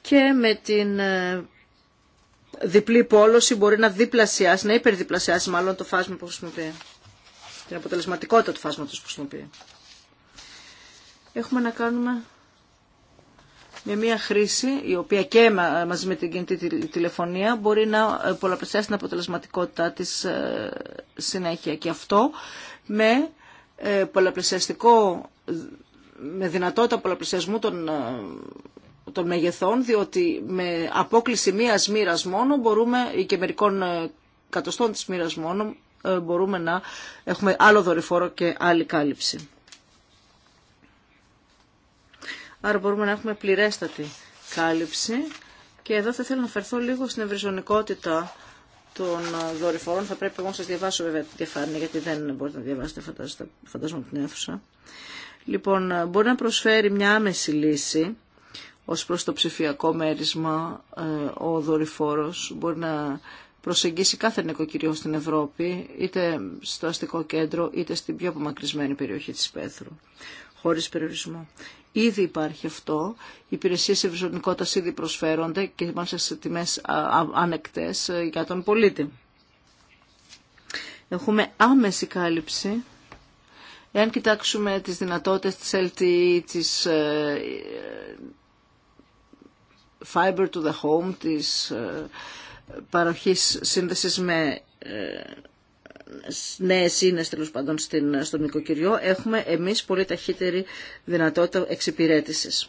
και με την ε, διπλή πόλωση μπορεί να διπλασιάσει, να υπερδιπλασιάσει μάλλον το φάσμα που χρησιμοποιεί. Την αποτελεσματικότητα του φάσματος που χρησιμοποιεί. Έχουμε να κάνουμε με μια χρήση η οποία και μαζί με την κινητή τηλεφωνία μπορεί να πολλαπλασιάσει την αποτελεσματικότητά της ε, συνέχεια. Και αυτό με ε, πολλαπλασιαστικό με δυνατότητα πολλαπλασιασμού των, ε, των μεγεθών, διότι με απόκληση μίας μοίρας μόνο μπορούμε, ή και μερικών κατοστών της μοίρας μόνο, μπορούμε να έχουμε άλλο δορυφόρο και άλλη κάλυψη. άρα μπορούμε να έχουμε πληρέστατη κάλυψη. Και εδώ θα ήθελα να φερθώ λίγο στην ευρυζωνικότητα των ε, δορυφορών. Θα πρέπει εγώ να σας διαβάσω βέβαια τη διαφάνεια, γιατί δεν μπορείτε να διαβάσετε φαντάζομαι την αίθουσα. Λοιπόν, ε, μπορεί να προσφέρει μια άμεση λύση ως προς το ψηφιακό μέρισμα ε, ο δορυφόρος. Μπορεί να προσεγγίσει κάθε νοικοκυριό στην Ευρώπη, είτε στο αστικό κέντρο, είτε στην πιο απομακρυσμένη περιοχή της Πέθρου χωρίς περιορισμό. Ήδη υπάρχει αυτό. Οι υπηρεσίες ευρυζωνικότητας ήδη προσφέρονται και μάλιστα σε τιμές ανεκτές ε, για τον πολίτη. Έχουμε άμεση κάλυψη. Εάν κοιτάξουμε τις δυνατότητες της LTE, της ε, Fiber to the Home, της ε, παροχής σύνδεσης με νέε ίνε τέλο πάντων στην, στον νοικοκυριό, έχουμε εμεί πολύ ταχύτερη δυνατότητα εξυπηρέτηση.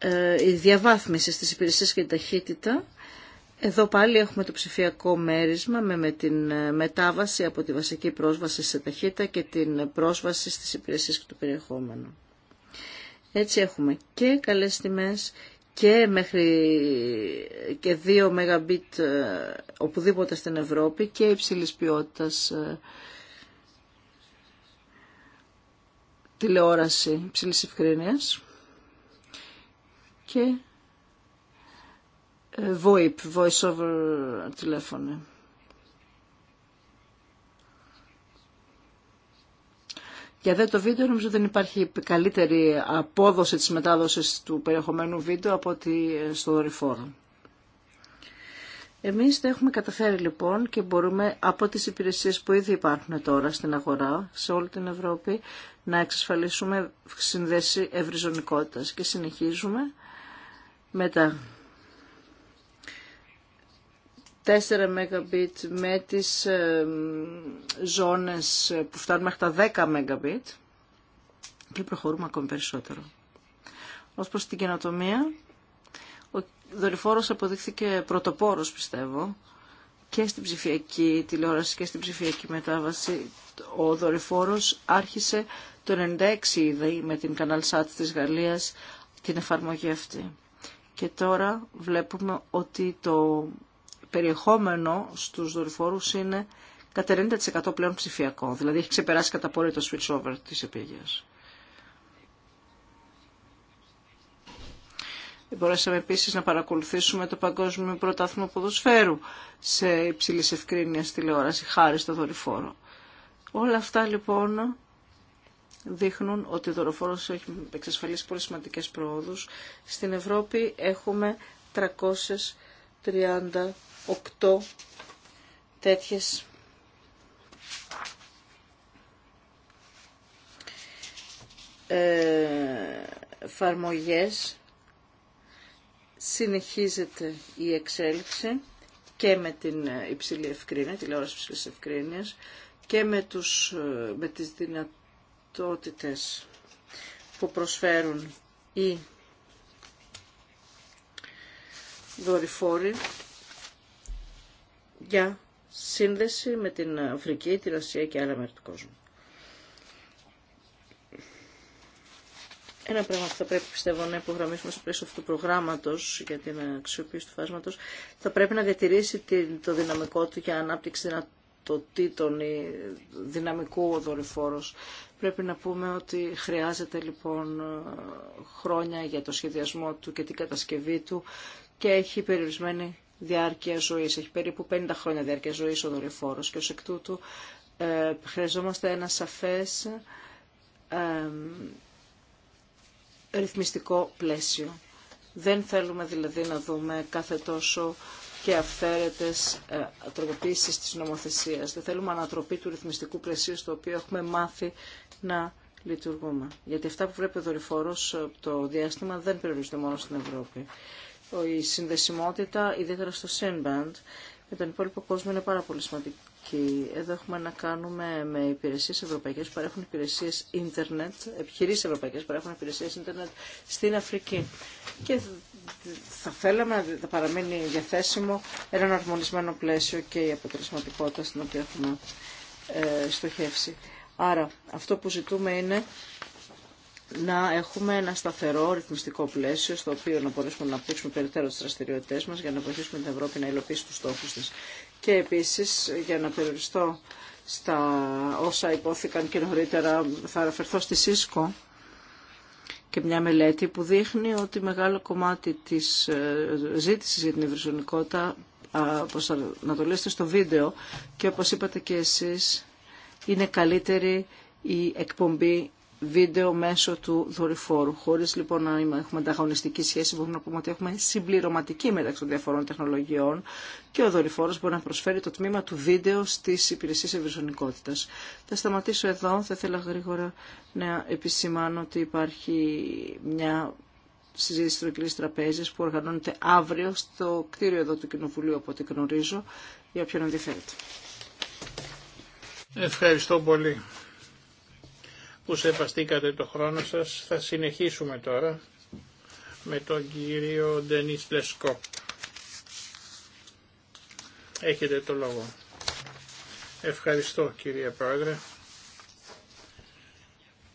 Ε, η διαβάθμιση στις υπηρεσίες και την ταχύτητα εδώ πάλι έχουμε το ψηφιακό μέρισμα με, με την ε, μετάβαση από τη βασική πρόσβαση σε ταχύτητα και την πρόσβαση στις υπηρεσίες και το περιεχόμενο. Έτσι έχουμε και καλές τιμές και μέχρι και 2 Mbit ε, οπουδήποτε στην Ευρώπη και υψηλής ποιότητας ε, τηλεόραση υψηλής ευκρίνειας και ε, VoIP, Voice over Telephone. Για δε το βίντεο νομίζω δεν υπάρχει καλύτερη απόδοση της μετάδοσης του περιεχομένου βίντεο από ότι ε, στο δορυφόρο. Εμείς το έχουμε καταφέρει λοιπόν και μπορούμε από τις υπηρεσίες που ήδη υπάρχουν τώρα στην αγορά, σε όλη την Ευρώπη, να εξασφαλίσουμε συνδέση ευρυζωνικότητας και συνεχίζουμε με τα 4 Mbit με τις ζώνες που φτάνουν μέχρι τα 10 Mbit και προχωρούμε ακόμη περισσότερο. Ως προς την καινοτομία, ο δορυφόρος αποδείχθηκε πρωτοπόρος πιστεύω και στην ψηφιακή τηλεόραση και στην ψηφιακή μετάβαση. Ο δορυφόρος άρχισε το 96 ήδη με την Canal Sat της Γαλλίας την εφαρμογή αυτή. Και τώρα βλέπουμε ότι το περιεχόμενο στους δορυφόρους είναι κατά 90% πλέον ψηφιακό. Δηλαδή έχει ξεπεράσει κατά πολύ το switchover της επίγειας. Μπορέσαμε επίσης να παρακολουθήσουμε το Παγκόσμιο Πρωτάθλημα Ποδοσφαίρου σε υψηλή ευκρίνεια τηλεόραση, χάρη στο δορυφόρο. Όλα αυτά λοιπόν δείχνουν ότι ο δορυφόρος έχει εξασφαλίσει πολύ σημαντικέ προόδους. Στην Ευρώπη έχουμε 330 οκτώ τέτοιες ε, εφαρμογές συνεχίζεται η εξέλιξη και με την υψηλή ευκρίνεια, τηλεόραση υψηλής ευκρίνειας και με, τους, με τις δυνατότητες που προσφέρουν οι δορυφόροι για σύνδεση με την Αφρική, την Ασία και άλλα μέρη του κόσμου. Ένα πράγμα που θα πρέπει πιστεύω να υπογραμμίσουμε στο πλαίσιο αυτού του προγράμματο για την αξιοποίηση του φάσματο, θα πρέπει να διατηρήσει το δυναμικό του για ανάπτυξη δυνατοτήτων ή δυναμικού ο Πρέπει να πούμε ότι χρειάζεται λοιπόν χρόνια για το σχεδιασμό του και την κατασκευή του και έχει περιορισμένη διάρκεια ζωής. Έχει περίπου 50 χρόνια διάρκεια ζωής ο δορυφόρος και ω εκ τούτου ε, χρειαζόμαστε ένα σαφές ε, ρυθμιστικό πλαίσιο. Δεν θέλουμε δηλαδή να δούμε κάθε τόσο και αυθαίρετες ε, τροποποίησεις της νομοθεσίας. Δεν θέλουμε ανατροπή του ρυθμιστικού πλαισίου στο οποίο έχουμε μάθει να λειτουργούμε. Γιατί αυτά που βλέπει ο δορυφόρος ε, το διάστημα δεν περιορίζονται μόνο στην Ευρώπη η συνδεσιμότητα, ιδιαίτερα στο Sinband, με τον υπόλοιπο κόσμο είναι πάρα πολύ σημαντική. Εδώ έχουμε να κάνουμε με υπηρεσίε ευρωπαϊκέ που παρέχουν υπηρεσίε ίντερνετ, επιχειρήσει ευρωπαϊκέ που παρέχουν υπηρεσίε ίντερνετ στην Αφρική. Και θα θέλαμε να παραμείνει διαθέσιμο ένα αρμονισμένο πλαίσιο και η αποτελεσματικότητα στην οποία έχουμε ε, στοχεύσει. Άρα αυτό που ζητούμε είναι να έχουμε ένα σταθερό ρυθμιστικό πλαίσιο στο οποίο να μπορέσουμε να αναπτύξουμε περιττέρω τι δραστηριότητέ μα για να βοηθήσουμε την Ευρώπη να υλοποιήσει του στόχου τη. Και επίση, για να περιοριστώ στα όσα υπόθηκαν και νωρίτερα, θα αναφερθώ στη ΣΥΣΚΟ και μια μελέτη που δείχνει ότι μεγάλο κομμάτι της ε, ζήτησης για την ευρυζωνικότητα λέτε στο βίντεο και όπως είπατε και εσείς είναι καλύτερη η εκπομπή βίντεο μέσω του δορυφόρου. Χωρί λοιπόν να έχουμε ανταγωνιστική σχέση, μπορούμε να πούμε ότι έχουμε συμπληρωματική μεταξύ των διαφορών τεχνολογιών και ο δορυφόρο μπορεί να προσφέρει το τμήμα του βίντεο στι υπηρεσίε ευρυζωνικότητα. Θα σταματήσω εδώ. Θα ήθελα γρήγορα να επισημάνω ότι υπάρχει μια συζήτηση τροκυλή τραπέζη που οργανώνεται αύριο στο κτίριο εδώ του Κοινοβουλίου από ό,τι γνωρίζω για όποιον ενδιαφέρεται. Ευχαριστώ πολύ που σεβαστήκατε το χρόνο σας. Θα συνεχίσουμε τώρα με τον κύριο Ντενίς Λεσκό. Έχετε το λόγο. Ευχαριστώ κύριε Πρόεδρε.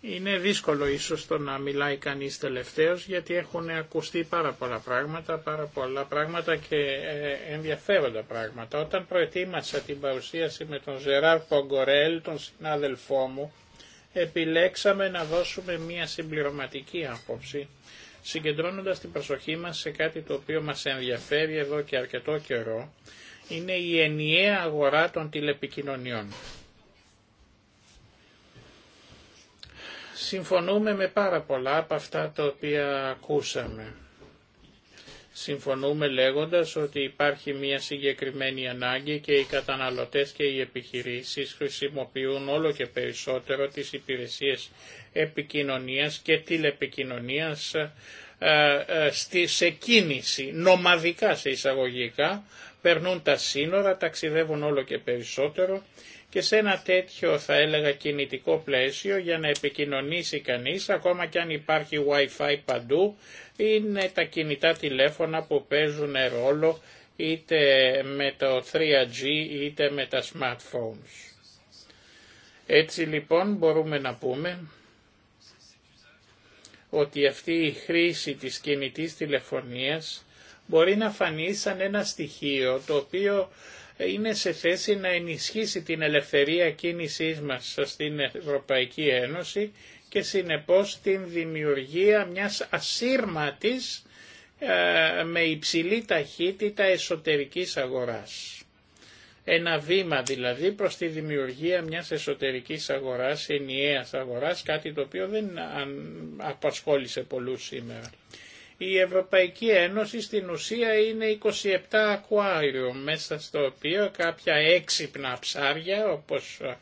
Είναι δύσκολο ίσως το να μιλάει κανείς τελευταίος γιατί έχουν ακουστεί πάρα πολλά πράγματα, πάρα πολλά πράγματα και ε, ενδιαφέροντα πράγματα. Όταν προετοίμασα την παρουσίαση με τον Ζεράρ Πογκορέλ, τον συνάδελφό μου, επιλέξαμε να δώσουμε μία συμπληρωματική άποψη, συγκεντρώνοντας την προσοχή μας σε κάτι το οποίο μας ενδιαφέρει εδώ και αρκετό καιρό, είναι η ενιαία αγορά των τηλεπικοινωνιών. Συμφωνούμε με πάρα πολλά από αυτά τα οποία ακούσαμε. Συμφωνούμε λέγοντας ότι υπάρχει μια συγκεκριμένη ανάγκη και οι καταναλωτές και οι επιχειρήσεις χρησιμοποιούν όλο και περισσότερο τις υπηρεσίες επικοινωνίας και τηλεπικοινωνίας ε, ε, στη σε κίνηση, νομαδικά σε εισαγωγικά, περνούν τα σύνορα, ταξιδεύουν όλο και περισσότερο και σε ένα τέτοιο θα έλεγα κινητικό πλαίσιο για να επικοινωνήσει κανείς ακόμα και αν υπάρχει Wi-Fi παντού είναι τα κινητά τηλέφωνα που παίζουν ρόλο είτε με το 3G είτε με τα smartphones. Έτσι λοιπόν μπορούμε να πούμε ότι αυτή η χρήση της κινητής τηλεφωνίας μπορεί να φανεί σαν ένα στοιχείο το οποίο είναι σε θέση να ενισχύσει την ελευθερία κίνησής μας στην Ευρωπαϊκή Ένωση και συνεπώς την δημιουργία μιας ασύρματης ε, με υψηλή ταχύτητα εσωτερικής αγοράς. Ένα βήμα δηλαδή προς τη δημιουργία μιας εσωτερικής αγοράς, ενιαίας αγοράς, κάτι το οποίο δεν απασχόλησε πολλούς σήμερα. Η Ευρωπαϊκή Ένωση στην ουσία είναι 27 ακουάριο μέσα στο οποίο κάποια έξυπνα ψάρια όπως ε,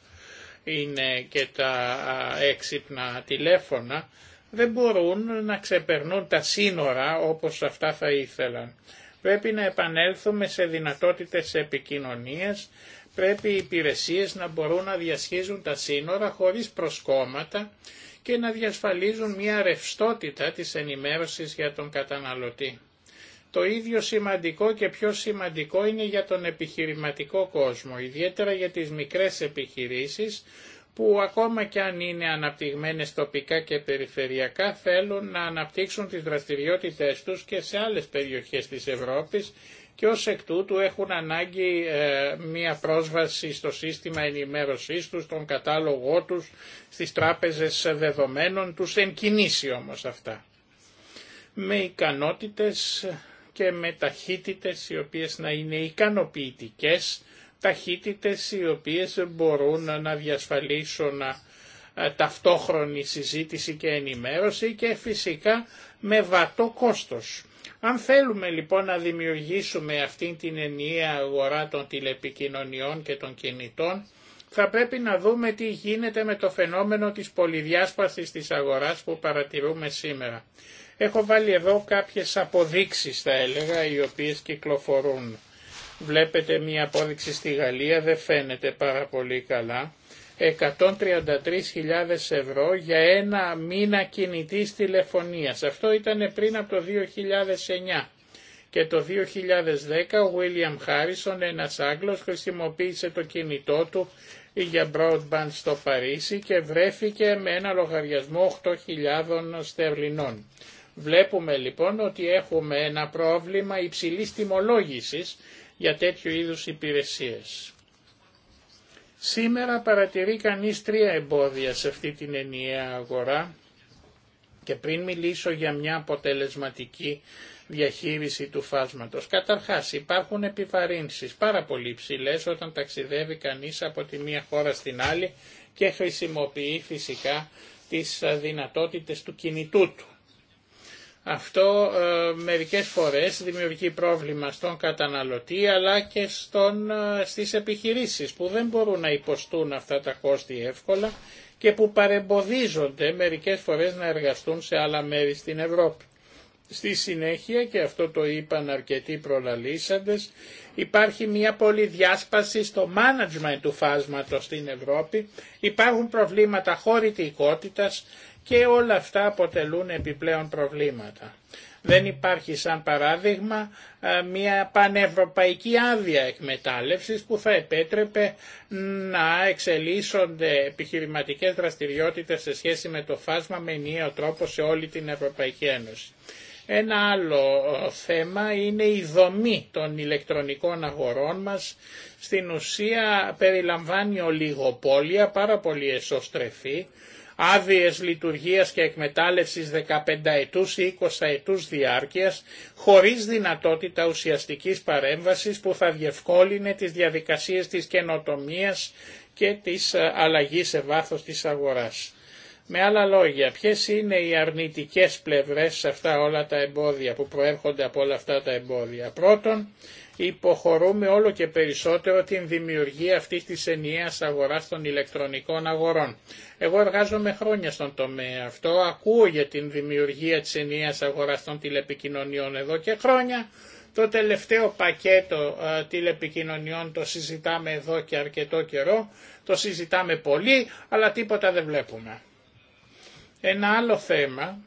είναι και τα έξυπνα τηλέφωνα δεν μπορούν να ξεπερνούν τα σύνορα όπως αυτά θα ήθελαν. Πρέπει να επανέλθουμε σε δυνατότητες επικοινωνίας, πρέπει οι υπηρεσίες να μπορούν να διασχίζουν τα σύνορα χωρίς προσκόμματα και να διασφαλίζουν μια ρευστότητα της ενημέρωσης για τον καταναλωτή. Το ίδιο σημαντικό και πιο σημαντικό είναι για τον επιχειρηματικό κόσμο, ιδιαίτερα για τις μικρές επιχειρήσεις που ακόμα και αν είναι αναπτυγμένες τοπικά και περιφερειακά θέλουν να αναπτύξουν τις δραστηριότητες τους και σε άλλες περιοχές της Ευρώπης και ως εκ τούτου έχουν ανάγκη ε, μία πρόσβαση στο σύστημα ενημέρωσής τους, στον κατάλογό τους, στις τράπεζες δεδομένων τους, εν όμως αυτά. Με ικανότητες και με ταχύτητες οι οποίες να είναι ικανοποιητικές, ταχύτητες οι οποίες μπορούν να διασφαλίσουν ε, ταυτόχρονη συζήτηση και ενημέρωση και φυσικά με βατό κόστος. Αν θέλουμε λοιπόν να δημιουργήσουμε αυτήν την ενιαία αγορά των τηλεπικοινωνιών και των κινητών, θα πρέπει να δούμε τι γίνεται με το φαινόμενο της πολυδιάσπασης της αγοράς που παρατηρούμε σήμερα. Έχω βάλει εδώ κάποιες αποδείξεις θα έλεγα οι οποίες κυκλοφορούν. Βλέπετε μία απόδειξη στη Γαλλία, δεν φαίνεται πάρα πολύ καλά. 133.000 ευρώ για ένα μήνα κινητής τηλεφωνίας. Αυτό ήταν πριν από το 2009. Και το 2010 ο William Harrison, ένας Άγγλος, χρησιμοποίησε το κινητό του για broadband στο Παρίσι και βρέθηκε με ένα λογαριασμό 8.000 στερλινών. Βλέπουμε λοιπόν ότι έχουμε ένα πρόβλημα υψηλής τιμολόγησης για τέτοιου είδους υπηρεσίες. Σήμερα παρατηρεί κανείς τρία εμπόδια σε αυτή την ενιαία αγορά και πριν μιλήσω για μια αποτελεσματική διαχείριση του φάσματος. Καταρχάς υπάρχουν επιβαρύνσεις πάρα πολύ ψηλέ όταν ταξιδεύει κανείς από τη μία χώρα στην άλλη και χρησιμοποιεί φυσικά τις δυνατότητες του κινητού του. Αυτό ε, μερικές φορές δημιουργεί πρόβλημα στον καταναλωτή αλλά και στον, ε, στις επιχειρήσεις που δεν μπορούν να υποστούν αυτά τα κόστη εύκολα και που παρεμποδίζονται μερικές φορές να εργαστούν σε άλλα μέρη στην Ευρώπη. Στη συνέχεια, και αυτό το είπαν αρκετοί προλαλήσαντες, υπάρχει μια πολύ διάσπαση στο management του φάσματος στην Ευρώπη, υπάρχουν προβλήματα χωρητικότητας, και όλα αυτά αποτελούν επιπλέον προβλήματα. Δεν υπάρχει σαν παράδειγμα μια πανευρωπαϊκή άδεια εκμετάλλευσης που θα επέτρεπε να εξελίσσονται επιχειρηματικές δραστηριότητες σε σχέση με το φάσμα με ενιαίο τρόπο σε όλη την Ευρωπαϊκή Ένωση. Ένα άλλο θέμα είναι η δομή των ηλεκτρονικών αγορών μας. Στην ουσία περιλαμβάνει ολιγοπόλια, πάρα πολύ εσωστρεφή, άδειες λειτουργίας και εκμετάλλευσης 15 ετούς ή 20 ετούς διάρκειας, χωρίς δυνατότητα ουσιαστικής παρέμβασης που θα διευκόλυνε τις διαδικασίες της καινοτομίας και της ε, αλλαγής σε βάθος της αγοράς. Με άλλα λόγια, ποιες είναι οι αρνητικές πλευρές σε αυτά όλα τα εμπόδια που προέρχονται από όλα αυτά τα εμπόδια. Πρώτον, υποχωρούμε όλο και περισσότερο την δημιουργία αυτή τη ενιαία αγορά των ηλεκτρονικών αγορών. Εγώ εργάζομαι χρόνια στον τομέα αυτό, ακούω για την δημιουργία της ενιαίας αγοράς των τηλεπικοινωνιών εδώ και χρόνια. Το τελευταίο πακέτο τηλεπικοινωνιών το συζητάμε εδώ και αρκετό καιρό, το συζητάμε πολύ, αλλά τίποτα δεν βλέπουμε. Ένα άλλο θέμα,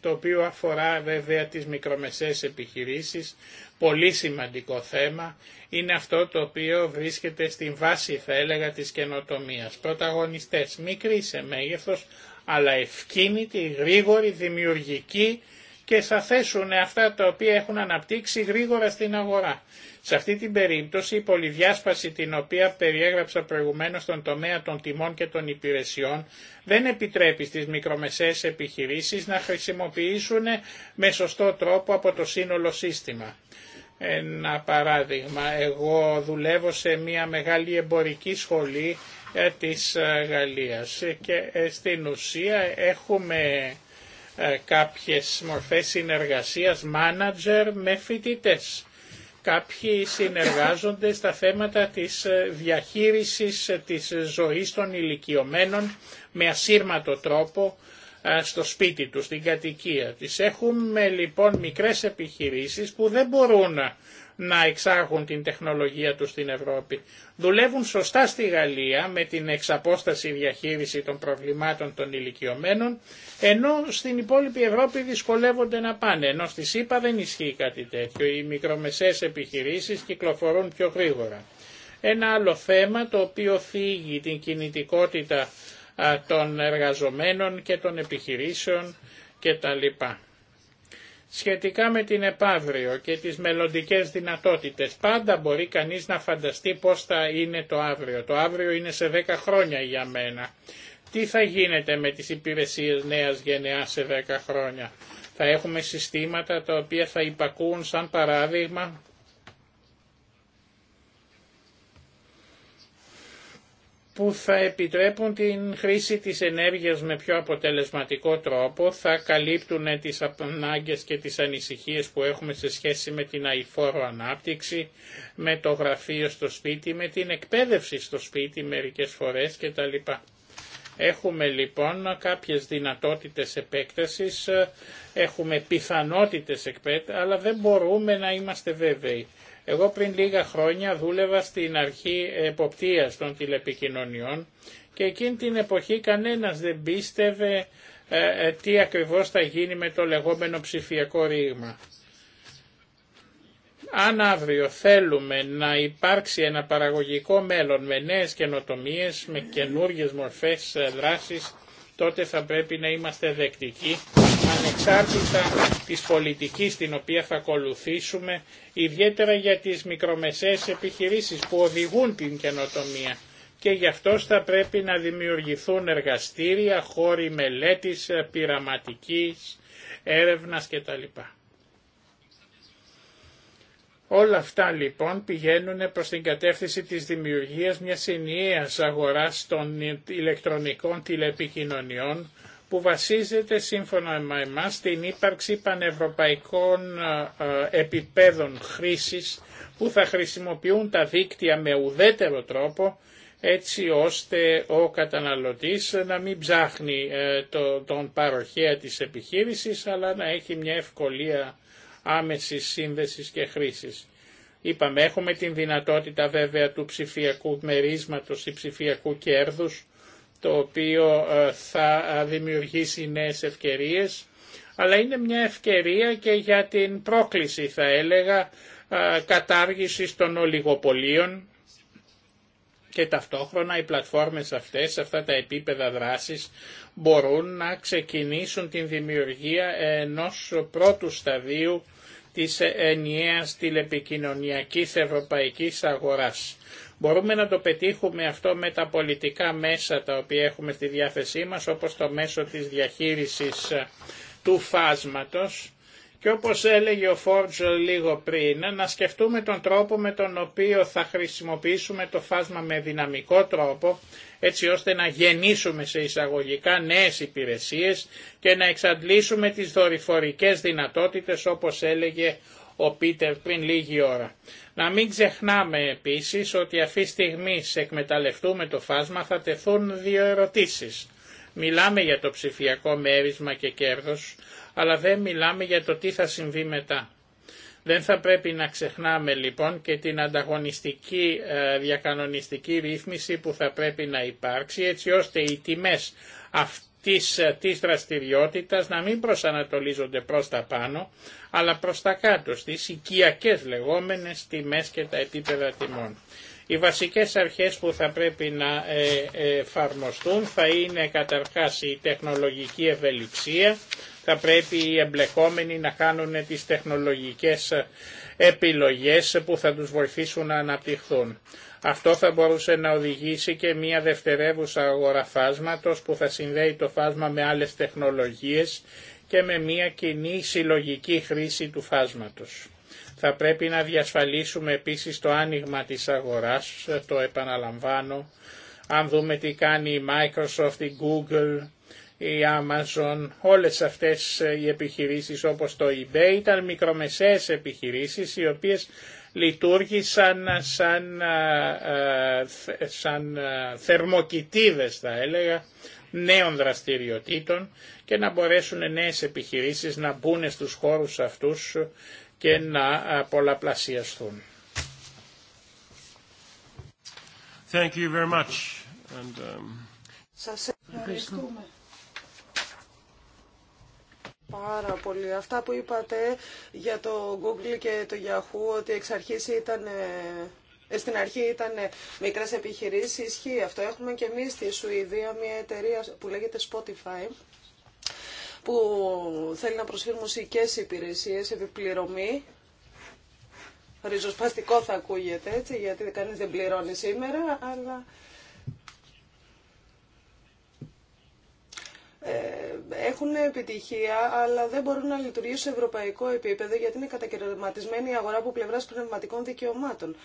το οποίο αφορά βέβαια τις μικρομεσαίες επιχειρήσεις, πολύ σημαντικό θέμα, είναι αυτό το οποίο βρίσκεται στην βάση θα έλεγα της καινοτομίας. Πρωταγωνιστές, μικροί σε μέγεθος, αλλά ευκίνητοι, γρήγοροι, δημιουργικοί, και θα θέσουν αυτά τα οποία έχουν αναπτύξει γρήγορα στην αγορά. Σε αυτή την περίπτωση η πολυδιάσπαση την οποία περιέγραψα προηγουμένως στον τομέα των τιμών και των υπηρεσιών δεν επιτρέπει στις μικρομεσαίες επιχειρήσεις να χρησιμοποιήσουν με σωστό τρόπο από το σύνολο σύστημα. Ένα παράδειγμα, εγώ δουλεύω σε μια μεγάλη εμπορική σχολή ε, της ε, Γαλλίας και ε, στην ουσία έχουμε ε, κάποιες μορφές συνεργασίας manager με φοιτητέ. Κάποιοι συνεργάζονται στα θέματα της ε, διαχείρισης ε, της ζωής των ηλικιωμένων με ασύρματο τρόπο στο σπίτι τους, στην κατοικία της. Έχουμε λοιπόν μικρές επιχειρήσεις που δεν μπορούν να να εξάγουν την τεχνολογία τους στην Ευρώπη. Δουλεύουν σωστά στη Γαλλία με την εξαπόσταση διαχείριση των προβλημάτων των ηλικιωμένων, ενώ στην υπόλοιπη Ευρώπη δυσκολεύονται να πάνε, ενώ στη ΣΥΠΑ δεν ισχύει κάτι τέτοιο. Οι μικρομεσαίες επιχειρήσεις κυκλοφορούν πιο γρήγορα. Ένα άλλο θέμα το οποίο θίγει την κινητικότητα των εργαζομένων και των επιχειρήσεων κτλ σχετικά με την επαύριο και τις μελλοντικέ δυνατότητες. Πάντα μπορεί κανείς να φανταστεί πώς θα είναι το αύριο. Το αύριο είναι σε 10 χρόνια για μένα. Τι θα γίνεται με τις υπηρεσίες νέας γενεά σε 10 χρόνια. Θα έχουμε συστήματα τα οποία θα υπακούν σαν παράδειγμα που θα επιτρέπουν την χρήση της ενέργειας με πιο αποτελεσματικό τρόπο, θα καλύπτουν τις ανάγκες και τις ανησυχίες που έχουμε σε σχέση με την αηφόρο ανάπτυξη, με το γραφείο στο σπίτι, με την εκπαίδευση στο σπίτι μερικές φορές κτλ. Έχουμε λοιπόν κάποιες δυνατότητες επέκτασης, έχουμε πιθανότητες εκπαίδευσης, αλλά δεν μπορούμε να είμαστε βέβαιοι. Εγώ πριν λίγα χρόνια δούλευα στην αρχή εποπτείας των τηλεπικοινωνιών και εκείνη την εποχή κανένας δεν πίστευε ε, ε, τι ακριβώς θα γίνει με το λεγόμενο ψηφιακό ρήγμα. Αν αύριο θέλουμε να υπάρξει ένα παραγωγικό μέλλον με νέες καινοτομίες, με καινούργιες μορφές ε, δράσης, τότε θα πρέπει να είμαστε δεκτικοί ανεξάρτητα της πολιτικής την οποία θα ακολουθήσουμε, ιδιαίτερα για τις μικρομεσαίες επιχειρήσεις που οδηγούν την καινοτομία. Και γι' αυτό θα πρέπει να δημιουργηθούν εργαστήρια, χώροι μελέτης, πειραματικής, έρευνας κτλ. Όλα αυτά λοιπόν πηγαίνουν προς την κατεύθυνση της δημιουργίας μιας ενιαίας αγοράς των ηλεκτρονικών τηλεπικοινωνιών που βασίζεται σύμφωνα με εμάς στην ύπαρξη πανευρωπαϊκών ε, ε, επιπέδων χρήσης που θα χρησιμοποιούν τα δίκτυα με ουδέτερο τρόπο έτσι ώστε ο καταναλωτής να μην ψάχνει ε, τον παροχέα της επιχείρησης αλλά να έχει μια ευκολία άμεσης σύνδεσης και χρήσης. Είπαμε, έχουμε την δυνατότητα βέβαια του ψηφιακού μερίσματος ή ψηφιακού κέρδους, το οποίο ε, θα ε, δημιουργήσει νέες ευκαιρίες, αλλά είναι μια ευκαιρία και για την πρόκληση, θα έλεγα, ε, κατάργησης των ολιγοπολίων, και ταυτόχρονα οι πλατφόρμες αυτές, αυτά τα επίπεδα δράσης μπορούν να ξεκινήσουν την δημιουργία ενός πρώτου σταδίου της ενιαίας τηλεπικοινωνιακής ευρωπαϊκής αγοράς. Μπορούμε να το πετύχουμε αυτό με τα πολιτικά μέσα τα οποία έχουμε στη διάθεσή μας, όπως το μέσο της διαχείρισης του φάσματος, και όπως έλεγε ο Φόρτζο λίγο πριν, να σκεφτούμε τον τρόπο με τον οποίο θα χρησιμοποιήσουμε το φάσμα με δυναμικό τρόπο, έτσι ώστε να γεννήσουμε σε εισαγωγικά νέες υπηρεσίες και να εξαντλήσουμε τις δορυφορικές δυνατότητες όπως έλεγε ο Πίτερ πριν λίγη ώρα. Να μην ξεχνάμε επίσης ότι αυτή τη στιγμή σε εκμεταλλευτούμε το φάσμα θα τεθούν δύο ερωτήσεις. Μιλάμε για το ψηφιακό μέρισμα και κέρδος, αλλά δεν μιλάμε για το τι θα συμβεί μετά. Δεν θα πρέπει να ξεχνάμε λοιπόν και την ανταγωνιστική ε, διακανονιστική ρύθμιση που θα πρέπει να υπάρξει έτσι ώστε οι τιμές αυτής ε, της δραστηριότητας να μην προσανατολίζονται προς τα πάνω αλλά προς τα κάτω στις οικιακές λεγόμενες τιμές και τα επίπεδα τιμών. Οι βασικές αρχές που θα πρέπει να ε, ε, εφαρμοστούν θα είναι καταρχάς η τεχνολογική ευελιξία, θα πρέπει οι εμπλεκόμενοι να κάνουν τις τεχνολογικές επιλογές που θα τους βοηθήσουν να αναπτυχθούν. Αυτό θα μπορούσε να οδηγήσει και μια δευτερεύουσα αγορά που θα συνδέει το φάσμα με άλλες τεχνολογίες και με μια κοινή συλλογική χρήση του φάσματος. Θα πρέπει να διασφαλίσουμε επίσης το άνοιγμα της αγοράς, το επαναλαμβάνω. Αν δούμε τι κάνει η Microsoft, η Google, η Amazon, όλες αυτές οι επιχειρήσεις όπως το eBay ήταν μικρομεσαίες επιχειρήσεις οι οποίες λειτουργήσαν σαν, σαν θερμοκοιτίδες θα έλεγα νέων δραστηριοτήτων και να μπορέσουν νέες επιχειρήσεις να μπουν στους χώρους αυτούς και να ε, πολλαπλασιαστούν. Thank you very much. And, um... Σας ευχαριστούμε. Πάρα πολύ. Αυτά που είπατε για το Google και το Yahoo, ότι εξ αρχής ήταν ε, ε, στην αρχή ήταν μικρές επιχειρήσεις, Ισχύει αυτό. Έχουμε και εμείς στη Σουηδία μια εταιρεία που λέγεται Spotify που θέλει να προσφέρει μουσικές υπηρεσίες, επιπληρωμή. Ριζοσπαστικό θα ακούγεται, έτσι, γιατί κανείς δεν πληρώνει σήμερα, αλλά... Ε, έχουν επιτυχία, αλλά δεν μπορούν να λειτουργήσουν σε ευρωπαϊκό επίπεδο, γιατί είναι κατακαιρματισμένη η αγορά από πλευρά πνευματικών δικαιωμάτων.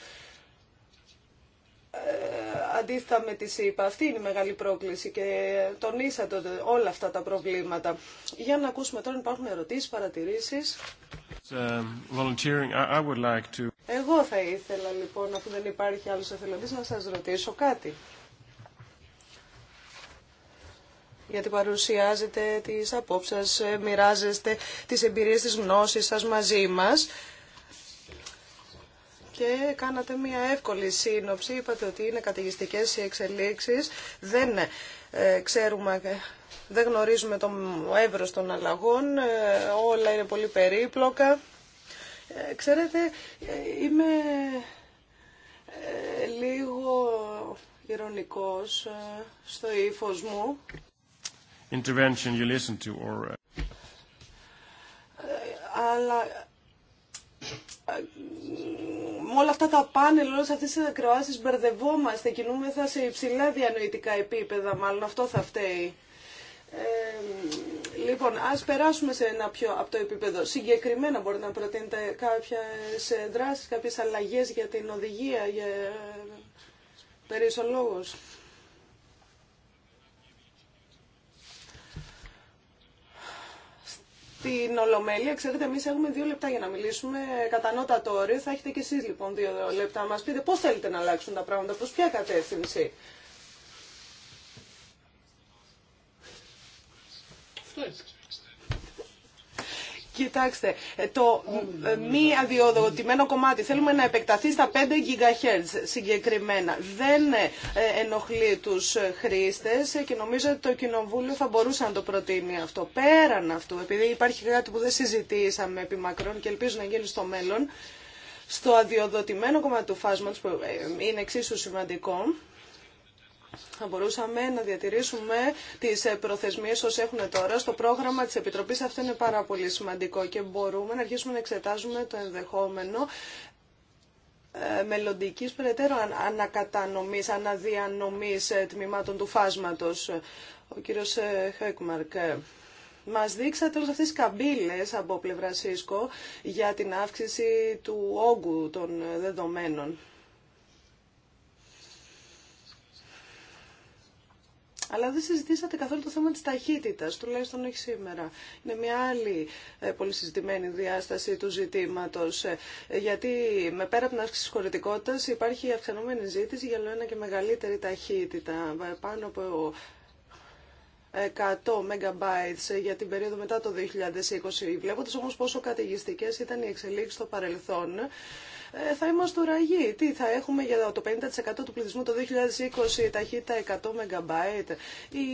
Ε, αντίθετα με τη ΣΥΠΑ. Αυτή είναι η μεγάλη πρόκληση και τονίσατε όλα αυτά τα προβλήματα. Για να ακούσουμε τώρα, υπάρχουν ερωτήσεις, παρατηρήσεις. Ε, Εγώ θα ήθελα λοιπόν, αφού δεν υπάρχει άλλος εθελοντής, να σας ρωτήσω κάτι. Γιατί παρουσιάζετε τις απόψεις σας, μοιράζεστε τις εμπειρίες της γνώσης σας μαζί μας και κάνατε μια εύκολη σύνοψη. Είπατε ότι είναι καταιγιστικές οι εξελίξεις. Δεν ε, ξέρουμε, δεν γνωρίζουμε το εύρος των αλλαγών. Ε, όλα είναι πολύ περίπλοκα. Ε, ξέρετε, είμαι λίγο ηρωνικός στο ύφος μου. Intervention you listen to or... Αλλά με όλα αυτά τα πάνελ, όλε αυτέ τι ακροάσει μπερδευόμαστε, κινούμεθα σε υψηλά διανοητικά επίπεδα μάλλον, αυτό θα φταίει. λοιπόν, ας περάσουμε σε ένα πιο από το επίπεδο. Συγκεκριμένα μπορείτε να προτείνετε κάποιες δράσεις, κάποιες αλλαγές για την οδηγία, για ε, περί στην Ολομέλεια. Ξέρετε, εμεί έχουμε δύο λεπτά για να μιλήσουμε κατανότατο όριο. Θα έχετε κι εσεί λοιπόν δύο λεπτά να μα πείτε πώ θέλετε να αλλάξουν τα πράγματα, προ ποια κατεύθυνση. Κοιτάξτε, ε, το ε, μη αδειοδοτημένο κομμάτι θέλουμε να επεκταθεί στα 5 GHz συγκεκριμένα. Δεν ε, ενοχλεί τους χρήστες και νομίζω ότι το Κοινοβούλιο θα μπορούσε να το προτείνει αυτό. Πέραν αυτού, επειδή υπάρχει κάτι που δεν συζητήσαμε επί μακρόν και ελπίζω να γίνει στο μέλλον, στο αδειοδοτημένο κομμάτι του φάσματος που είναι εξίσου σημαντικό, θα μπορούσαμε να διατηρήσουμε τις ε, προθεσμίες όσες έχουν τώρα στο πρόγραμμα της Επιτροπής. Αυτό είναι πάρα πολύ σημαντικό και μπορούμε να αρχίσουμε να εξετάζουμε το ενδεχόμενο ε, μελλοντικής περαιτέρω ανακατανομής, αναδιανομής ε, τμήματων του φάσματος. Ο κύριος Χέκμαρκ, μας δείξατε όλες αυτές τις καμπύλες από πλευρά ΣΥΣΚΟ για την αύξηση του όγκου των δεδομένων. Αλλά δεν συζητήσατε καθόλου το θέμα της ταχύτητα, τουλάχιστον όχι σήμερα. Είναι μια άλλη ε, πολύ συζητημένη διάσταση του ζητήματος, ε, γιατί με πέρα από την αύξηση της υπάρχει η αυξανόμενη ζήτηση για ένα και μεγαλύτερη ταχύτητα, πάνω από 100 MB για την περίοδο μετά το 2020. βλέποντα όμω πόσο κατηγιστικέ ήταν οι εξελίξει στο παρελθόν, ε, θα είμαστε ουραγοί. Τι θα έχουμε για το 50% του πληθυσμού το 2020 ταχύτητα 100 MB. Η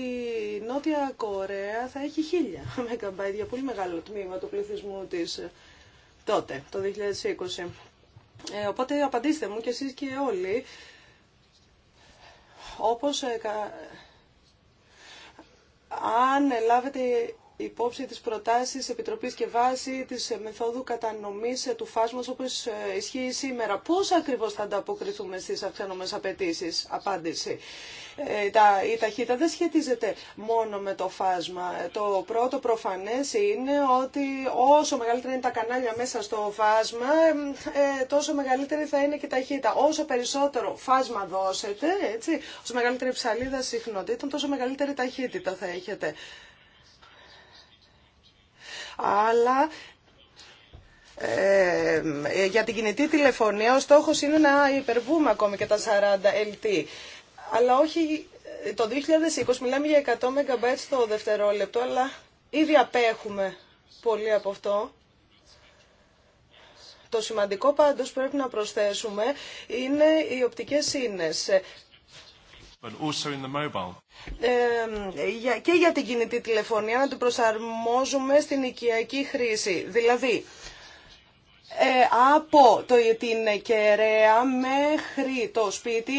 Νότια Κορέα θα έχει 1000 MB για πολύ μεγάλο τμήμα του πληθυσμού της ε, τότε, το 2020. Ε, οπότε απαντήστε μου και εσείς και όλοι, όπως ε, αν λάβετε υπόψη της προτάσεις Επιτροπής και βάση της μεθόδου κατανομής του φάσματος όπως ε, ισχύει σήμερα. Πώς ακριβώς θα ανταποκριθούμε στις αυξανόμενες απαιτήσει, απάντηση. Ε, η ταχύτητα δεν σχετίζεται μόνο με το φάσμα. Το πρώτο προφανές είναι ότι όσο μεγαλύτερα είναι τα κανάλια μέσα στο φάσμα, ε, τόσο μεγαλύτερη θα είναι και η ταχύτητα. Όσο περισσότερο φάσμα δώσετε, έτσι, όσο μεγαλύτερη ψαλίδα συχνοτήτων, τόσο μεγαλύτερη ταχύτητα θα έχετε αλλά ε, για την κινητή τηλεφωνία ο στόχος είναι να υπερβούμε ακόμη και τα 40 LT. Αλλά όχι, ε, το 2020 μιλάμε για 100 MB το δευτερόλεπτο, αλλά ήδη απέχουμε πολύ από αυτό. Το σημαντικό πάντως πρέπει να προσθέσουμε είναι οι οπτικές ίνες. But also in the mobile. και για την κινητή τηλεφωνία να την προσαρμόζουμε στην οικιακή χρήση. Δηλαδή, ε, από το, την κεραία μέχρι το σπίτι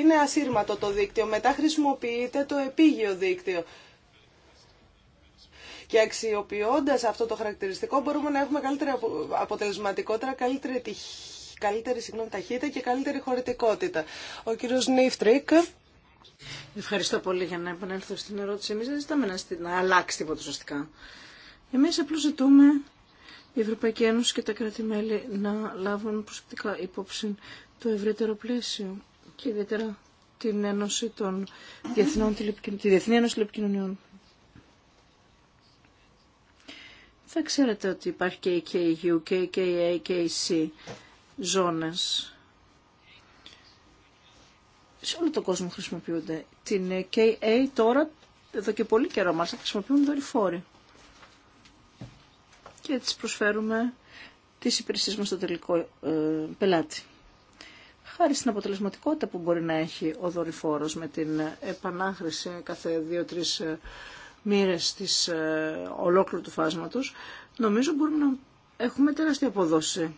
είναι ασύρματο το δίκτυο. Μετά χρησιμοποιείται το επίγειο δίκτυο. Και αξιοποιώντα αυτό το χαρακτηριστικό μπορούμε να έχουμε καλύτερη αποτελεσματικότητα, καλύτερη, καλύτερη συγγνώμη, ταχύτητα και καλύτερη χωρητικότητα. Ο κύριος Νίφτρικ. Ευχαριστώ πολύ για να επανέλθω στην ερώτηση. Εμεί δεν ζητάμε να αλλάξει τίποτα ουσιαστικά. Εμείς απλώ ζητούμε η Ευρωπαϊκή Ένωση και τα κράτη-μέλη να λάβουν προσεκτικά υπόψη το ευρύτερο πλαίσιο και ιδιαίτερα την Ένωση των Διεθνών τη Διεθνή Ένωση Τηλεπικοινωνιών. Θα ξέρετε ότι υπάρχει και η KU και η KAKC ζώνες σε όλο τον κόσμο χρησιμοποιούνται. Την ε, KA τώρα, εδώ και πολύ καιρό μάλιστα, χρησιμοποιούν δορυφόροι. Και έτσι προσφέρουμε τις υπηρεσίες μας στο τελικό ε, πελάτη. Χάρη στην αποτελεσματικότητα που μπορεί να έχει ο δορυφόρος με την ε, επανάχρηση κάθε 2-3 μοίρες της ολόκληρου του φάσματος, νομίζω μπορούμε να έχουμε τεράστια αποδόση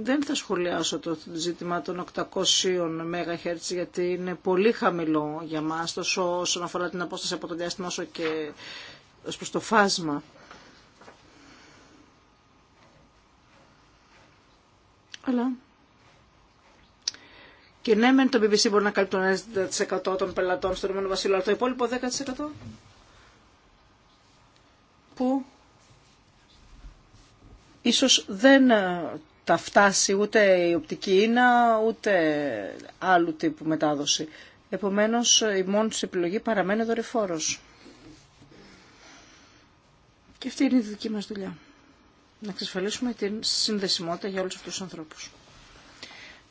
δεν θα σχολιάσω το ζήτημα των 800 MHz γιατί είναι πολύ χαμηλό για μας τόσο όσον αφορά την απόσταση από το διάστημα όσο και ως προς το φάσμα. Αλλά και ναι, μεν το BBC μπορεί να καλύπτει το 90% των πελατών στον Ηνωμένο Βασίλειο, αλλά το υπόλοιπο 10% που ίσως δεν ε, τα φτάσει ούτε η οπτική ίνα, ούτε άλλου τύπου μετάδοση. Επομένως, η μόνη τους επιλογή παραμένει δορυφόρος. Και αυτή είναι η δική μας δουλειά. Να εξασφαλίσουμε την συνδεσιμότητα για όλους αυτούς τους ανθρώπους.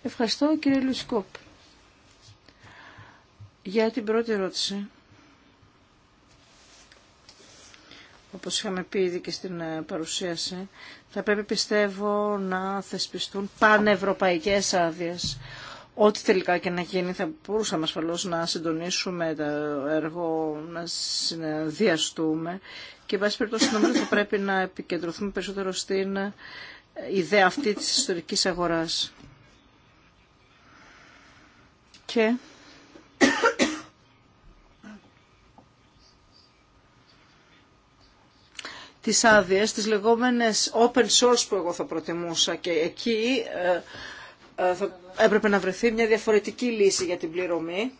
Ευχαριστώ κύριε Λουσκόπ. Για την πρώτη ερώτηση. όπως είχαμε πει ήδη και στην ε, παρουσίαση, θα πρέπει πιστεύω να θεσπιστούν πανευρωπαϊκές άδειε. Ό,τι τελικά και να γίνει θα μπορούσαμε ασφαλώ να συντονίσουμε το έργο, να συνδυαστούμε και βάση περιπτώσει νομίζω θα πρέπει να επικεντρωθούμε περισσότερο στην ε, ιδέα αυτή της ιστορικής αγοράς. Και τις άδειε, τις λεγόμενες open source που εγώ θα προτιμούσα και εκεί ε, ε, θα έπρεπε να βρεθεί μια διαφορετική λύση για την πληρωμή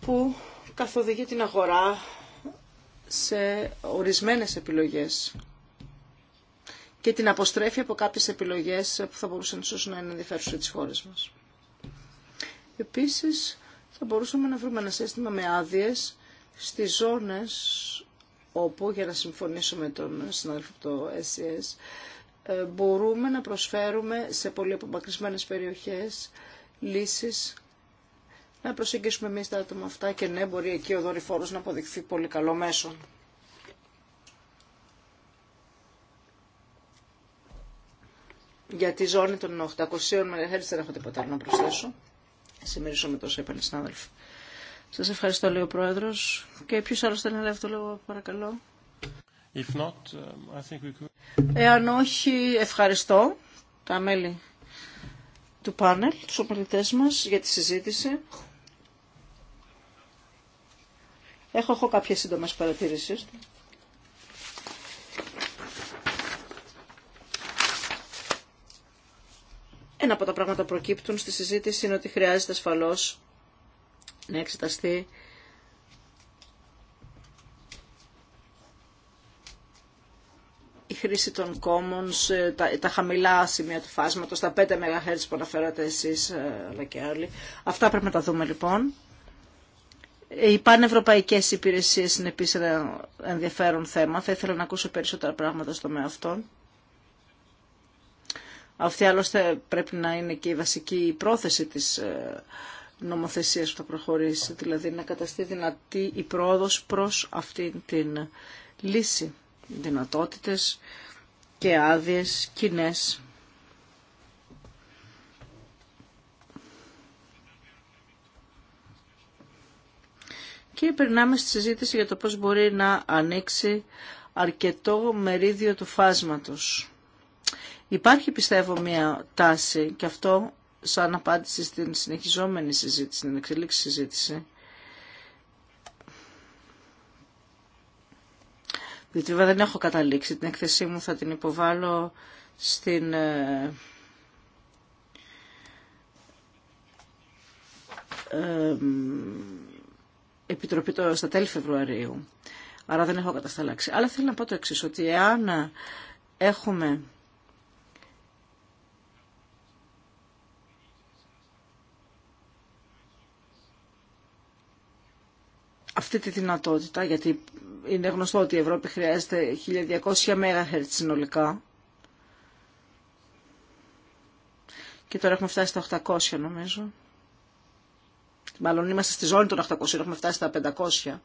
που καθοδηγεί την αγορά σε ορισμένες επιλογές και την αποστρέφει από κάποιες επιλογές που θα μπορούσαν να είναι ενδιαφέρουσες τις χώρες μας. Επίσης, θα μπορούσαμε να βρούμε ένα σύστημα με άδειες στις ζώνες όπου, για να συμφωνήσω με τον συνάδελφο το SES, e ε, μπορούμε να προσφέρουμε σε πολύ απομακρυσμένες περιοχές λύσεις να προσεγγίσουμε εμείς τα άτομα αυτά και ναι, μπορεί εκεί ο δορυφόρος να αποδειχθεί πολύ καλό μέσο. Για τη ζώνη των 800 μεγαλύτερα δεν έχω τίποτα άλλο να προσθέσω. Συμμερίζω με τόσο είπαν οι συνάδελφοι. Σας ευχαριστώ, λέει ο Πρόεδρος. Και ποιο άλλο θέλει να λέει αυτό, λέω, παρακαλώ. not, um, could... Εάν όχι, ευχαριστώ τα μέλη του πάνελ, του ομιλητέ μα για τη συζήτηση. Έχω, έχω κάποιες σύντομες παρατήρησεις. Ένα από τα πράγματα που προκύπτουν στη συζήτηση είναι ότι χρειάζεται ασφαλώς να εξεταστεί η χρήση των commons, ε, τα, τα χαμηλά σημεία του φάσματος, τα 5 MHz που αναφέρατε εσείς ε, αλλά και άλλοι. Αυτά πρέπει να τα δούμε λοιπόν. Ε, οι πανευρωπαϊκές υπηρεσίες είναι επίσης ένα ενδιαφέρον θέμα. Θα ήθελα να ακούσω περισσότερα πράγματα στο με αυτόν. Αυτή άλλωστε πρέπει να είναι και η βασική πρόθεση της νομοθεσίας που θα προχωρήσει, δηλαδή να καταστεί δυνατή η πρόοδος προς αυτήν την λύση. Δυνατότητες και άδειες κοινέ. Και περνάμε στη συζήτηση για το πώς μπορεί να ανοίξει αρκετό μερίδιο του φάσματος. Υπάρχει πιστεύω μια τάση και αυτό σαν απάντηση στην συνεχιζόμενη συζήτηση, στην εξελίξη συζήτηση. Διότι βέβαια δεν έχω καταλήξει την έκθεσή μου, θα την υποβάλω στην... Ε, ε, Επιτροπή το, στα τέλη Φεβρουαρίου. Άρα δεν έχω κατασταλάξει. Αλλά θέλω να πω το εξή, ότι εάν έχουμε αυτή τη δυνατότητα, γιατί είναι γνωστό ότι η Ευρώπη χρειάζεται 1200 MHz συνολικά. Και τώρα έχουμε φτάσει στα 800 νομίζω. Μάλλον είμαστε στη ζώνη των 800, έχουμε φτάσει στα 500.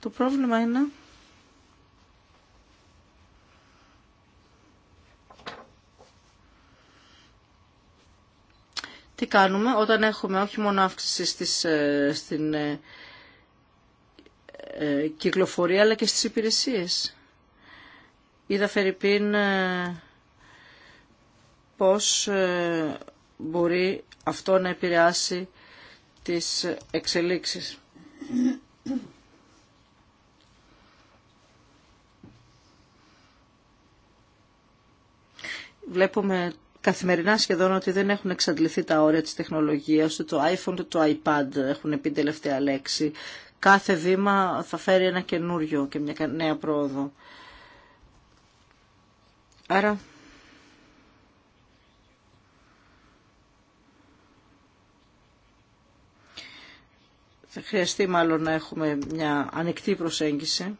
Το πρόβλημα είναι τι κάνουμε όταν έχουμε όχι μόνο αύξηση στις, ε, στην ε, ε, κυκλοφορία αλλά και στις υπηρεσίες. Είδα Φερρυπίν πώς μπορεί αυτό να επηρεάσει τις εξελίξεις. Βλέπουμε καθημερινά σχεδόν ότι δεν έχουν εξαντληθεί τα όρια της τεχνολογίας, ούτε το iPhone, ούτε το iPad έχουν πει τελευταία λέξη. Κάθε βήμα θα φέρει ένα καινούριο και μια νέα πρόοδο. Άρα... Θα χρειαστεί μάλλον να έχουμε μια ανοιχτή προσέγγιση.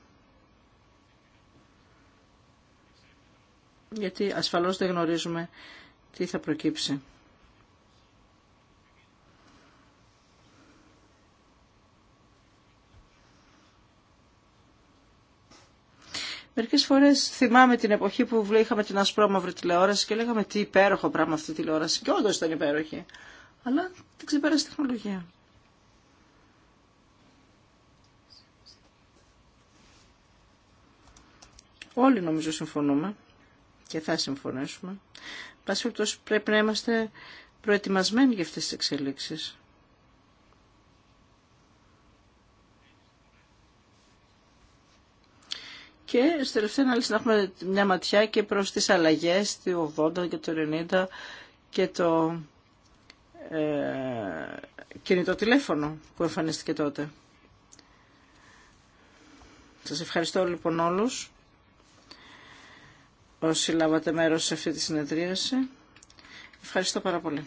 γιατί ασφαλώς δεν γνωρίζουμε τι θα προκύψει. Μερικέ φορέ θυμάμαι την εποχή που είχαμε την ασπρόμαυρη τηλεόραση και λέγαμε τι υπέροχο πράγμα αυτή η τηλεόραση. Και όντω ήταν υπέροχη. Αλλά δεν ξεπέρασε τεχνολογία. Όλοι νομίζω συμφωνούμε και θα συμφωνήσουμε Πασίλτος πρέπει να είμαστε προετοιμασμένοι για αυτές τις εξελίξεις. Και στο τελευταίο να έχουμε μια ματιά και προς τις αλλαγές του 80 και το 90 και το ε, κινητό τηλέφωνο που εμφανίστηκε τότε. Σας ευχαριστώ λοιπόν όλους όσοι λάβατε μέρος σε αυτή τη συνεδρίαση. Ευχαριστώ πάρα πολύ.